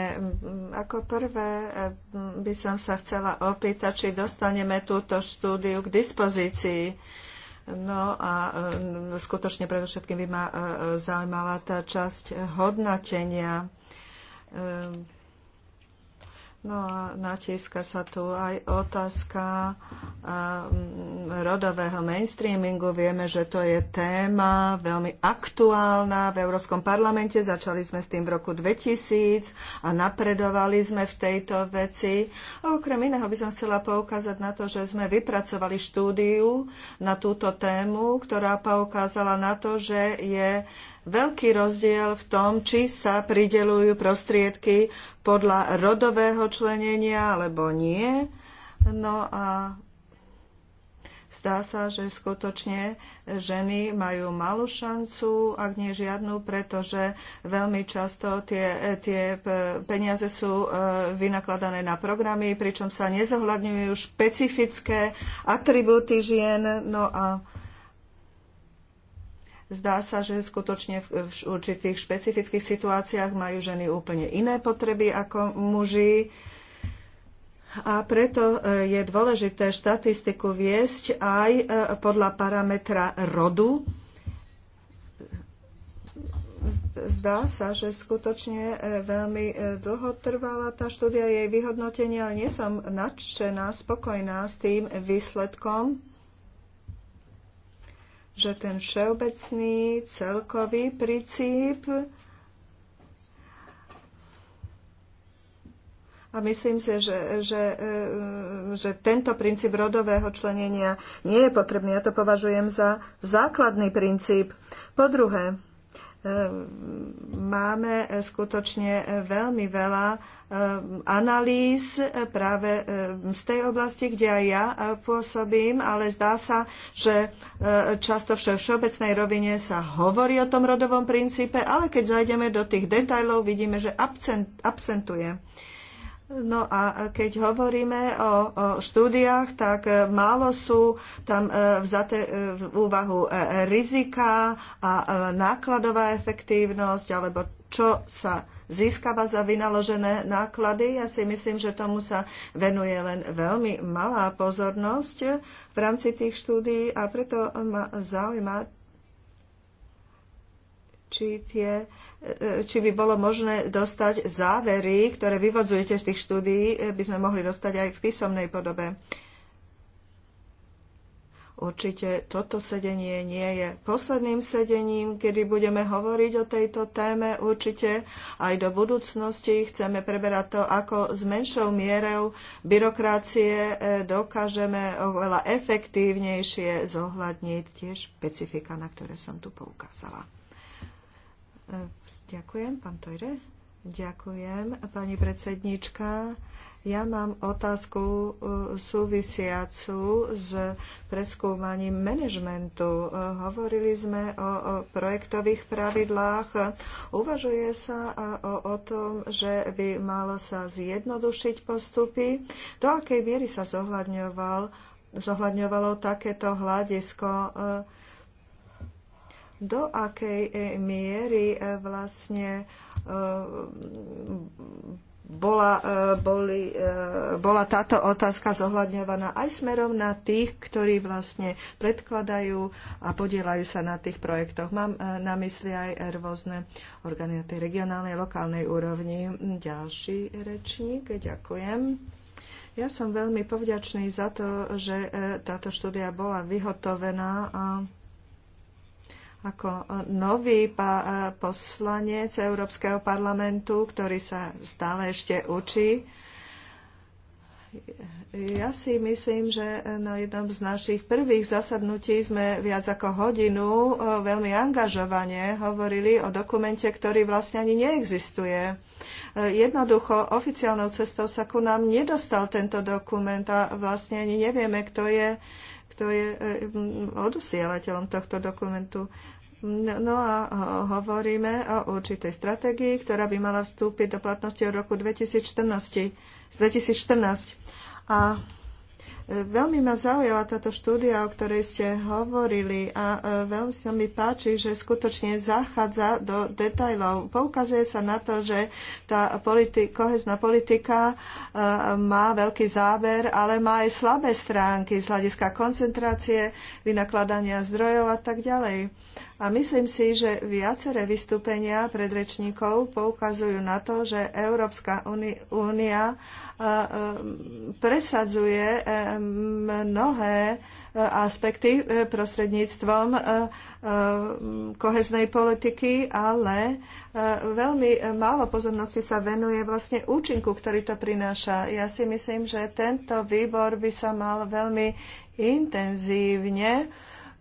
Ako prvé eh, by som sa chcela opýtať, či dostaneme túto štúdiu k dispozícii No a e, skutočne predovšetkým by ma e, e, zaujímala tá časť hodnotenia No a natíska sa tu aj otázka mm, rodového mainstreamingu. Vieme, že to je téma veľmi aktuálna v Európskom parlamente. Začali sme s tým v roku 2000 a napredovali sme v tejto veci. A okrem iného by som chcela poukázať na to, že sme vypracovali štúdiu na túto tému, ktorá poukázala na to, že je veľký rozdiel v tom, či sa pridelujú prostriedky podľa rodového členenia alebo nie. No a zdá sa, že skutočne ženy majú malú šancu, ak nie žiadnu, pretože veľmi často tie, tie peniaze sú e, vynakladané na programy, pričom sa nezohľadňujú špecifické atribúty žien. No a Zdá sa, že skutočne v určitých špecifických situáciách majú ženy úplne iné potreby ako muži. A preto e, je dôležité štatistiku viesť aj e, podľa parametra rodu. Zdá sa, že skutočne e, veľmi dlho trvala tá štúdia jej vyhodnotenia, ale nie som nadšená, spokojná s tým výsledkom že ten všeobecný celkový princíp A myslím si, že, že, e, že tento princíp rodového členenia nie je potrebný. Ja to považujem za základný princíp. Po druhé, máme skutočne veľmi veľa eh, analýz práve eh, z tej oblasti, kde aj ja eh, pôsobím, ale zdá sa, že často v všeobecnej rovine sa hovorí o tom rodovom princípe, ale keď zajdeme do tých detajlov, vidíme, že absent, absentuje. No a keď hovoríme o, o štúdiách, tak e, málo sú tam e, vzaté e, v úvahu rizika a nákladová efektívnosť, alebo čo sa získava za vynaložené náklady. Ja si myslím, že tomu sa venuje len veľmi malá pozornosť v rámci tých štúdií a preto ma zaujíma, či tie či by bolo možné dostať závery, ktoré vyvodzujete z tých štúdií, by sme mohli dostať aj v písomnej podobe. Určite toto sedenie nie je posledným sedením, kedy budeme hovoriť o tejto téme. Určite aj do budúcnosti chceme preberať to, ako s menšou mierou byrokracie e, dokážeme oveľa efektívnejšie zohľadniť tie špecifika, na ktoré som tu poukázala. Ďakujem, pán Tojre. Ďakujem, pani predsednička. Ja mám otázku e, súvisiacu s preskúmaním manažmentu. E, hovorili sme o projektových pravidlách. Uvažuje sa o, tom, že by malo sa zjednodušiť postupy. Do akej miery sa zohľadňovalo takéto hľadisko? E, do akej e, miery e, vlastne e, bola, boli, bola táto otázka zohľadňovaná aj smerom na tých, ktorí vlastne predkladajú a podielajú sa na tých projektoch. Mám na mysli aj rôzne orgány na tej regionálnej, lokálnej úrovni. Ďalší rečník, ďakujem. Ja som veľmi povďačný za to, že táto štúdia bola vyhotovená a ako e, nový e, poslanec Európskeho parlamentu, ktorý sa stále ešte učí. Ja si myslím, že na jednom z našich prvých zasadnutí sme viac ako hodinu e, veľmi angažovane hovorili o dokumente, ktorý vlastne ani neexistuje. Jednoducho oficiálnou cestou sa ku nám nedostal tento dokument a vlastne ani nevieme, kto je kto je e, odusielateľom tohto dokumentu. No, no a e, hovoríme o určitej stratégii, ktorá by mala vstúpiť do platnosti od roku 2014. 2014. A Veľmi ma zaujala táto štúdia, o ktorej ste hovorili a e, veľmi sa mi páči, že skutočne zachádza do detajlov. Poukazuje sa na to, že tá politi- kohezná politika e, má veľký záber, ale má aj slabé stránky z hľadiska koncentrácie, vynakladania zdrojov a tak ďalej. A myslím si, že viaceré vystúpenia predrečníkov poukazujú na to, že Európska únia presadzuje e, mnohé e, aspekty e, prostredníctvom koheznej politiky, ale veľmi málo pozornosti sa venuje vlastne účinku, ktorý to prináša. Ja si myslím, že tento výbor by sa mal veľmi intenzívne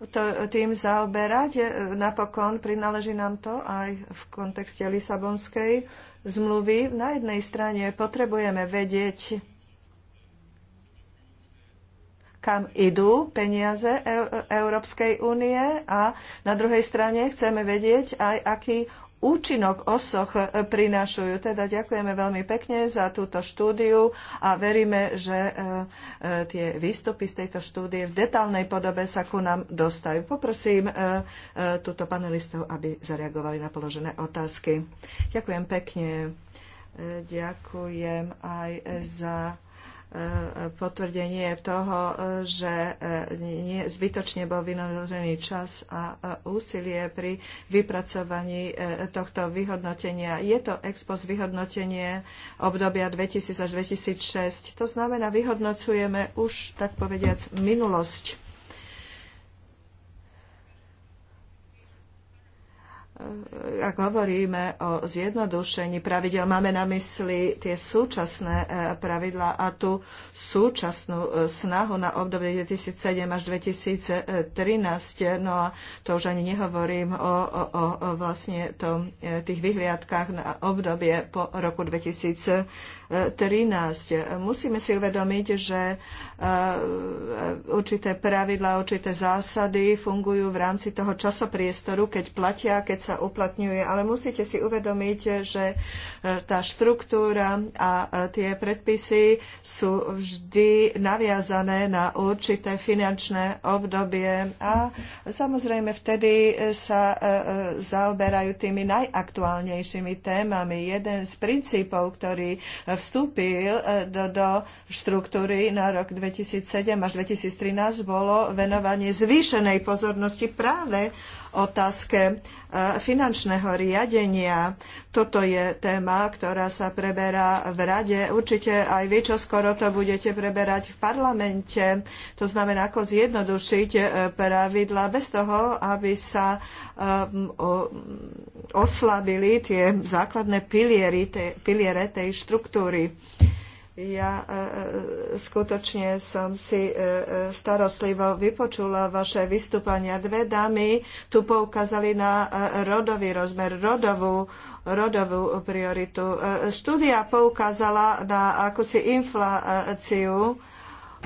to, tým zaoberať. E, napokon prináleží nám to aj v kontexte Lisabonskej zmluvy. Na jednej strane potrebujeme vedieť, kam idú peniaze e, e, Európskej únie a na druhej strane chceme vedieť aj, aký účinok osoch prinášajú. Teda ďakujeme veľmi pekne za túto štúdiu a veríme, že e, e, tie výstupy z tejto štúdie v detálnej podobe sa ku nám dostajú. Poprosím e, túto panelistov, aby zareagovali na položené otázky. Ďakujem pekne. Ďakujem aj za potvrdenie toho, že e, zbytočne bol vynaložený čas a e, úsilie pri vypracovaní e, tohto vyhodnotenia. Je to expos vyhodnotenie obdobia 2000 až 2006. To znamená, vyhodnocujeme už, tak povediac, minulosť Eh, ak hovoríme o zjednodušení pravidel, máme na mysli tie súčasné eh, pravidlá a tú súčasnú eh, snahu na obdobie 2007 až 2013. No a to už ani nehovorím o, o, o, vlastne tom, tých vyhliadkách na obdobie po roku 2013. Musíme si uvedomiť, že eh, určité pravidlá, určité zásady fungujú v rámci toho časopriestoru, keď platia, keď sa uplatňuje, ale musíte si uvedomiť, že eh, tá štruktúra a eh, tie predpisy sú vždy naviazané na určité finančné obdobie a samozrejme vtedy sa zaoberajú tými najaktuálnejšími témami. Jeden z princípov, ktorý v vstúpil e, do, do štruktúry na rok 2007 až 2013, bolo venovanie zvýšenej pozornosti práve otázke e, finančného riadenia. Toto je téma, ktorá sa preberá v rade. Určite aj vy, čo skoro to budete preberať v parlamente. To znamená, ako zjednodušiť e, pravidla bez toho, aby sa e, oslabili tie základné piliery, piliere tej štruktúry. Ja e, e, skutočne som si e, starostlivo vypočula vaše vystúpania. Dve dámy tu poukázali na rodový rozmer, rodovú, rodovú prioritu. Štúdia poukázala na akúsi infláciu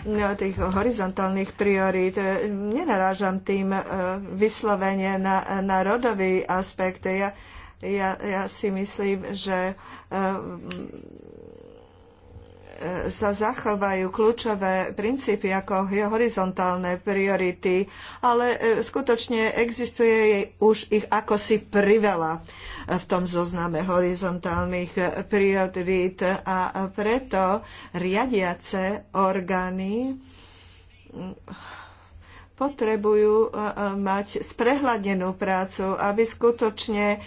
no, tých horizontálnych priorít. Nenarážam tým vyslovene na, na rodový aspekt. Ja, ja, ja si myslím, že sa zachovajú kľúčové princípy ako horizontálne priority, ale e, skutočne existuje už ich akosi priveľa v tom zozname horizontálnych e, priorít a preto riadiace orgány potrebujú e, e, mať sprehľadenú prácu, aby skutočne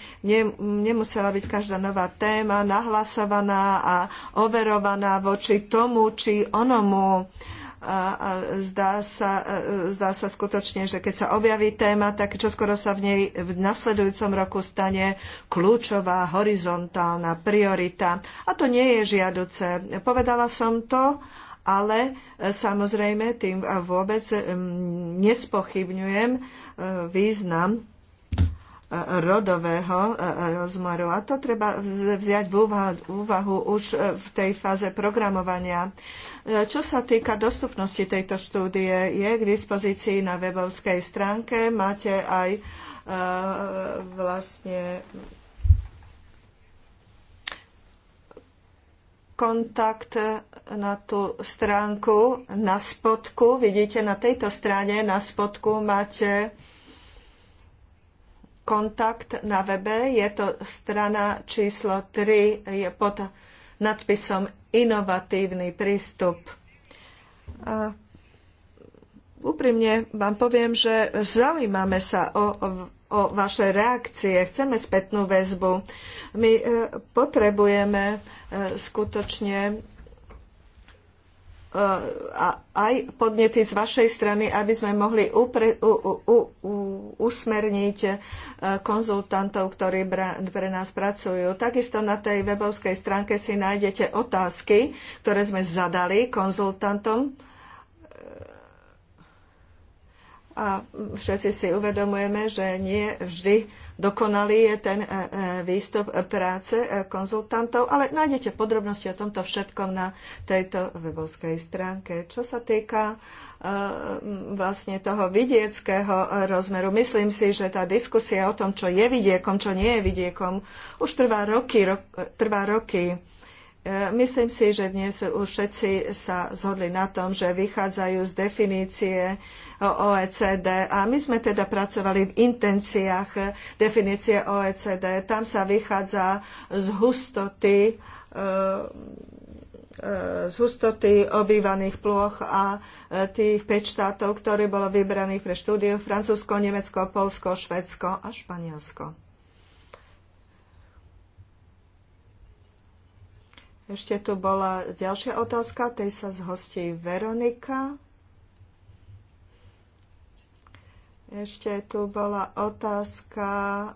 nemusela byť každá nová téma nahlasovaná a overovaná voči tomu či onomu. A zdá, sa, e, zdá sa skutočne, že keď sa objaví téma, tak čoskoro sa v nej v nasledujúcom roku stane kľúčová horizontálna priorita. A to nie je žiaduce. Povedala som to ale e, samozrejme tým e, vôbec e, nespochybňujem význam rodového rozmaru A to treba vziať v úvahu už v tej fáze programovania. Čo sa týka dostupnosti tejto štúdie, je k dispozícii na webovskej stránke. Máte aj vlastne kontakt na tú stránku na spodku. Vidíte, na tejto strane na spodku máte kontakt na webe. Je to strana číslo 3, je pod nadpisom Inovatívny prístup. A úprimne vám poviem, že zaujímame sa o o vaše reakcie, chceme spätnú väzbu. My e, potrebujeme e, skutočne e, aj podnety z vašej strany, aby sme mohli upre, u, u, u, usmerniť konzultantov, ktorí pre nás pracujú. Takisto na tej webovskej stránke si nájdete otázky, ktoré sme zadali konzultantom a všetci si uvedomujeme, že nie vždy dokonalý je ten e, e, výstup práce e, konzultantov, ale nájdete podrobnosti o tomto všetkom na tejto webovskej stránke. Čo sa týka vlastne toho vidieckého rozmeru. Myslím si, že tá diskusia o tom, čo je vidiekom, čo nie je vidiekom, už trvá roky. Ro, trvá roky E, myslím si, že dnes už všetci sa zhodli na tom, že vychádzajú z definície OECD a my sme teda pracovali v intenciách definície OECD. Tam sa vychádza z hustoty, e, e, z hustoty obývaných ploch a tých 5 štátov, ktoré bolo vybraných pre štúdiu Francúzsko, Nemecko, Polsko, Švedsko a Španielsko. Ešte tu bola ďalšia otázka, tej sa zhostí Veronika. Ešte tu bola otázka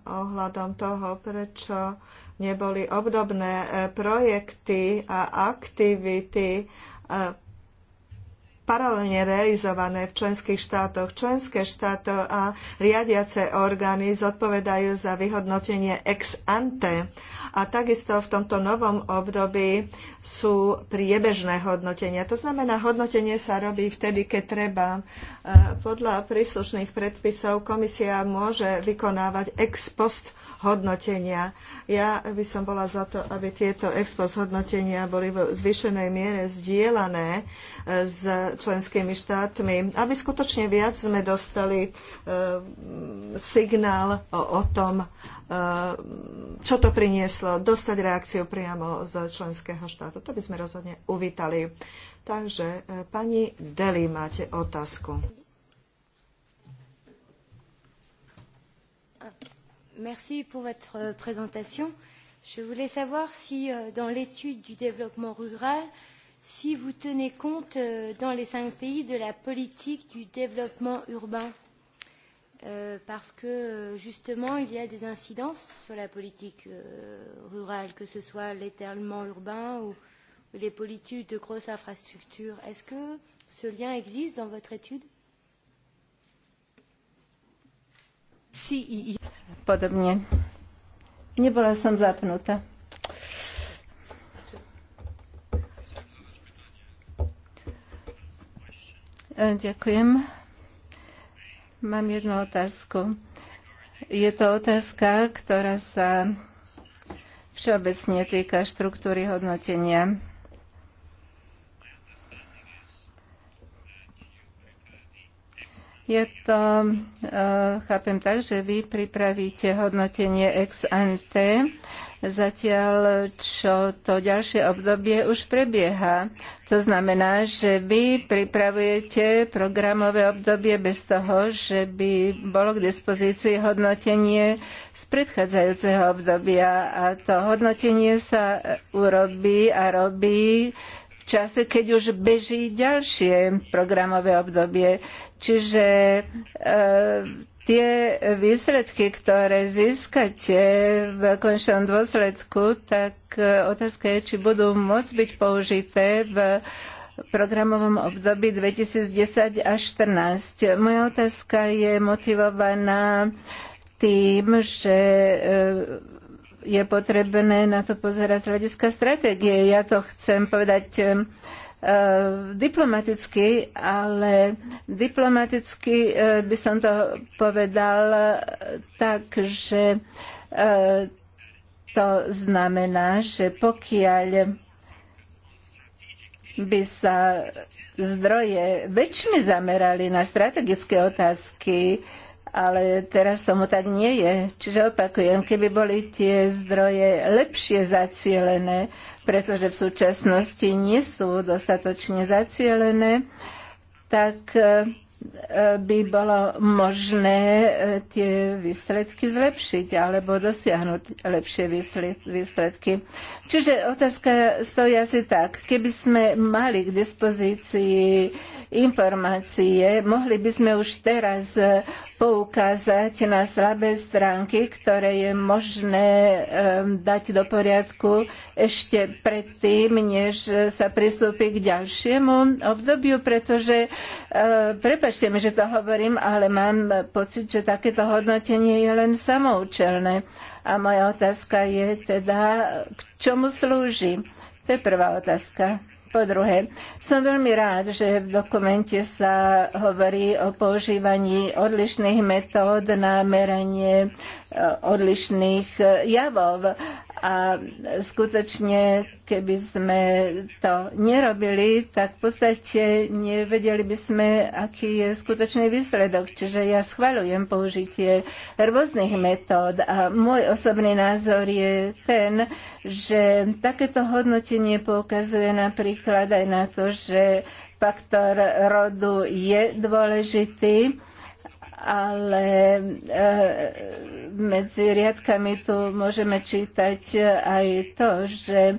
ohľadom toho, prečo neboli obdobné eh, projekty a aktivity eh, paralelne realizované v členských štátoch. Členské štáto a riadiace orgány zodpovedajú za vyhodnotenie ex ante a takisto v tomto novom období sú priebežné hodnotenia. To znamená, hodnotenie sa robí vtedy, keď treba. E, podľa príslušných predpisov komisia môže vykonávať ex post hodnotenia. Ja by som bola za to, aby tieto ex post hodnotenia boli v zvýšenej miere zdieľané e, s členskými štátmi, aby skutočne viac sme dostali e, signál o tom, e, čo to prinieslo, dostať reakciu priamo z členského štátu. To by sme rozhodne uvítali. Takže pani Deli, máte otázku. Merci pour votre euh, présentation. Je voulais savoir si, euh, dans l'étude du développement rural, si vous tenez compte, euh, dans les cinq pays, de la politique du développement urbain, parce que, justement, il y a des incidences sur la politique rurale, que ce soit l'étalement urbain ou les politiques de grosses infrastructures. Est-ce que ce lien existe dans votre étude CEE. E. Podobne. Nebola som zapnutá. E, ďakujem. Mám jednu otázku. Je to otázka, ktorá sa všeobecne týka štruktúry hodnotenia Je to eh, chápem tak, že vy pripravíte hodnotenie ex ante, zatiaľ čo to ďalšie obdobie už prebieha. To znamená, že vy pripravujete programové obdobie bez toho, že by bolo k dispozícii hodnotenie z predchádzajúceho obdobia a to hodnotenie sa urobí a robí čase, keď už beží ďalšie programové obdobie. Čiže e, tie výsledky, ktoré získate v končnom dôsledku, tak e, otázka je, či budú môcť byť použité v programovom období 2010 až 2014. Moja otázka je motivovaná tým, že e, je potrebné na to pozerať z hľadiska stratégie. Ja to chcem povedať e, e, diplomaticky, ale diplomaticky e, by som to povedal tak, že to znamená, že pokiaľ by sa zdroje väčšmi zamerali na strategické otázky, ale teraz tomu tak nie je. Čiže opakujem, keby boli tie zdroje lepšie zacielené, pretože v súčasnosti nie sú dostatočne zacielené, tak e, by bolo možné e, tie výsledky zlepšiť alebo dosiahnuť lepšie výsledky. Čiže otázka stojí asi tak, keby sme mali k dispozícii informácie, mohli by sme už teraz poukázať na slabé stránky, ktoré je možné dať do poriadku ešte predtým, než sa pristúpi k ďalšiemu obdobiu, pretože, eh, prepačte mi, že to hovorím, ale mám pocit, že takéto hodnotenie je len samoučelné. A moja otázka je teda, k čomu slúži? To je prvá otázka. Po druhé, som veľmi rád, že v dokumente sa hovorí o používaní odlišných metód na meranie odlišných e, javov. A skutočne, keby sme to nerobili, tak v podstate nevedeli by sme, aký je skutočný výsledok. Čiže ja schvaľujem použitie rôznych metód a môj osobný názor je ten, že takéto hodnotenie poukazuje napríklad aj na to, že faktor rodu je dôležitý ale e, medzi riadkami tu môžeme čítať aj to, že e,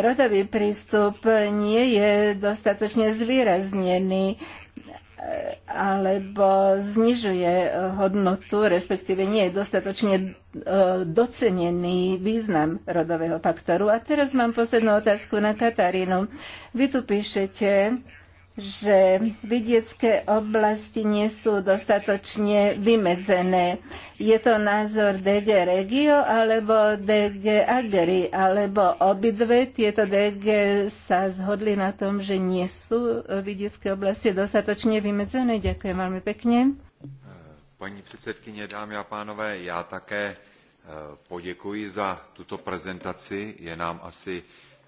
rodový prístup nie je dostatočne zvýraznený e, alebo znižuje hodnotu, respektíve nie je dostatočne docenený význam rodového faktoru. A teraz mám poslednú otázku na Katarínu. Vy tu píšete, že vidiecké oblasti nie sú dostatočne vymedzené. Je to názor DG Regio alebo DG Agri, alebo obidve tieto DG sa zhodli na tom, že nie sú vidiecké oblasti dostatočne vymedzené. Ďakujem veľmi pekne. Paní předsedkyně, dámy a pánové, já také eh, poděkuji za tuto prezentaci. Je nám asi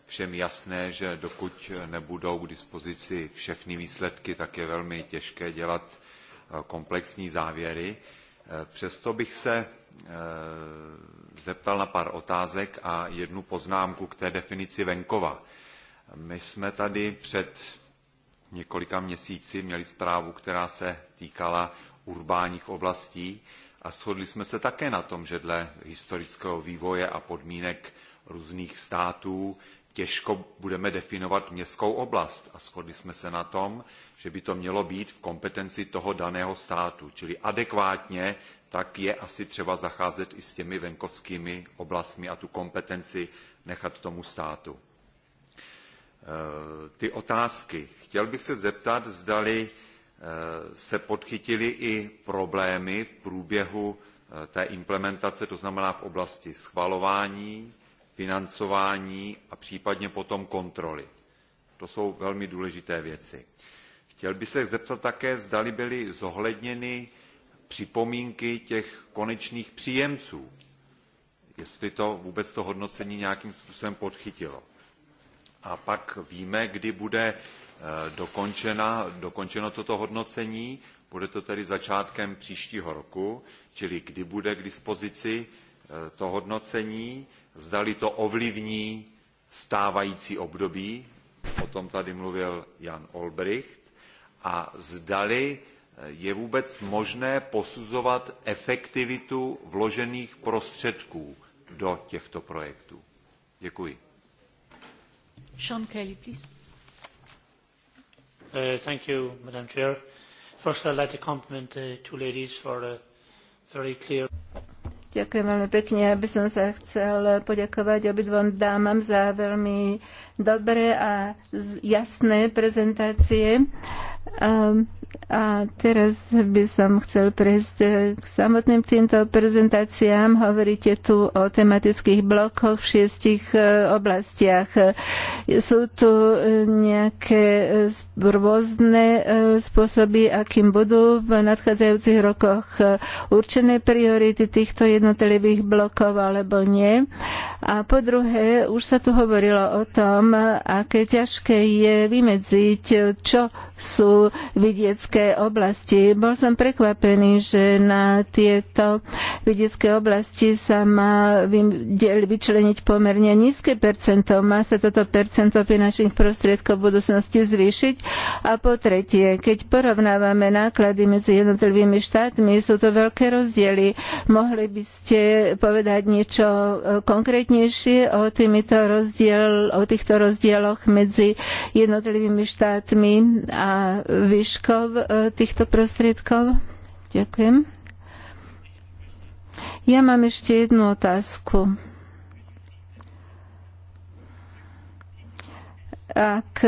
všem jasné, že dokud nebudou k dispozici všechny výsledky, tak je velmi těžké dělat eh, komplexní závěry. Eh, přesto bych se eh, zeptal na pár otázek a jednu poznámku k té definici venkova. My jsme tady před několika měsíci měli zprávu, která se týkala urbánních oblastí a shodli jsme se také na tom, že dle historického vývoje a podmínek různých států těžko budeme definovat městskou oblast a shodli jsme se na tom, že by to mělo být v kompetenci toho daného státu, čili adekvátně tak je asi třeba zacházet i s těmi venkovskými oblastmi a tu kompetenci nechat tomu státu. E, ty otázky. Chtěl bych se zeptat, zdali e, se podchytily i problémy v průběhu e, té implementace, to znamená v oblasti schvalování, financování a případně potom kontroly. To jsou velmi důležité věci. Chtěl bych se zeptat také, zdali byly zohledněny připomínky těch konečných příjemců, jestli to vůbec to hodnocení nějakým způsobem podchytilo. A pak víme, kdy bude eh, dokončena, dokončeno toto hodnocení, bude to tedy začátkem příštího roku, čili kdy bude k dispozici Eh, to hodnocení, zdali to ovlivní stávající období, o tom tady mluvil Jan Olbricht, a zdali eh, je vůbec možné posuzovat efektivitu vložených prostředků do těchto projektů. Děkuji. Sean Kelly, please. Uh, thank you, Madam Chair. First, I'd like to compliment the uh, two ladies for a very clear... Ďakujem veľmi pekne. Aby som sa chcel poďakovať obidvom dámam za veľmi dobré a jasné prezentácie. Ehm, a teraz by som chcel prejsť k samotným týmto prezentáciám. Hovoríte tu o tematických blokoch v šiestich e, oblastiach. Sú tu e, nejaké e, rôzne spôsoby, akým budú v nadchádzajúcich rokoch určené priority týchto jednotlivých blokov alebo nie. A po druhé, už sa tu hovorilo o tom, aké ťažké je vymedziť, čo sú vidiecké oblasti. Bol som prekvapený, že na tieto vidiecké oblasti sa má vyčleniť pomerne nízke percento. Má sa toto percento finančných prostriedkov v budúcnosti zvýšiť. A po tretie, keď porovnávame náklady medzi jednotlivými štátmi, sú to veľké rozdiely. Mohli by ste povedať niečo e, konkrétne presnejšie o, rozdiel, o týchto rozdieloch medzi jednotlivými štátmi a výškov e, týchto prostriedkov? Ďakujem. Ja mám ešte jednu otázku. Ak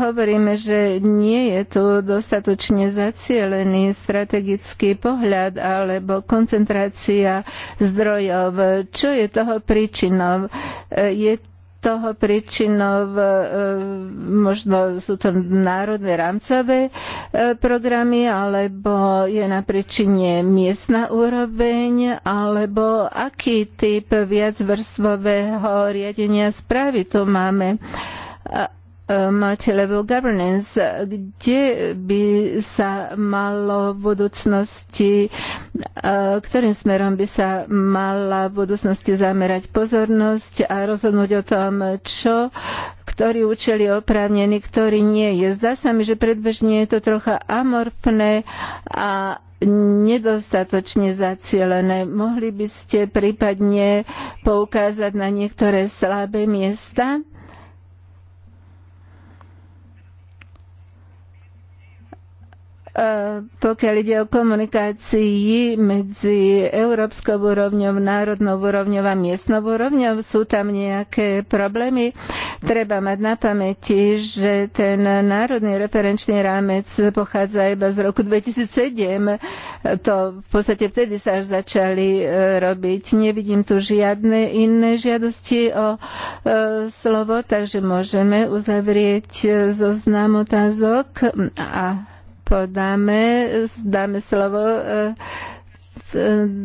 hovoríme, že nie je tu dostatočne zacielený strategický pohľad alebo koncentrácia zdrojov. Čo je toho príčinou? E, je toho príčinou e, možno sú to národné rámcové e, programy, alebo je na príčine miestna úroveň, alebo aký typ viacvrstvového riadenia správy tu máme multilevel um, governance, kde by sa malo v budúcnosti, uh, ktorým smerom by sa mala v budúcnosti zamerať pozornosť a rozhodnúť o tom, čo ktorý účel je oprávnený, ktorý nie je. Zdá sa mi, že predbežne je to trocha amorfné a nedostatočne zacielené. Mohli by ste prípadne poukázať na niektoré slabé miesta? E, pokiaľ ide o komunikácii medzi európskou úrovňou, národnou úrovňou a miestnou úrovňou, sú tam nejaké problémy. Treba mať na pamäti, že ten národný referenčný rámec pochádza iba z roku 2007. To v podstate vtedy sa až začali e, robiť. Nevidím tu žiadne iné žiadosti o e, slovo, takže môžeme uzavrieť zoznam otázok a podáme, dáme slovo eh,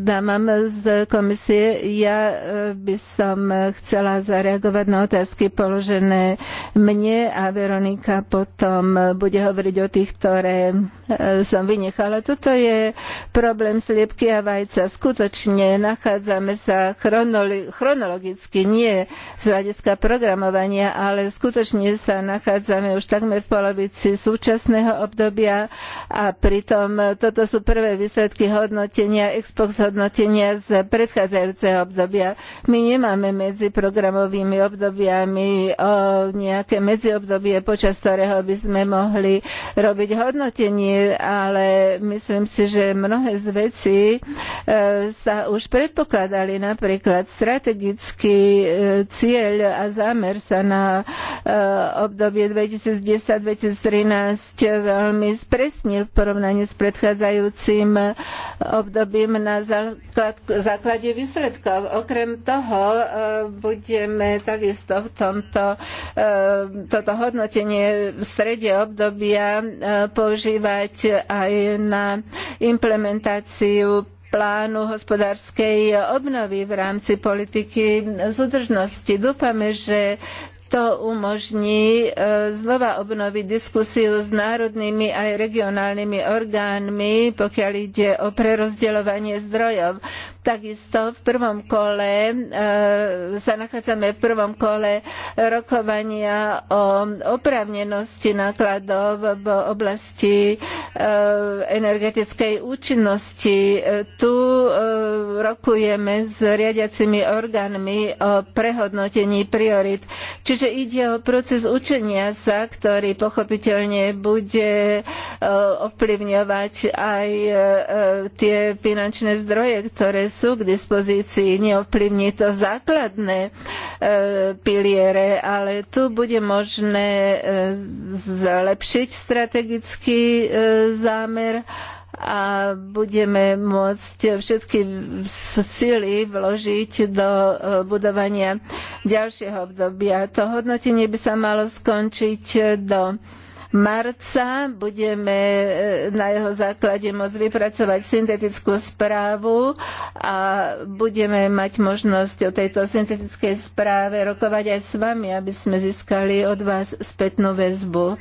dámam z komisie. Ja eh, by som chcela zareagovať na otázky položené mne a Veronika potom bude hovoriť o tých, ktoré E, som vynechala. Toto je problém sliepky a vajca. Skutočne nachádzame sa chronologicky, nie z hľadiska programovania, ale skutočne sa nachádzame už takmer v polovici súčasného obdobia a pritom toto sú prvé výsledky hodnotenia, expox hodnotenia z predchádzajúceho obdobia. My nemáme medzi programovými obdobiami o nejaké medziobdobie, počas ktorého by sme mohli robiť hodnotenie ale myslím si, že mnohé z vecí e, sa už predpokladali, napríklad strategický e, cieľ a zámer sa na e, obdobie 2010-2013 veľmi spresnil v porovnaní s predchádzajúcim obdobím na základe výsledkov. Okrem toho budeme takisto v tomto toto hodnotenie v strede obdobia používať pracovať aj na implementáciu plánu hospodárskej obnovy v rámci politiky súdržnosti. Dúfame, že to umožní e, znova obnoviť diskusiu s národnými aj regionálnymi orgánmi, pokiaľ ide o prerozdeľovanie zdrojov. Takisto v prvom kole e, sa nachádzame v prvom kole rokovania o oprávnenosti nákladov v oblasti e, energetickej účinnosti. E, tu rokujeme s riadiacimi orgánmi o prehodnotení priorit. Čiže ide o proces učenia sa, ktorý pochopiteľne bude ovplyvňovať aj tie finančné zdroje, ktoré sú k dispozícii, neovplyvní to základné e, piliere, ale tu bude možné e, zlepšiť strategický e, zámer a budeme môcť všetky sily vložiť do budovania ďalšieho obdobia. To hodnotenie by sa malo skončiť do marca. Budeme e, na jeho základe môcť vypracovať syntetickú správu a budeme mať možnosť o tejto syntetickej správe rokovať aj s vami, aby sme získali od vás spätnú väzbu.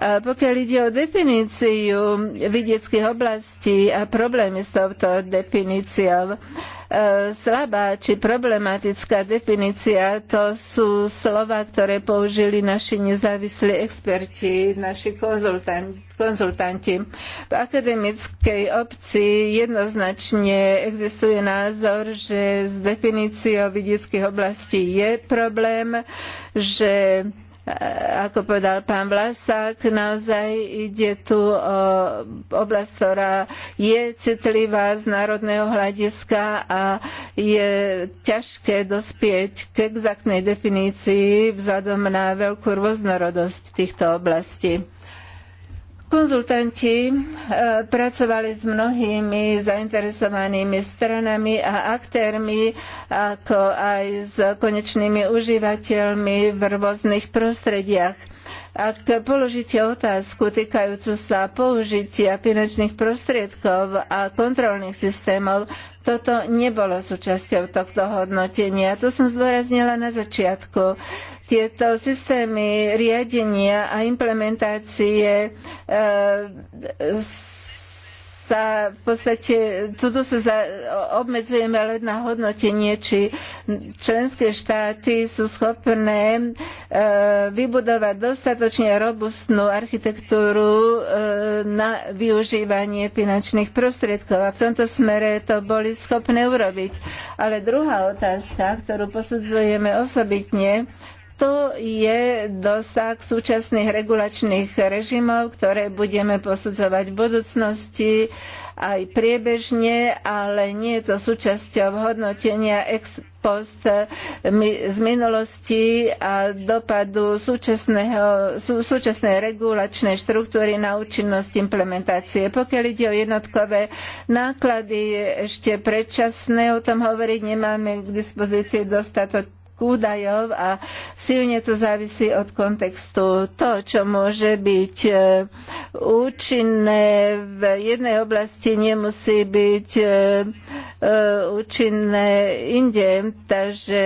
A pokiaľ ide o definíciu vidieckých oblastí a problémy s touto definíciou, E, slabá či problematická definícia, to sú slova, ktoré použili naši nezávislí experti, naši konzultanti V akademickej obci jednoznačne existuje názor, že s definíciou vidieckých oblastí je problém, že Eh, ako povedal pán Vlasák, naozaj ide tu o oblasť, ktorá je citlivá z národného hľadiska a je ťažké dospieť k exaktnej definícii vzhľadom na veľkú rôznorodosť týchto oblastí. Konzultanti eh, pracovali s mnohými zainteresovanými stranami a aktérmi, ako aj s konečnými užívateľmi v rôznych prostrediach. Ak položíte otázku týkajúcu sa použitia finančných prostriedkov a kontrolných systémov, toto nebolo súčasťou tohto hodnotenia. To som zdôraznila na začiatku. Tieto systémy riadenia a implementácie e, sa v podstate, tuto sa za, obmedzujeme len na hodnotenie, či členské štáty sú schopné e, vybudovať dostatočne robustnú architektúru e, na využívanie finančných prostriedkov. A v tomto smere to boli schopné urobiť. Ale druhá otázka, ktorú posudzujeme osobitne, to je dosah súčasných regulačných režimov, ktoré budeme posudzovať v budúcnosti aj priebežne, ale nie je to súčasťou hodnotenia ex post z minulosti a dopadu súčasnej regulačnej štruktúry na účinnosť implementácie. Pokiaľ ide o jednotkové náklady, ešte predčasné o tom hovoriť nemáme k dispozícii dostatok údajov a silne to závisí od kontextu. To, čo môže byť e, účinné v jednej oblasti, nemusí byť e, e, účinné inde. Takže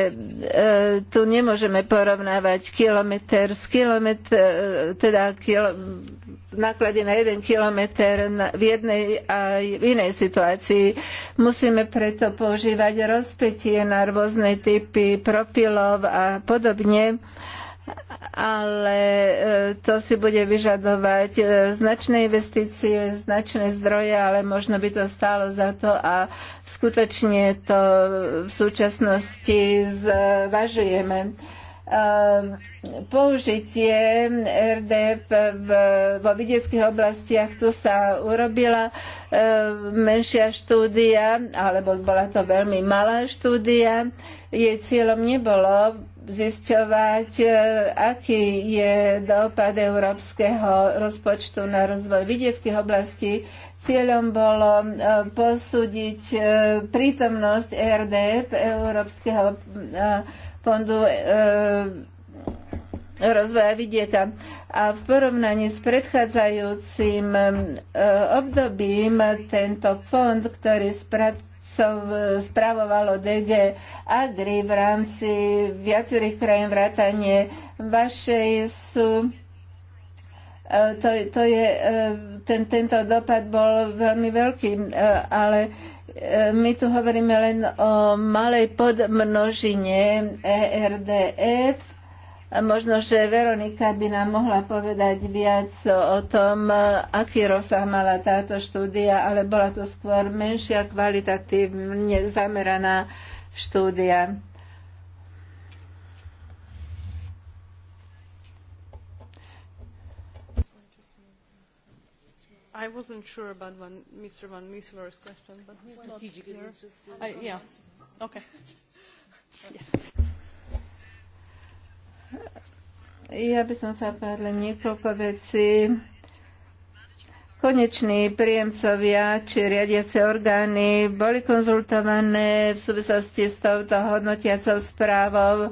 tu nemôžeme porovnávať kilometr s kilometr, teda kilometr, náklade na jeden kilometr v jednej aj v inej situácii. Musíme preto používať rozpetie na rôzne typy propilov a podobne ale e, to si bude vyžadovať e, značné investície, značné zdroje, ale možno by to stálo za to a skutočne to v súčasnosti zvažujeme. Ehm, použitie RDF vo vidieckých oblastiach. Tu sa urobila ehm, menšia štúdia, alebo bola to veľmi malá štúdia. Jej cieľom nebolo zisťovať, e, aký je dopad európskeho rozpočtu na rozvoj vidieckých oblastí. Cieľom bolo e, posúdiť e, prítomnosť RDF, Európskeho fondu e, rozvoja vidieka. A v porovnaní s predchádzajúcim e, obdobím tento fond, ktorý spracoval DG Agri v rámci viacerých krajín vrátanie vašej sú e, to, to je, e, ten, tento dopad bol veľmi veľký, e, ale Eh, my tu hovoríme len o malej podmnožine ERDF. Možno, že Veronika by nám mohla povedať viac o tom, eh, aký rozsah mala táto štúdia, ale bola to skôr menšia kvalitatívne zameraná štúdia. I wasn't sure about one, Mr. Van Nistelrooy's question, but he's not here. I, yeah. Okay. yes. Ja by som sa len niekoľko vecí. Koneční príjemcovia či riadiace orgány boli konzultované v súvislosti s touto hodnotiacou správou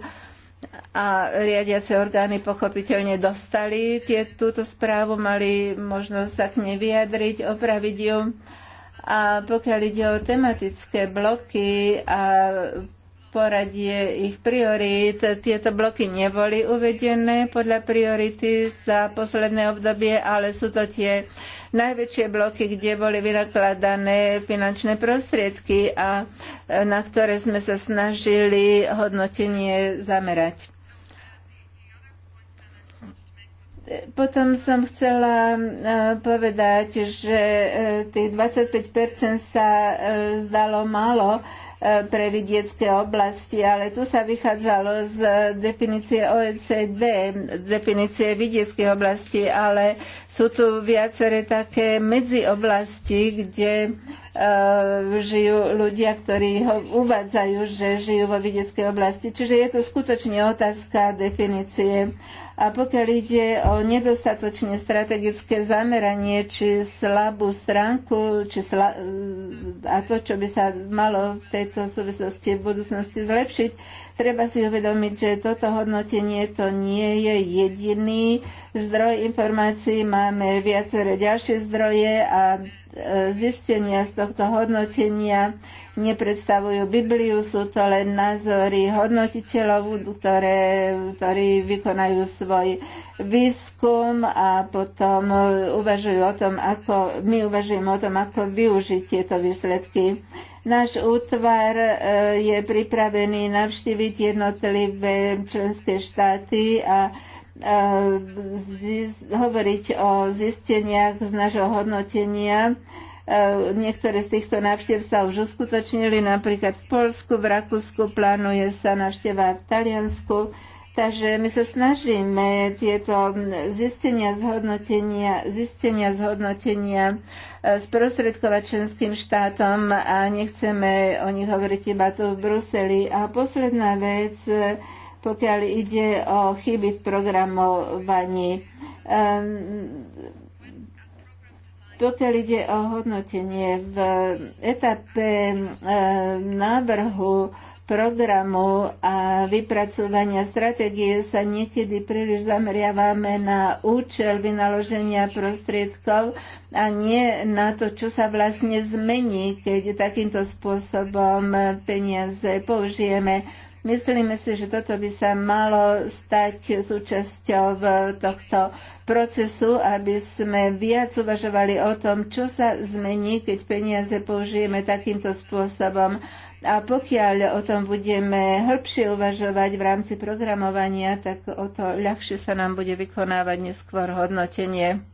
a riadiace orgány pochopiteľne dostali tie, túto správu, mali možnosť sa k nej vyjadriť, opraviť ju. A pokiaľ ide o tematické bloky a poradie ich priorít, tieto bloky neboli uvedené podľa priority za posledné obdobie, ale sú to tie najväčšie bloky, kde boli vynakladané finančné prostriedky a na ktoré sme sa snažili hodnotenie zamerať. Potom som chcela e, povedať, že e, tých 25% sa e, zdalo málo pre vidiecké oblasti, ale tu sa vychádzalo z definície OECD, definície vidiecké oblasti, ale sú tu viaceré také medzioblasti, kde žijú ľudia, ktorí ho uvádzajú, že žijú vo vidieckej oblasti. Čiže je to skutočne otázka definície a pokiaľ ide o nedostatočne strategické zameranie, či slabú stránku, či sla, a to, čo by sa malo v tejto súvislosti v budúcnosti zlepšiť, treba si uvedomiť, že toto hodnotenie to nie je jediný zdroj informácií. Máme viaceré ďalšie zdroje a zistenia z tohto hodnotenia nepredstavujú Bibliu, sú to len názory hodnotiteľov, ktoré, ktorí vykonajú svoj výskum a potom uvažujú o tom, ako, my uvažujeme o tom, ako využiť tieto výsledky. Náš útvar e, je pripravený navštíviť jednotlivé členské štáty a E, hovoriť o zisteniach z nášho hodnotenia. E, niektoré z týchto návštev sa už uskutočnili, napríklad v Polsku, v Rakúsku, plánuje sa návšteva v Taliansku. Takže my sa snažíme tieto zistenia, zhodnotenia, zistenia, zhodnotenia e, sprostredkovať členským štátom a nechceme o nich hovoriť iba tu v Bruseli. A posledná vec, pokiaľ ide o chyby v programovaní. Ehm, pokiaľ ide o hodnotenie, v etape ehm, návrhu programu a vypracovania stratégie sa niekedy príliš zameriavame na účel vynaloženia prostriedkov a nie na to, čo sa vlastne zmení, keď takýmto spôsobom peniaze použijeme. Myslíme si, že toto by sa malo stať súčasťou tohto procesu, aby sme viac uvažovali o tom, čo sa zmení, keď peniaze použijeme takýmto spôsobom. A pokiaľ o tom budeme hĺbšie uvažovať v rámci programovania, tak o to ľahšie sa nám bude vykonávať neskôr hodnotenie.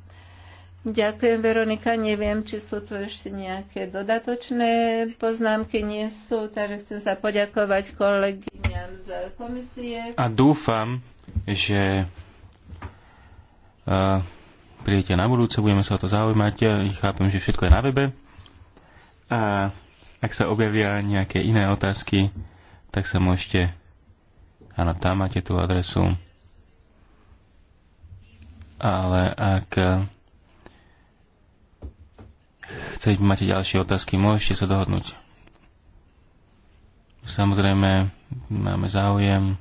Ďakujem, Veronika. Neviem, či sú tu ešte nejaké dodatočné poznámky. Nie sú, takže chcem sa poďakovať kolegyňam z komisie. A dúfam, že uh, prídete na budúce, budeme sa o to zaujímať. Ja chápem, že všetko je na webe. A ak sa objavia nejaké iné otázky, tak sa môžete... Áno, tam máte tú adresu. Ale ak chcete, máte ďalšie otázky, môžete sa dohodnúť. Samozrejme, máme záujem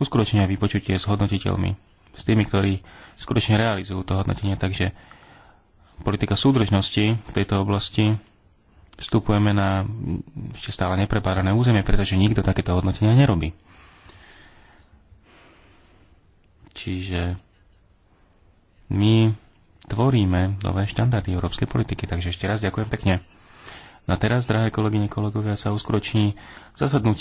uskutočniť vypočutie s hodnotiteľmi, s tými, ktorí skutočne realizujú to hodnotenie, takže politika súdržnosti v tejto oblasti vstupujeme na ešte stále neprepárané územie, pretože nikto takéto hodnotenia nerobí. Čiže my tvoríme nové štandardy európskej politiky. Takže ešte raz ďakujem pekne. Na teraz, drahé kolegyne, kolegovia, sa uskutoční zasadnutie